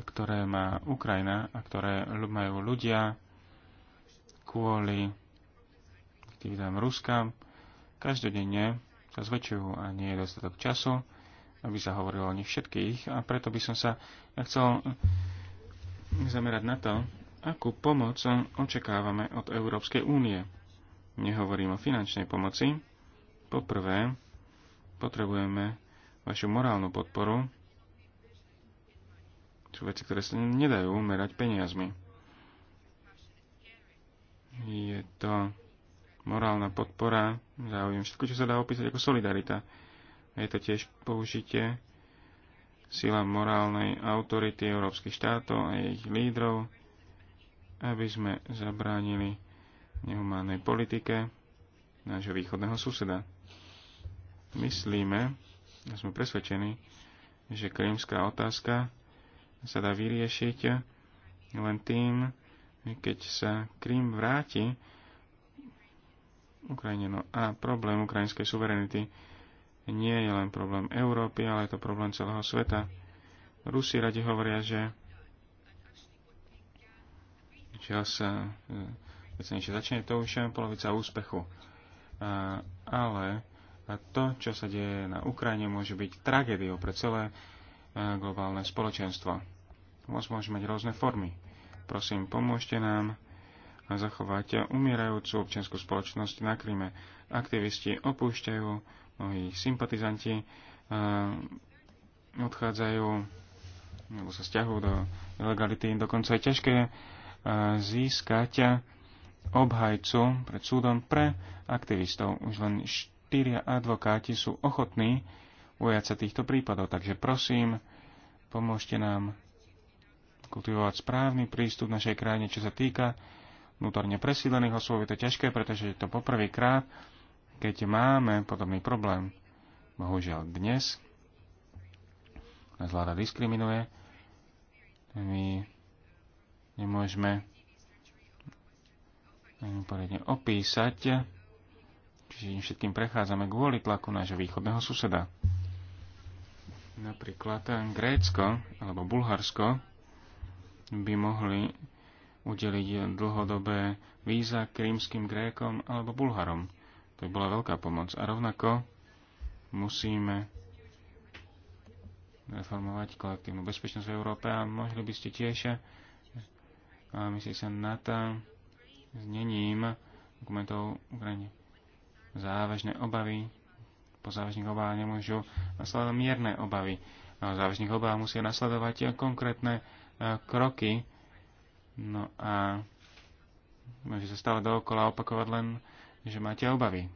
Speaker 3: ktoré má Ukrajina a ktoré majú ľudia kvôli aktivitám Ruska, každodenne sa zväčšujú a nie je dostatok času, aby sa hovorilo o nich všetkých a preto by som sa chcel zamerať na to, akú pomoc očakávame od Európskej únie. Nehovorím o finančnej pomoci. Poprvé, potrebujeme vašu morálnu podporu, sú veci, ktoré sa nedajú merať peniazmi. Je to morálna podpora, záujem, všetko, čo sa dá opísať ako solidarita. Je to tiež použitie sila morálnej autority európskych štátov a ich lídrov, aby sme zabránili nehumánnej politike nášho východného suseda. Myslíme, a sme presvedčení, že krímska otázka sa dá vyriešiť len tým, keď sa Krím vráti Ukrajine. No a problém ukrajinskej suverenity nie je len problém Európy, ale je to problém celého sveta. Rusi radi hovoria, že čas e, niečo začne, to už je polovica úspechu. A, ale a to, čo sa deje na Ukrajine, môže byť tragédiou pre celé e, globálne spoločenstvo. Pomoc môže mať rôzne formy. Prosím, pomôžte nám zachovať umierajúcu občianskú spoločnosť na Kryme. Aktivisti opúšťajú, mnohí sympatizanti eh, odchádzajú alebo sa stiahujú do ilegality. Dokonca je ťažké eh, získať obhajcu pred súdom pre aktivistov. Už len štyria advokáti sú ochotní ujať sa týchto prípadov. Takže prosím, pomôžte nám kultivovať správny prístup našej krajine, čo sa týka vnútorne presídlených osôb. Je to ťažké, pretože je to poprvýkrát, keď máme podobný problém. Bohužiaľ dnes nás vláda diskriminuje. My nemôžeme poriadne opísať, čiže im všetkým prechádzame kvôli tlaku nášho východného suseda. Napríklad Grécko alebo Bulharsko by mohli udeliť dlhodobé víza rímským Grékom alebo Bulharom. To by bola veľká pomoc. A rovnako musíme reformovať kolektívnu bezpečnosť v Európe a mohli by ste tiež a myslí sa na to znením dokumentov Ukrajine. Závažné obavy po závažných obávach nemôžu nasledovať mierne obavy. Závažných obáv musia nasledovať konkrétne kroky. No a môže sa stále dookola opakovať len, že máte obavy.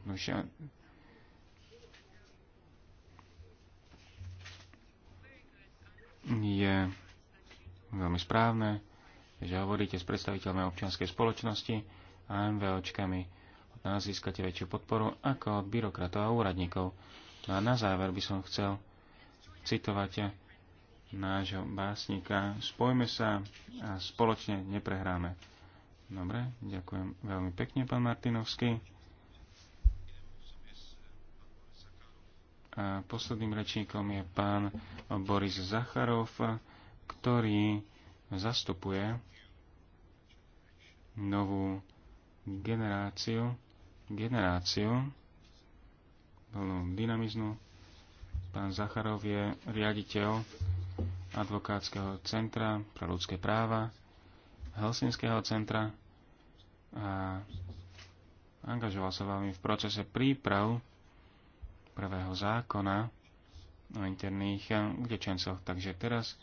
Speaker 3: je veľmi správne, že hovoríte s predstaviteľmi občianskej spoločnosti a MVOčkami. Od nás získate väčšiu podporu ako od byrokratov a úradníkov. No a na záver by som chcel citovať nášho básnika. Spojme sa a spoločne neprehráme. Dobre, ďakujem veľmi pekne, pán Martinovský. A posledným rečníkom je pán Boris Zacharov, ktorý zastupuje novú generáciu, generáciu plnú dynamizmu. Pán Zacharov je riaditeľ advokátskeho centra pre ľudské práva, Helsinského centra a angažoval sa veľmi v procese príprav prvého zákona o interných utečencoch. Eh, Takže teraz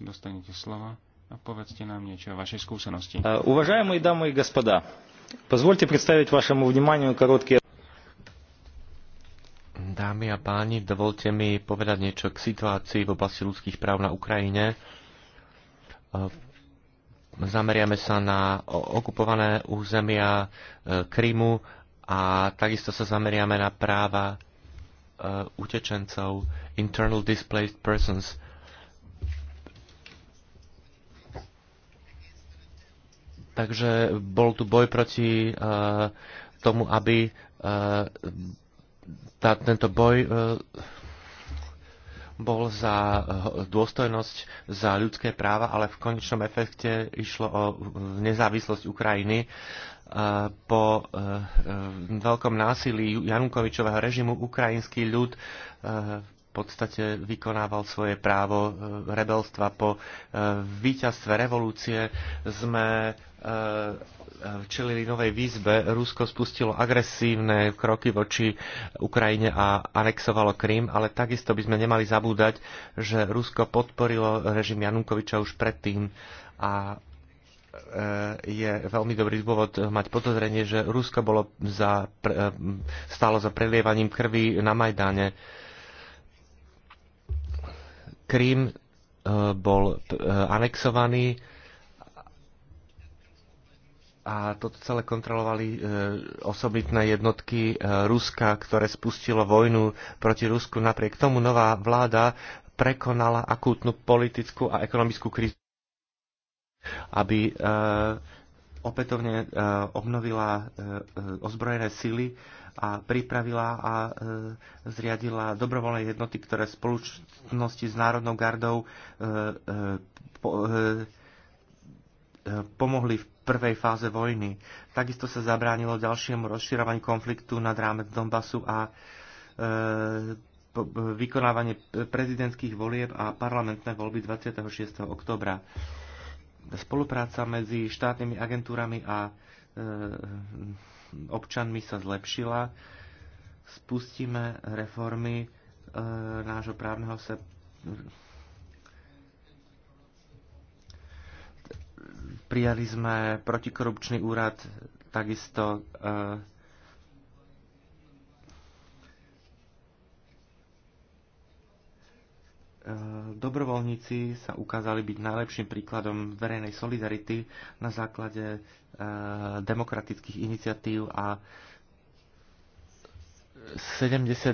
Speaker 3: dostanete slovo a povedzte nám niečo o vašej skúsenosti.
Speaker 5: Eh, Uvažajme dámy i господа, позвольте представить вашему вниманию Dámy a páni, dovolte mi povedať niečo k situácii v oblasti ľudských práv na Ukrajine. E, zameriame sa na okupované územia e, Krymu a takisto sa zameriame na práva e, utečencov, internal displaced persons. Takže bol tu boj proti tomu, aby tá, tento boj e, bol za e, dôstojnosť, za ľudské práva, ale v konečnom efekte išlo o e, nezávislosť Ukrajiny. Po veľkom násilí Janukovičového režimu ukrajinský ľud podstate vykonával svoje právo e, rebelstva. Po e, víťazstve revolúcie sme e, čelili novej výzbe. Rusko spustilo agresívne kroky voči Ukrajine a anexovalo Krym, ale takisto by sme nemali zabúdať, že Rusko podporilo režim Janukoviča už predtým a je veľmi dobrý dôvod mať podozrenie, že Rusko bolo za, stálo za prelievaním krvi na Majdane Krím eh, bol eh, anexovaný a toto celé kontrolovali eh, osobitné jednotky Ruska, ktoré spustilo vojnu proti Rusku. Napriek tomu nová vláda prekonala akútnu politickú a ekonomickú krízu, aby opätovne obnovila ozbrojené sily a pripravila a e, zriadila dobrovoľné jednoty, ktoré v spoločnosti s Národnou gardou e, e, pomohli v prvej fáze vojny. Takisto sa zabránilo ďalšiemu rozširovaniu konfliktu nad rámec Donbasu a vykonávanie prezidentských volieb a parlamentné voľby 26. oktobra. Spolupráca medzi štátnymi agentúrami a občanmi sa zlepšila. Spustíme reformy e, nášho právneho se... Prijali sme protikorupčný úrad, takisto e, E, dobrovoľníci sa ukázali byť najlepším príkladom verejnej solidarity na základe e, demokratických iniciatív a 79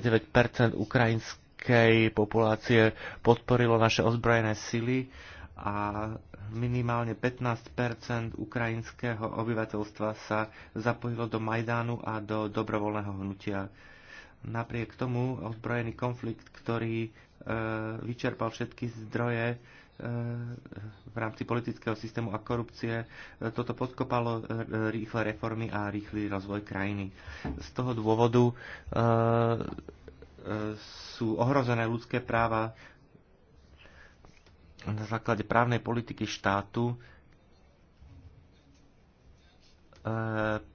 Speaker 5: ukrajinskej populácie podporilo naše ozbrojené sily a minimálne 15 ukrajinského obyvateľstva sa zapojilo do Majdánu a do dobrovoľného hnutia. Napriek tomu ozbrojený konflikt, ktorý E, vyčerpal všetky zdroje e, v rámci politického systému a korupcie. E, toto podkopalo rýchle reformy a rýchly rozvoj krajiny. Z toho dôvodu sú ohrozené ľudské práva na základe právnej politiky štátu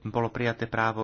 Speaker 5: bolo prijaté právo